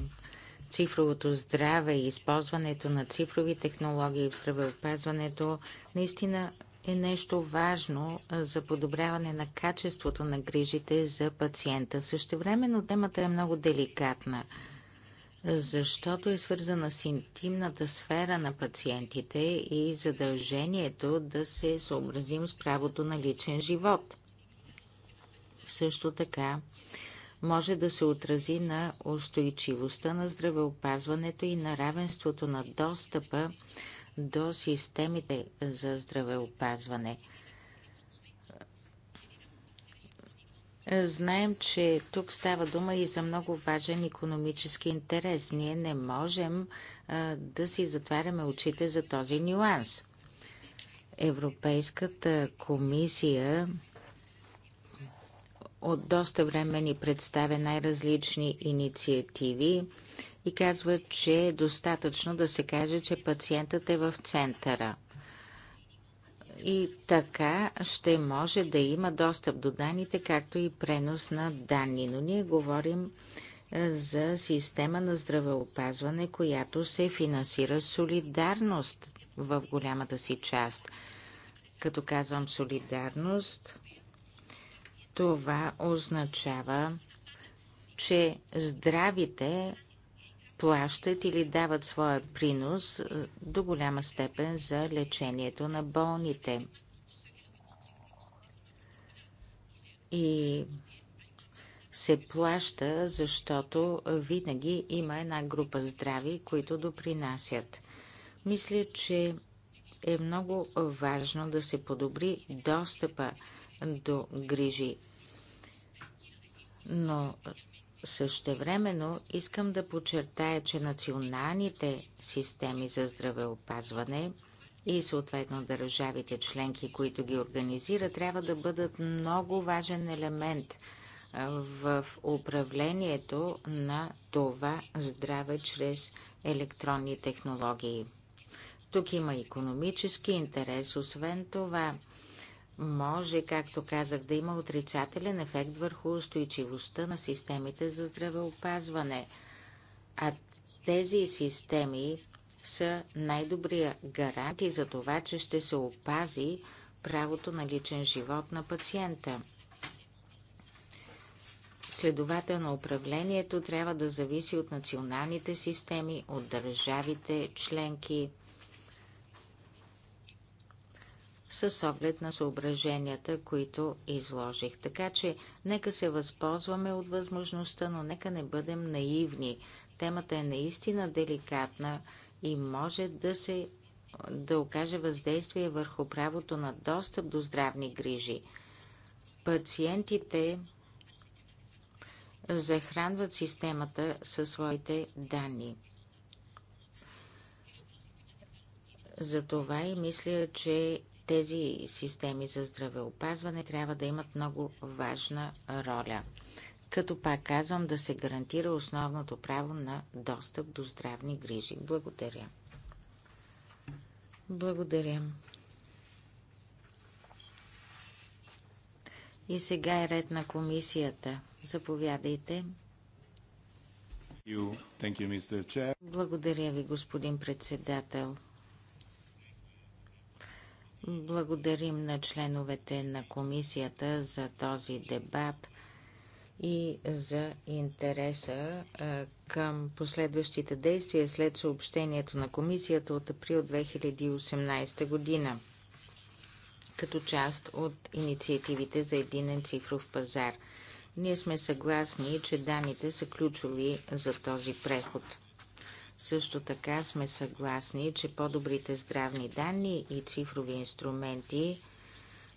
цифровото здраве и използването на цифрови технологии в здравеопазването наистина е нещо важно за подобряване на качеството на грижите за пациента. Същевременно темата е много деликатна, защото е свързана с интимната сфера на пациентите и задължението да се съобразим с правото на личен живот. Също така може да се отрази на устойчивостта на здравеопазването и на равенството на достъпа до системите за здравеопазване. Знаем, че тук става дума и за много важен економически интерес. Ние не можем а, да си затваряме очите за този нюанс. Европейската комисия от доста време ни представя най-различни инициативи и казва, че е достатъчно да се каже, че пациентът е в центъра. И така ще може да има достъп до данните, както и пренос на данни. Но ние говорим е, за система на здравеопазване, която се финансира солидарност в голямата си част. Като казвам солидарност, това означава, че здравите плащат или дават своя принос е, до голяма степен за лечението на болните. И се плаща, защото винаги има една група здрави, които допринасят. Мисля, че е много важно да се подобри достъпа до грижи. Но Същевременно искам да подчертая, че националните системи за здравеопазване и съответно държавите членки, които ги организират, трябва да бъдат много важен елемент в управлението на това здраве чрез електронни технологии. Тук има економически интерес, освен това – може, както казах, да има отрицателен ефект върху устойчивостта на системите за здравеопазване. А тези системи са най-добрия гарант и за това, че ще се опази правото на личен живот на пациента. Следователно управлението трябва да зависи от националните системи, от държавите членки. с оглед на съображенията, които изложих. Така че нека се възползваме от възможността, но нека не бъдем наивни. Темата е наистина деликатна и може да се да окаже въздействие върху правото на достъп до здравни грижи. Пациентите захранват системата със своите данни. Затова и мисля, че тези системи за здравеопазване трябва да имат много важна роля. Като пак казвам да се гарантира основното право на достъп до здравни грижи. Благодаря. Благодаря. И сега е ред на комисията. Заповядайте. Благодаря ви, господин председател. Благодарим на членовете на комисията за този дебат и за интереса към последващите действия след съобщението на комисията от април 2018 година като част от инициативите за единен цифров пазар. Ние сме съгласни, че данните са ключови за този преход – също така сме съгласни, че по-добрите здравни данни и цифрови инструменти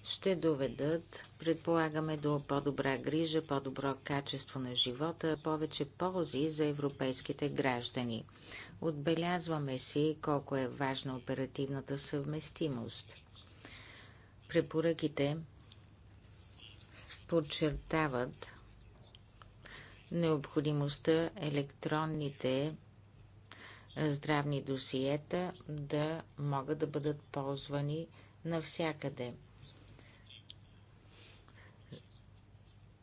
ще доведат, предполагаме, до по-добра грижа, по-добро качество на живота, повече ползи за европейските граждани. Отбелязваме си колко е важна оперативната съвместимост. Препоръките подчертават необходимостта електронните здравни досиета да могат да бъдат ползвани навсякъде.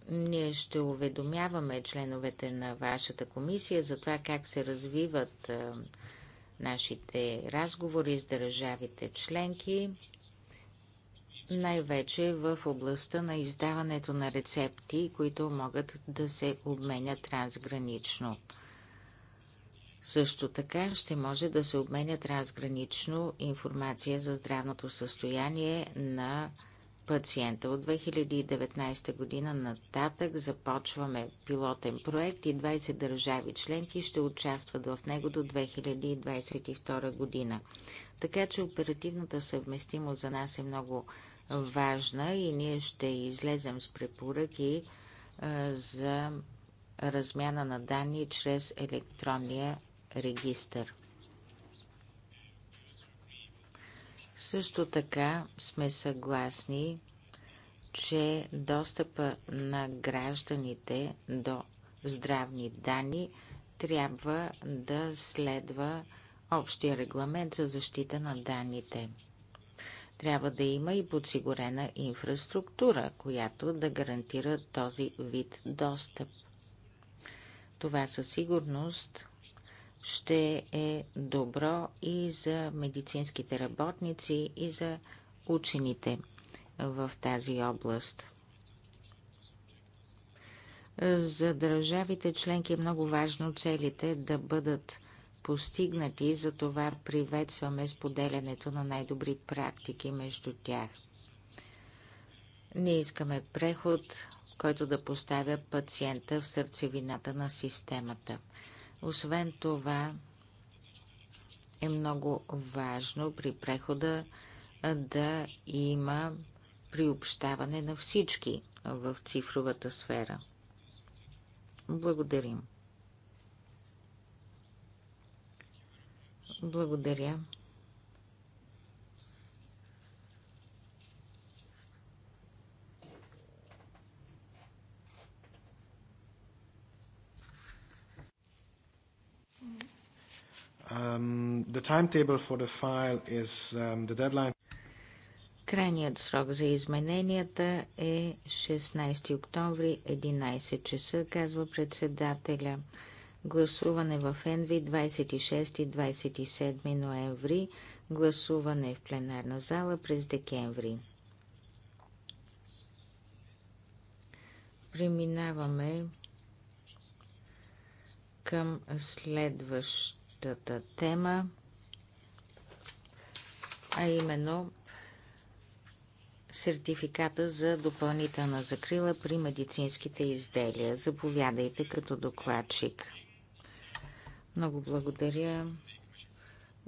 Ние ще уведомяваме членовете на вашата комисия за това как се развиват нашите разговори с държавите членки, най-вече в областта на издаването на рецепти, които могат да се обменят трансгранично. Също така ще може да се обменят разгранично информация за здравното състояние на пациента. От 2019 година нататък започваме пилотен проект и 20 държави членки ще участват в него до 2022 година. Така че оперативната съвместимост за нас е много важна и ние ще излезем с препоръки за размяна на данни чрез електронния регистър. Също така сме съгласни, че достъпа на гражданите до здравни данни трябва да следва общия регламент за защита на данните. Трябва да има и подсигурена инфраструктура, която да гарантира този вид достъп. Това със сигурност ще е добро и за медицинските работници, и за учените в тази област. За държавите членки е много важно целите да бъдат постигнати, затова приветстваме споделянето на най-добри практики между тях. Ние искаме преход, който да поставя пациента в сърцевината на системата. Освен това е много важно при прехода да има приобщаване на всички в цифровата сфера. Благодарим. Благодаря. Um, the timetable for the file is um, the deadline. Крайният срок за измененията е 16 октомври 11 часа, казва председателя. Гласуване в ЕНВИ 26 и 27 ноември. Гласуване в пленарна зала през декември. Преминаваме към следващ следващата тема, а именно сертификата за допълнителна закрила при медицинските изделия. Заповядайте като докладчик. Много благодаря.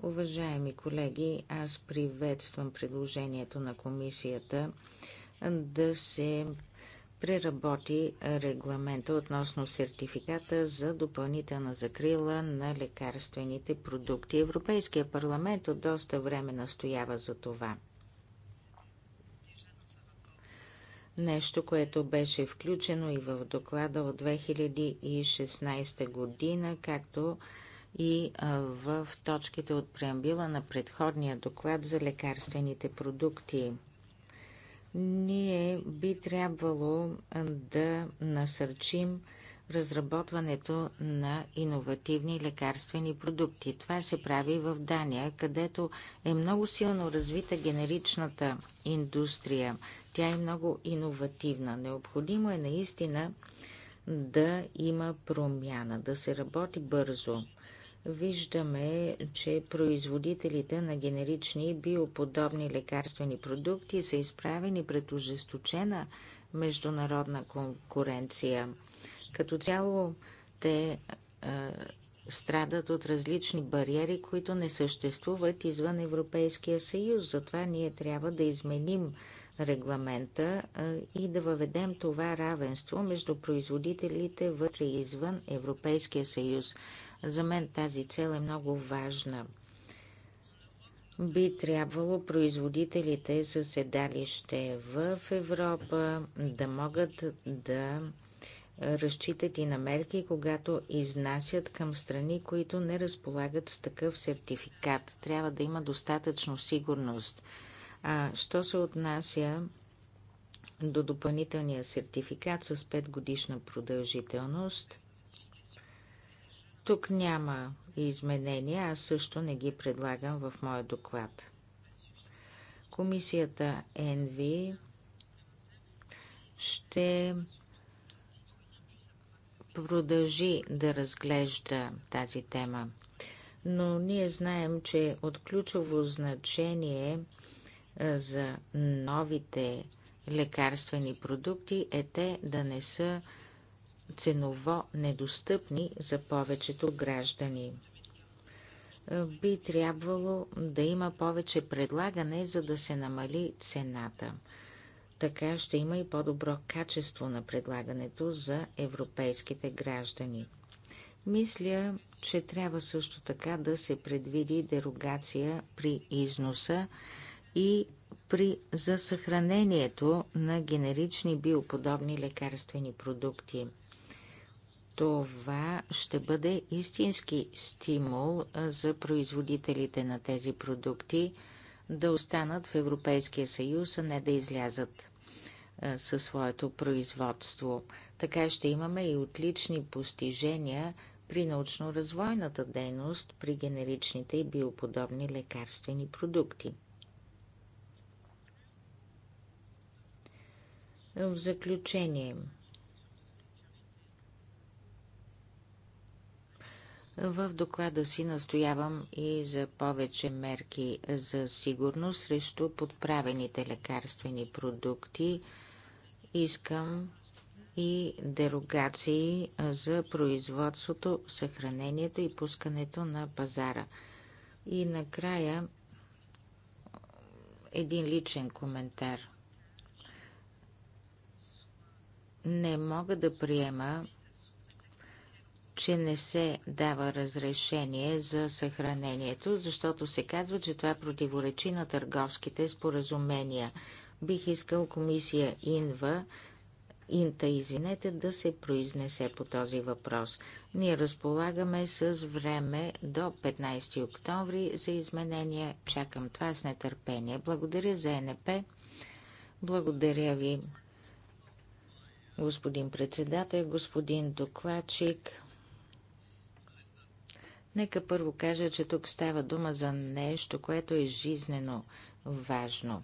Уважаеми колеги, аз приветствам предложението на комисията да се преработи регламента относно сертификата за допълнителна закрила на лекарствените продукти. Европейския парламент от доста време настоява за това. Нещо, което беше включено и в доклада от 2016 година, както и в точките от преамбила на предходния доклад за лекарствените продукти – ние би трябвало да насърчим разработването на иновативни лекарствени продукти. Това се прави в Дания, където е много силно развита генеричната индустрия. Тя е много иновативна. Необходимо е наистина да има промяна, да се работи бързо виждаме, че производителите на генерични и биоподобни лекарствени продукти са изправени пред ожесточена международна конкуренция. Като цяло те а, е, страдат от различни бариери, които не съществуват извън Европейския съюз. Затова ние трябва да изменим регламента а, е, и да въведем това равенство между производителите вътре и извън Европейския съюз. За мен тази цел е много важна. Би трябвало производителите със седалище в Европа да могат да разчитат и на мерки, когато изнасят към страни, които не разполагат с такъв сертификат. Трябва да има достатъчно сигурност. А що се отнася до допълнителния сертификат с 5 годишна продължителност, тук няма изменения, аз също не ги предлагам в моя доклад. Комисията ЕНВИ ще продължи да разглежда тази тема. Но ние знаем, че от ключово значение за новите лекарствени продукти е те да не са ценово недостъпни за повечето граждани. Е, би трябвало да има повече предлагане, за да се намали цената. Така ще има и по-добро качество на предлагането за европейските граждани. Мисля, че трябва също така да се предвиди дерогация при износа и при за съхранението на генерични биоподобни лекарствени продукти – това ще бъде истински стимул за производителите на тези продукти да останат в Европейския съюз, а не да излязат със своето производство. Така ще имаме и отлични постижения при научно-развойната дейност при генеричните и биоподобни лекарствени продукти. В заключение – В доклада си настоявам и за повече мерки за сигурност срещу подправените лекарствени продукти. Искам и дерогации за производството, съхранението и пускането на пазара. И накрая един личен коментар. Не мога да приема че не се дава разрешение за съхранението, защото се казва, че това противоречи на търговските споразумения. Бих искал комисия Инва Инта, извинете, да се произнесе по този въпрос. Ние разполагаме с време до 15 октомври за изменения. Чакам това с нетърпение. Благодаря за НП. Благодаря ви, господин председател, господин докладчик. Нека първо кажа, че тук става дума за нещо, което е жизнено важно.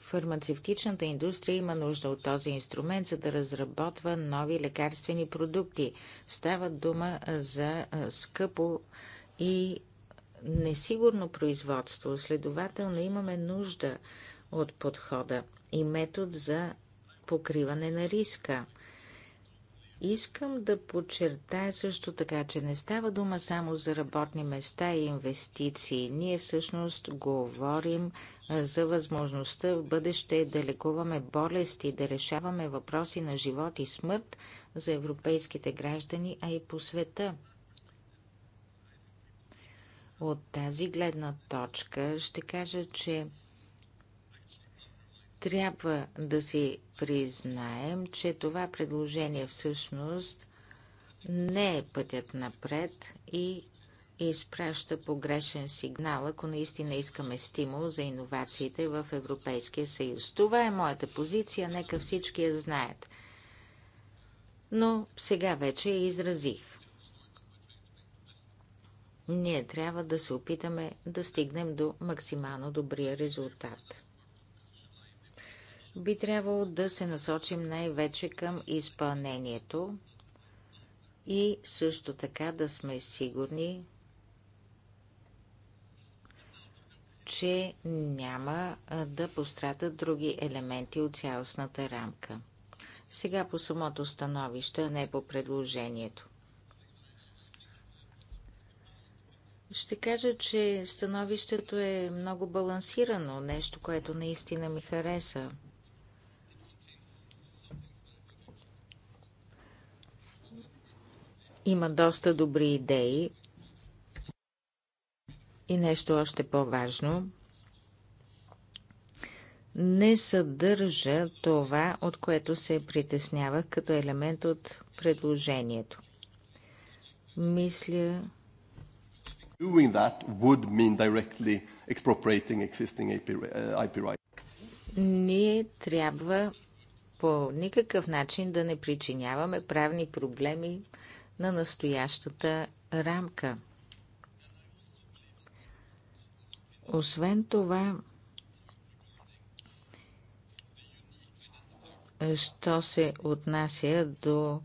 Фармацевтичната индустрия има нужда от този инструмент, за да разработва нови лекарствени продукти. Става дума за скъпо и несигурно производство. Следователно имаме нужда от подхода и метод за покриване на риска. Искам да подчертая също така, че не става дума само за работни места и инвестиции. Ние всъщност говорим за възможността в бъдеще да лекуваме болести, да решаваме въпроси на живот и смърт за европейските граждани, а и по света. От тази гледна точка ще кажа, че трябва да си признаем, че това предложение всъщност не е пътят напред и изпраща погрешен сигнал, ако наистина искаме стимул за иновациите в Европейския съюз. Това е моята позиция, нека всички я знаят. Но сега вече я изразих. Ние трябва да се опитаме да стигнем до максимално добрия резултат би трябвало да се насочим най-вече към изпълнението и също така да сме сигурни, че няма да пострадат други елементи от цялостната рамка. Сега по самото становище, а не по предложението. Ще кажа, че становището е много балансирано, нещо, което наистина ми хареса. Има доста добри идеи. И нещо още по-важно. Не съдържа това, от което се притеснявах като елемент от предложението. Мисля, doing that would mean directly expropriating existing IP, uh, IP rights. Ние трябва по никакъв начин да не причиняваме правни проблеми на настоящата рамка. Освен това, що се отнася до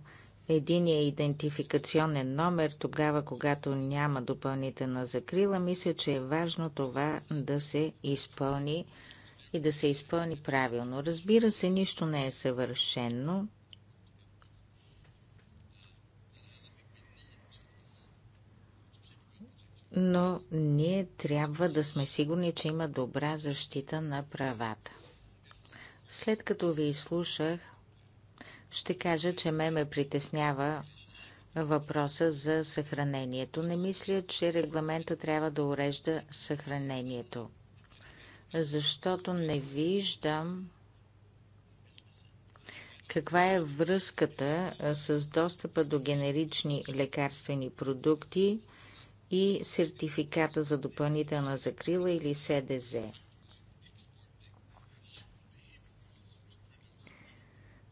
единия идентификационен номер, тогава когато няма допълнителна закрила, мисля, че е важно това да се изпълни и да се изпълни правилно. Разбира се, нищо не е съвършено. но ние трябва да сме сигурни, че има добра защита на правата. След като ви изслушах, ще кажа, че ме ме притеснява въпроса за съхранението. Не мисля, че регламента трябва да урежда съхранението, защото не виждам каква е връзката с достъпа до генерични лекарствени продукти и сертификата за допълнителна закрила или СДЗ.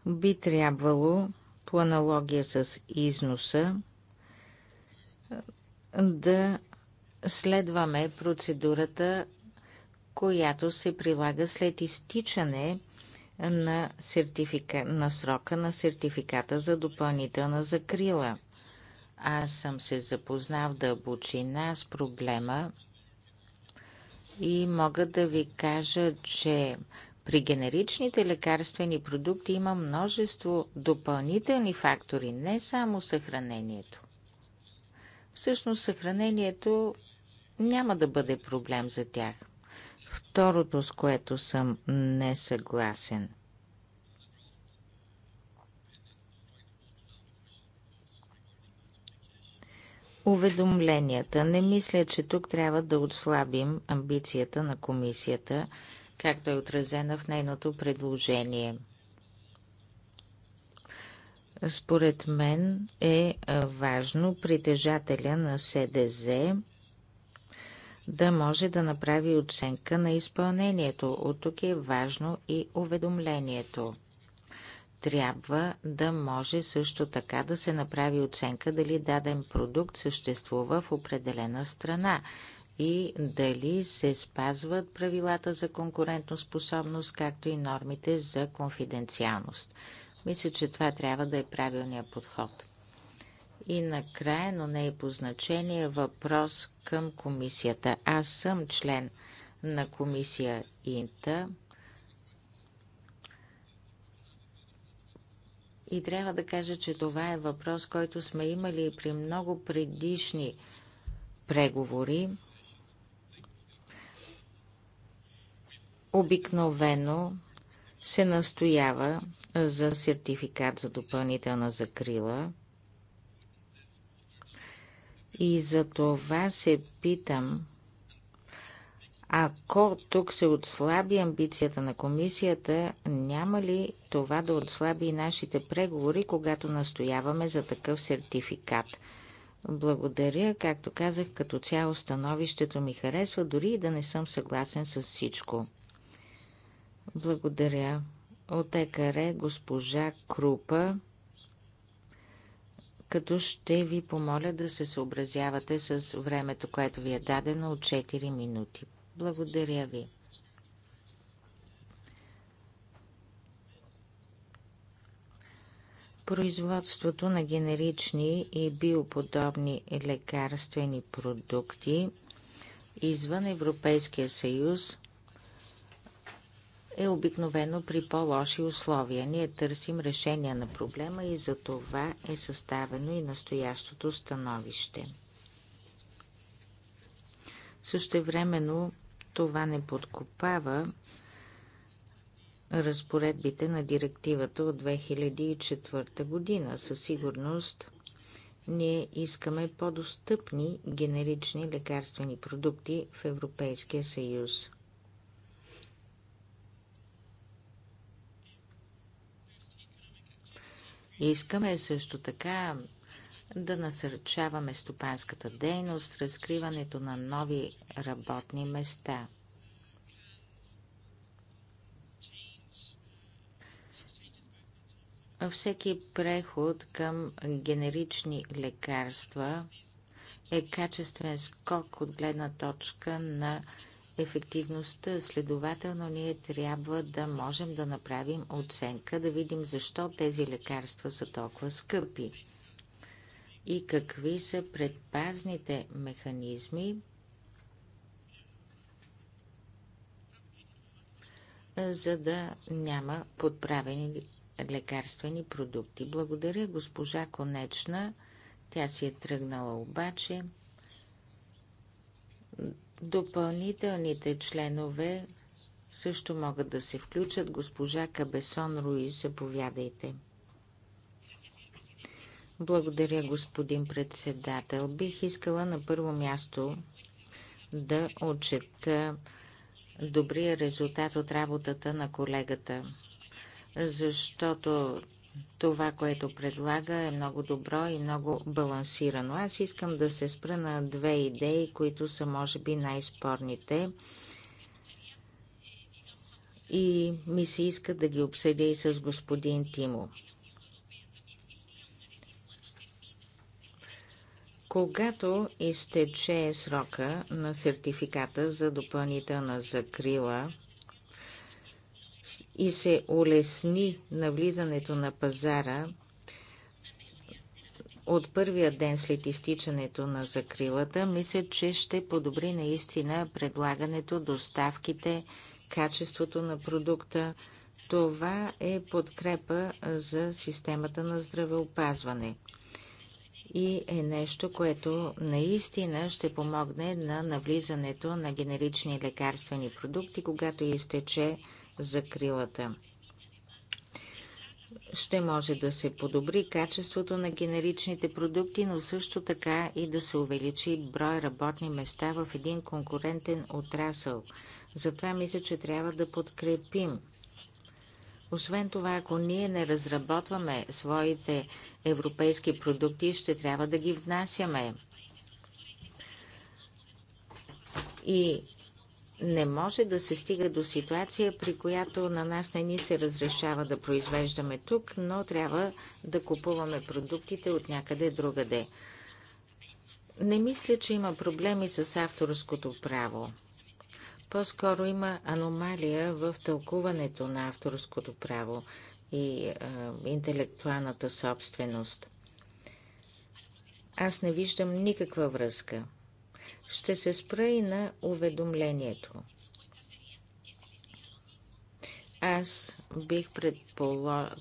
Би трябвало по аналогия с износа да следваме процедурата, която се прилага след изтичане на, сертифика... на срока на сертификата за допълнителна закрила. Аз съм се запознал в дълбочина с проблема и мога да ви кажа, че при генеричните лекарствени продукти има множество допълнителни фактори, не само съхранението. Всъщност съхранението няма да бъде проблем за тях. Второто, с което съм несъгласен – уведомленията. Не мисля, че тук трябва да отслабим амбицията на комисията, както е отразена в нейното предложение. Според мен е важно притежателя на СДЗ да може да направи оценка на изпълнението. От тук е важно и уведомлението трябва да може също така да се направи оценка дали даден продукт съществува в определена страна и дали се спазват правилата за конкурентоспособност, както и нормите за конфиденциалност. Мисля, че това трябва да е правилният подход. И накрая, но не и е по значение, въпрос към комисията. Аз съм член на комисия Инта. И трябва да кажа, че това е въпрос, който сме имали при много предишни преговори. Обикновено се настоява за сертификат за допълнителна закрила. И за това се питам, ако тук се отслаби амбицията на комисията, няма ли това да отслаби и нашите преговори, когато настояваме за такъв сертификат? Благодаря, както казах, като цяло становището ми харесва, дори и да не съм съгласен с всичко. Благодаря. От екаре госпожа Крупа, като ще ви помоля да се съобразявате с времето, което ви е дадено от 4 минути. Благодаря ви. Производството на генерични и биоподобни лекарствени продукти извън Европейския съюз е обикновено при по-лоши условия. Ние търсим решение на проблема и за това е съставено и настоящото становище. времено това не подкопава разпоредбите на директивата от 2004 година. Със сигурност ние искаме по-достъпни генерични лекарствени продукти в Европейския съюз. Искаме също така да насърчаваме стопанската дейност, разкриването на нови работни места. Всеки преход към генерични лекарства е качествен скок от гледна точка на ефективността. Следователно, ние трябва да можем да направим оценка, да видим защо тези лекарства са толкова скъпи и какви са предпазните механизми, за да няма подправени лекарствени продукти. Благодаря госпожа Конечна. Тя си е тръгнала обаче. Допълнителните членове също могат да се включат. Госпожа Кабесон Руи, заповядайте. Благодаря, господин председател. Бих искала на първо място да отчета добрия резултат от работата на колегата, защото това, което предлага е много добро и много балансирано. Аз искам да се спра на две идеи, които са може би най-спорните и ми се иска да ги обсъдя и с господин Тимо. Когато изтече срока на сертификата за допълнителна закрила и се улесни навлизането на пазара от първия ден след изтичането на закрилата, мисля, че ще подобри наистина предлагането, доставките, качеството на продукта. Това е подкрепа за системата на здравеопазване – и е нещо, което наистина ще помогне на навлизането на генерични лекарствени продукти, когато изтече закрилата. Ще може да се подобри качеството на генеричните продукти, но също така и да се увеличи брой работни места в един конкурентен отрасъл. Затова мисля, че трябва да подкрепим освен това, ако ние не разработваме своите европейски продукти, ще трябва да ги внасяме. И не може да се стига до ситуация, при която на нас не ни се разрешава да произвеждаме тук, но трябва да купуваме продуктите от някъде другаде. Не мисля, че има проблеми с авторското право. По-скоро има аномалия в тълкуването на авторското право и а, интелектуалната собственост. Аз не виждам никаква връзка. Ще се спра и на уведомлението. Аз бих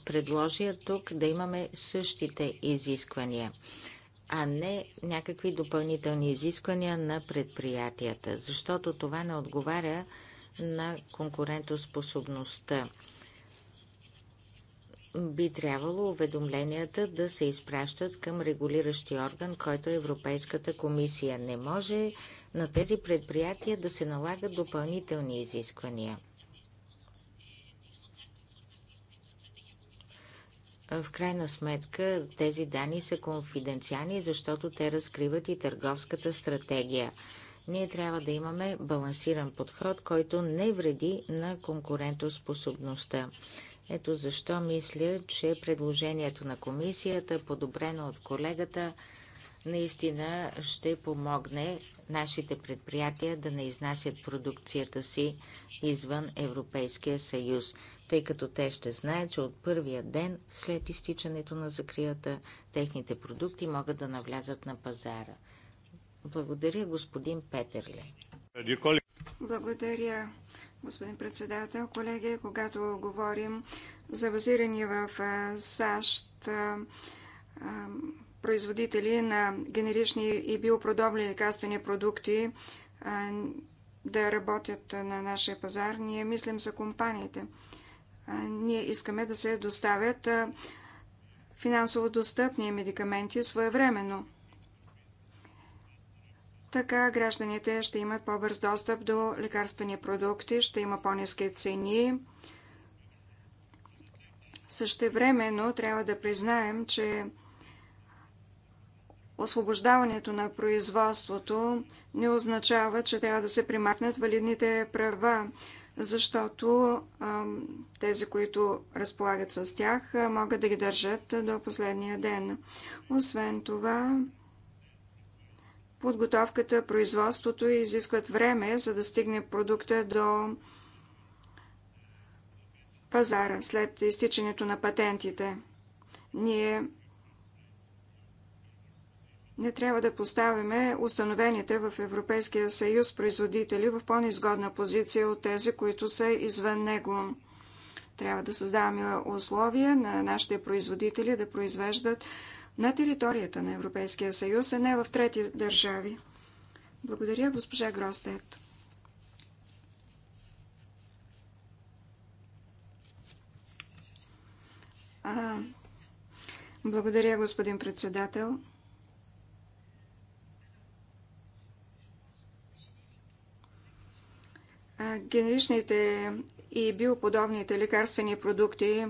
предложил тук да имаме същите изисквания а не някакви допълнителни изисквания на предприятията, защото това не отговаря на конкурентоспособността. Би трябвало уведомленията да се изпращат към регулиращи орган, който е Европейската комисия. Не може на тези предприятия да се налагат допълнителни изисквания. в крайна сметка тези данни са конфиденциални, защото те разкриват и търговската стратегия. Ние трябва да имаме балансиран подход, който не вреди на конкурентоспособността. Ето защо мисля, че предложението на комисията, подобрено от колегата, наистина ще помогне нашите предприятия да не изнасят продукцията си извън Европейския съюз тъй като те ще знаят, че от първия ден след изтичането на закрията техните продукти могат да навлязат на пазара. Благодаря, господин Петерле. Благодаря, господин председател. Колеги, когато говорим за базирани в САЩ производители на генерични и биопродобни лекарствени продукти да работят на нашия пазар, ние мислим за компаниите – ние искаме да се доставят финансово достъпни медикаменти своевременно. Така гражданите ще имат по-бърз достъп до лекарствени продукти, ще има по-низки цени. Същевременно трябва да признаем, че освобождаването на производството не означава, че трябва да се примахнат валидните права защото тези, които разполагат с тях, могат да ги държат до последния ден. Освен това, подготовката, производството изискват време, за да стигне продукта до пазара след изтичането на патентите. Ние не трябва да поставяме установените в Европейския съюз производители в по-низгодна позиция от тези, които са извън него. Трябва да създаваме условия на нашите производители да произвеждат на територията на Европейския съюз, а не в трети държави. Благодаря, госпожа Гростет. А, благодаря, господин председател. Генеричните и биоподобните лекарствени продукти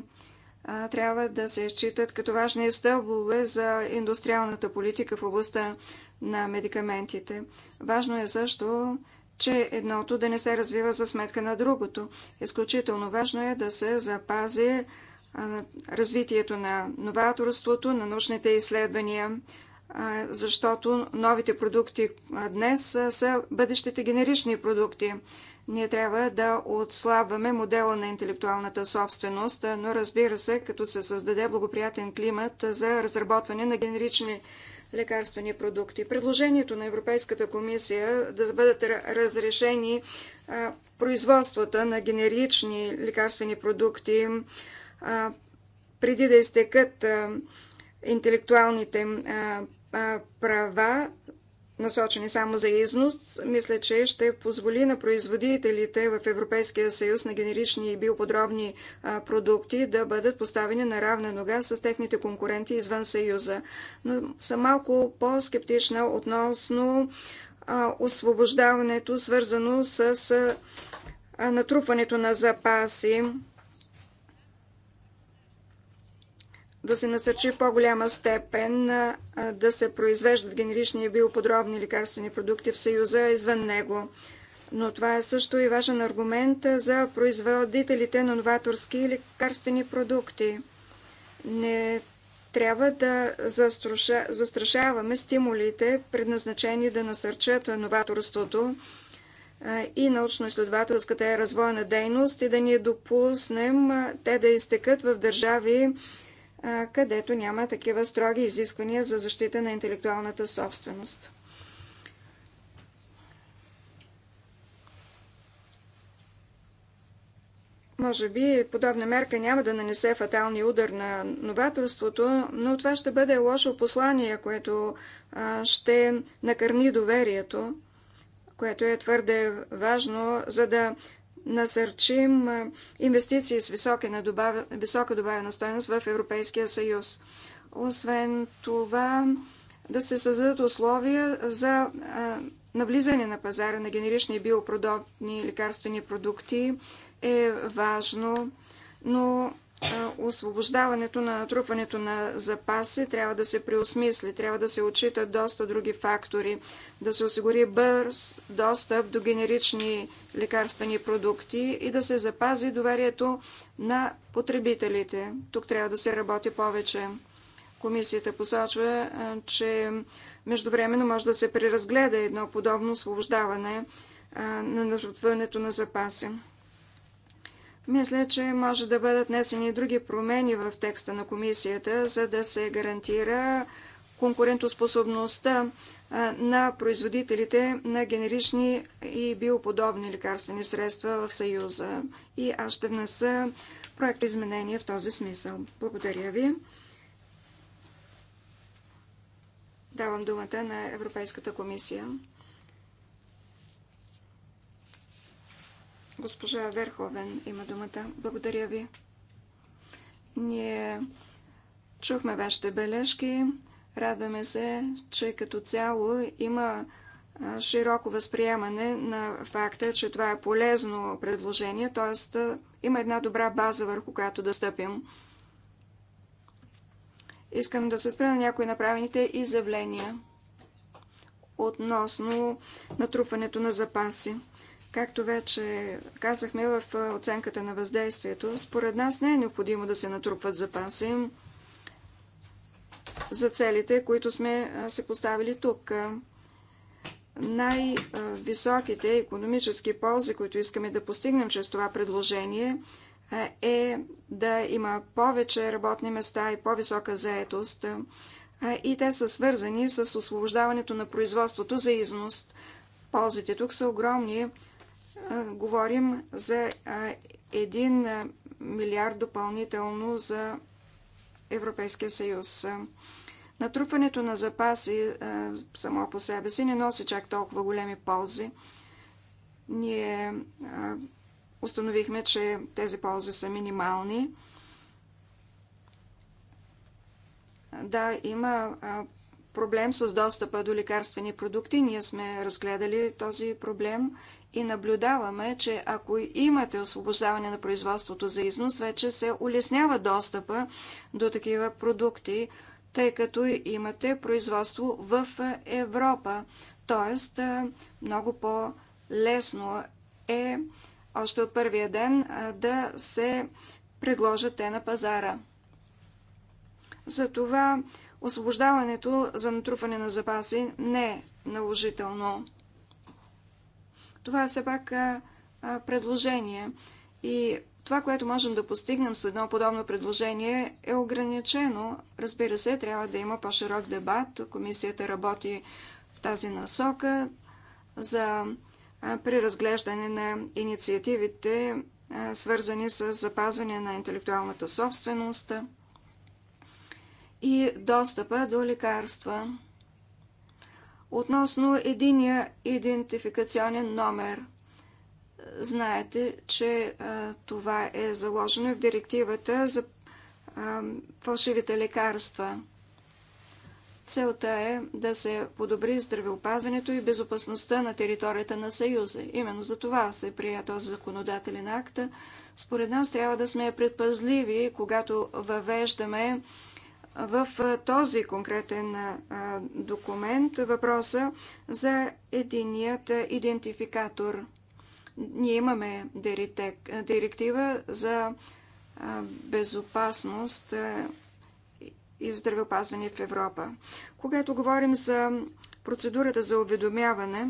трябва да се считат като важни стълбове за индустриалната политика в областта на медикаментите. Важно е също, че едното да не се развива за сметка на другото. Изключително важно е да се запази развитието на новаторството, на научните изследвания, защото новите продукти днес са бъдещите генерични продукти. Ние трябва да отслабваме модела на интелектуалната собственост, но разбира се, като се създаде благоприятен климат за разработване на генерични лекарствени продукти. Предложението на Европейската комисия да бъдат разрешени производствата на генерични лекарствени продукти преди да изтекат интелектуалните права насочени само за износ, мисля, че ще позволи на производителите в Европейския съюз на генерични и биоподробни продукти да бъдат поставени на равна нога с техните конкуренти извън съюза. Но съм малко по-скептична относно освобождаването, свързано с натрупването на запаси да се насърчи в по-голяма степен да се произвеждат генерични и биоподробни лекарствени продукти в Съюза извън него. Но това е също и важен аргумент за производителите на новаторски лекарствени продукти. Не трябва да застрашаваме стимулите, предназначени да насърчат новаторството и научно-изследователската развойна дейност и да ни допуснем те да изтекат в държави, където няма такива строги изисквания за защита на интелектуалната собственост. Може би подобна мерка няма да нанесе фаталния удар на новаторството, но това ще бъде лошо послание, което ще накърни доверието, което е твърде важно, за да насърчим инвестиции с висока, висока добавена стоеност в Европейския съюз. Освен това, да се създадат условия за навлизане на пазара на генерични биопродуктни лекарствени продукти е важно, но освобождаването на натрупването на запаси трябва да се преосмисли, трябва да се отчитат доста други фактори, да се осигури бърз достъп до генерични лекарствени продукти и да се запази доверието на потребителите. Тук трябва да се работи повече. Комисията посочва, че междувременно може да се преразгледа едно подобно освобождаване на натрупването на запаси. Мисля, че може да бъдат несени други промени в текста на комисията, за да се гарантира конкурентоспособността на производителите на генерични и биоподобни лекарствени средства в Съюза. И аз ще внеса проект изменения в този смисъл. Благодаря ви. Давам думата на Европейската комисия. Госпожа Верховен има думата. Благодаря ви. Ние чухме вашите бележки. Радваме се, че като цяло има широко възприемане на факта, че това е полезно предложение, т.е. има една добра база, върху която да стъпим. Искам да се спра на някои направените изявления относно натрупването на запаси. Както вече казахме в оценката на въздействието, според нас не е необходимо да се натрупват запаси за целите, които сме се поставили тук. Най-високите економически ползи, които искаме да постигнем чрез това предложение, е да има повече работни места и по-висока заетост. И те са свързани с освобождаването на производството за износ. Ползите тук са огромни, говорим за 1 милиард допълнително за Европейския съюз. Натрупването на запаси само по себе си не носи чак толкова големи ползи. Ние установихме, че тези ползи са минимални. Да, има проблем с достъпа до лекарствени продукти. Ние сме разгледали този проблем и наблюдаваме, че ако имате освобождаване на производството за износ, вече се улеснява достъпа до такива продукти, тъй като имате производство в Европа. Тоест, много по-лесно е още от първия ден да се предложат те на пазара. Затова освобождаването за натрупване на запаси не е наложително. Това е все пак предложение. И това, което можем да постигнем с едно подобно предложение, е ограничено. Разбира се, трябва да има по-широк дебат. Комисията работи в тази насока за преразглеждане на инициативите, свързани с запазване на интелектуалната собственост и достъпа до лекарства. Относно единия идентификационен номер. Знаете, че а, това е заложено в директивата за а, фалшивите лекарства. Целта е да се подобри здравеопазването и безопасността на територията на Съюза. Именно за това се прия този законодателен акт. Според нас трябва да сме предпазливи, когато въвеждаме в този конкретен документ въпроса за единият идентификатор. Ние имаме директива за безопасност и здравеопазване в Европа. Когато говорим за процедурата за уведомяване,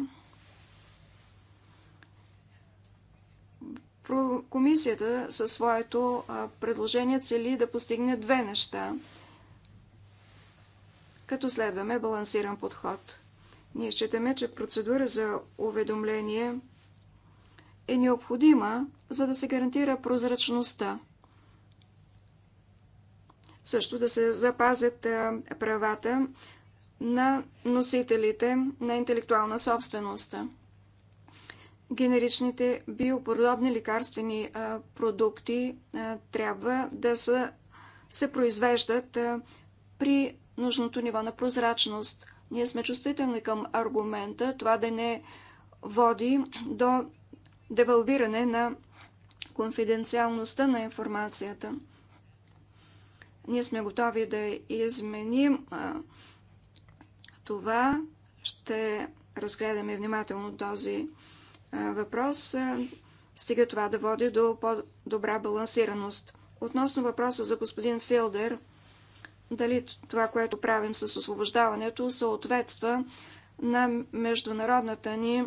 комисията със своето предложение цели да постигне две неща – като следваме балансиран подход. Ние считаме, че процедура за уведомление е необходима, за да се гарантира прозрачността. Също да се запазят правата на носителите на интелектуална собственост. Генеричните биоподобни лекарствени продукти трябва да се произвеждат при нужното ниво на прозрачност. Ние сме чувствителни към аргумента това да не води до девалвиране на конфиденциалността на информацията. Ние сме готови да изменим а, това. Ще разгледаме внимателно този а, въпрос, а, стига това да води до по-добра балансираност. Относно въпроса за господин Филдер – дали това, което правим с освобождаването, съответства на международната ни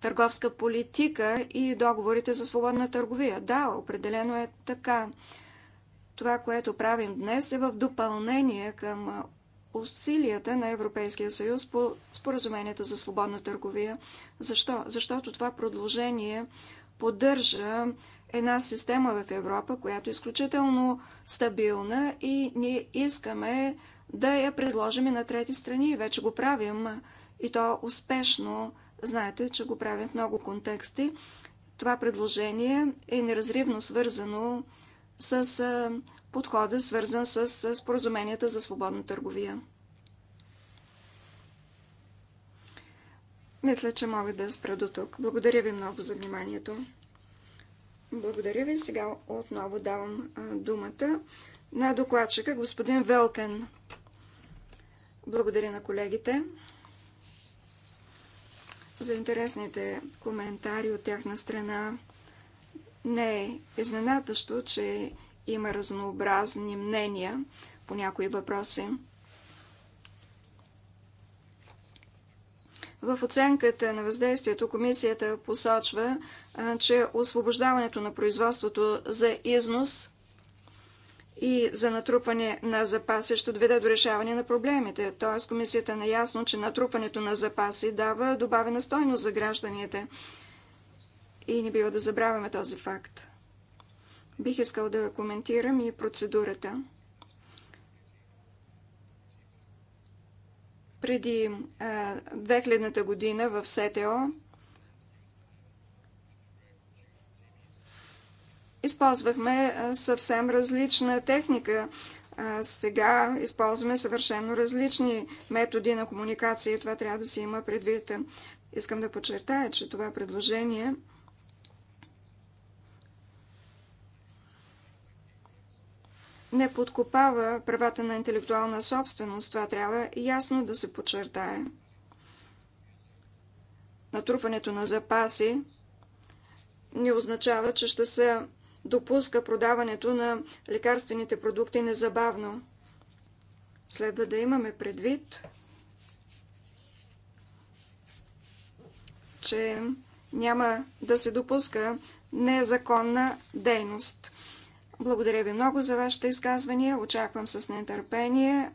търговска политика и договорите за свободна търговия. Да, определено е така. Това, което правим днес, е в допълнение към усилията на Европейския съюз по споразуменията за свободна търговия. Защо? Защото това продължение поддържа една система в Европа, която е изключително стабилна и ние искаме да я предложим и на трети страни. Вече го правим и то успешно. Знаете, че го правим в много контексти. Това предложение е неразривно свързано с подхода, свързан с споразуменията за свободна търговия. Мисля, че мога да спра до тук. Благодаря ви много за вниманието. Благодаря ви. Сега отново давам думата на докладчика господин Велкен. Благодаря на колегите за интересните коментари от тяхна страна. Не е изненадващо, че има разнообразни мнения по някои въпроси. В оценката на въздействието комисията посочва, че освобождаването на производството за износ и за натрупване на запаси ще доведе до решаване на проблемите. Т.е. комисията е наясно, че натрупването на запаси дава добавена стойност за гражданите. И не бива да забравяме този факт. Бих искал да коментирам и процедурата. Преди 2000-та година в СТО използвахме съвсем различна техника. Сега използваме съвършено различни методи на комуникация и това трябва да се има предвид. Искам да подчертая, че това предложение – не подкопава правата на интелектуална собственост. Това трябва ясно да се подчертае. Натрупването на запаси не означава, че ще се допуска продаването на лекарствените продукти незабавно. Следва да имаме предвид, че няма да се допуска незаконна дейност. Благодаря ви много за вашите изказвания. Очаквам с нетърпение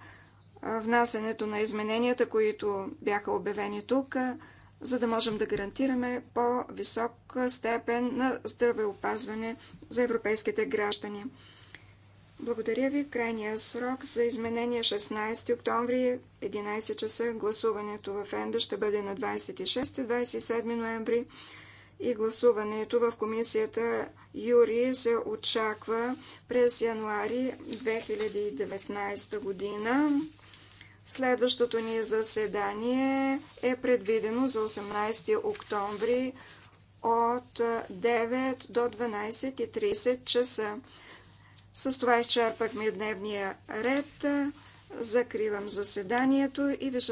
внасенето на измененията, които бяха обявени тук, за да можем да гарантираме по-висок степен на здравеопазване за европейските граждани. Благодаря ви. Крайния срок за изменение 16 е октомври, 11 часа. Гласуването в ЕНДА ще бъде на 26-27 ноември и гласуването в комисията Юри се очаква през януари 2019 година. Следващото ни заседание е предвидено за 18 октомври от 9 до 12.30 часа. С това изчерпахме дневния ред. Закривам заседанието и ви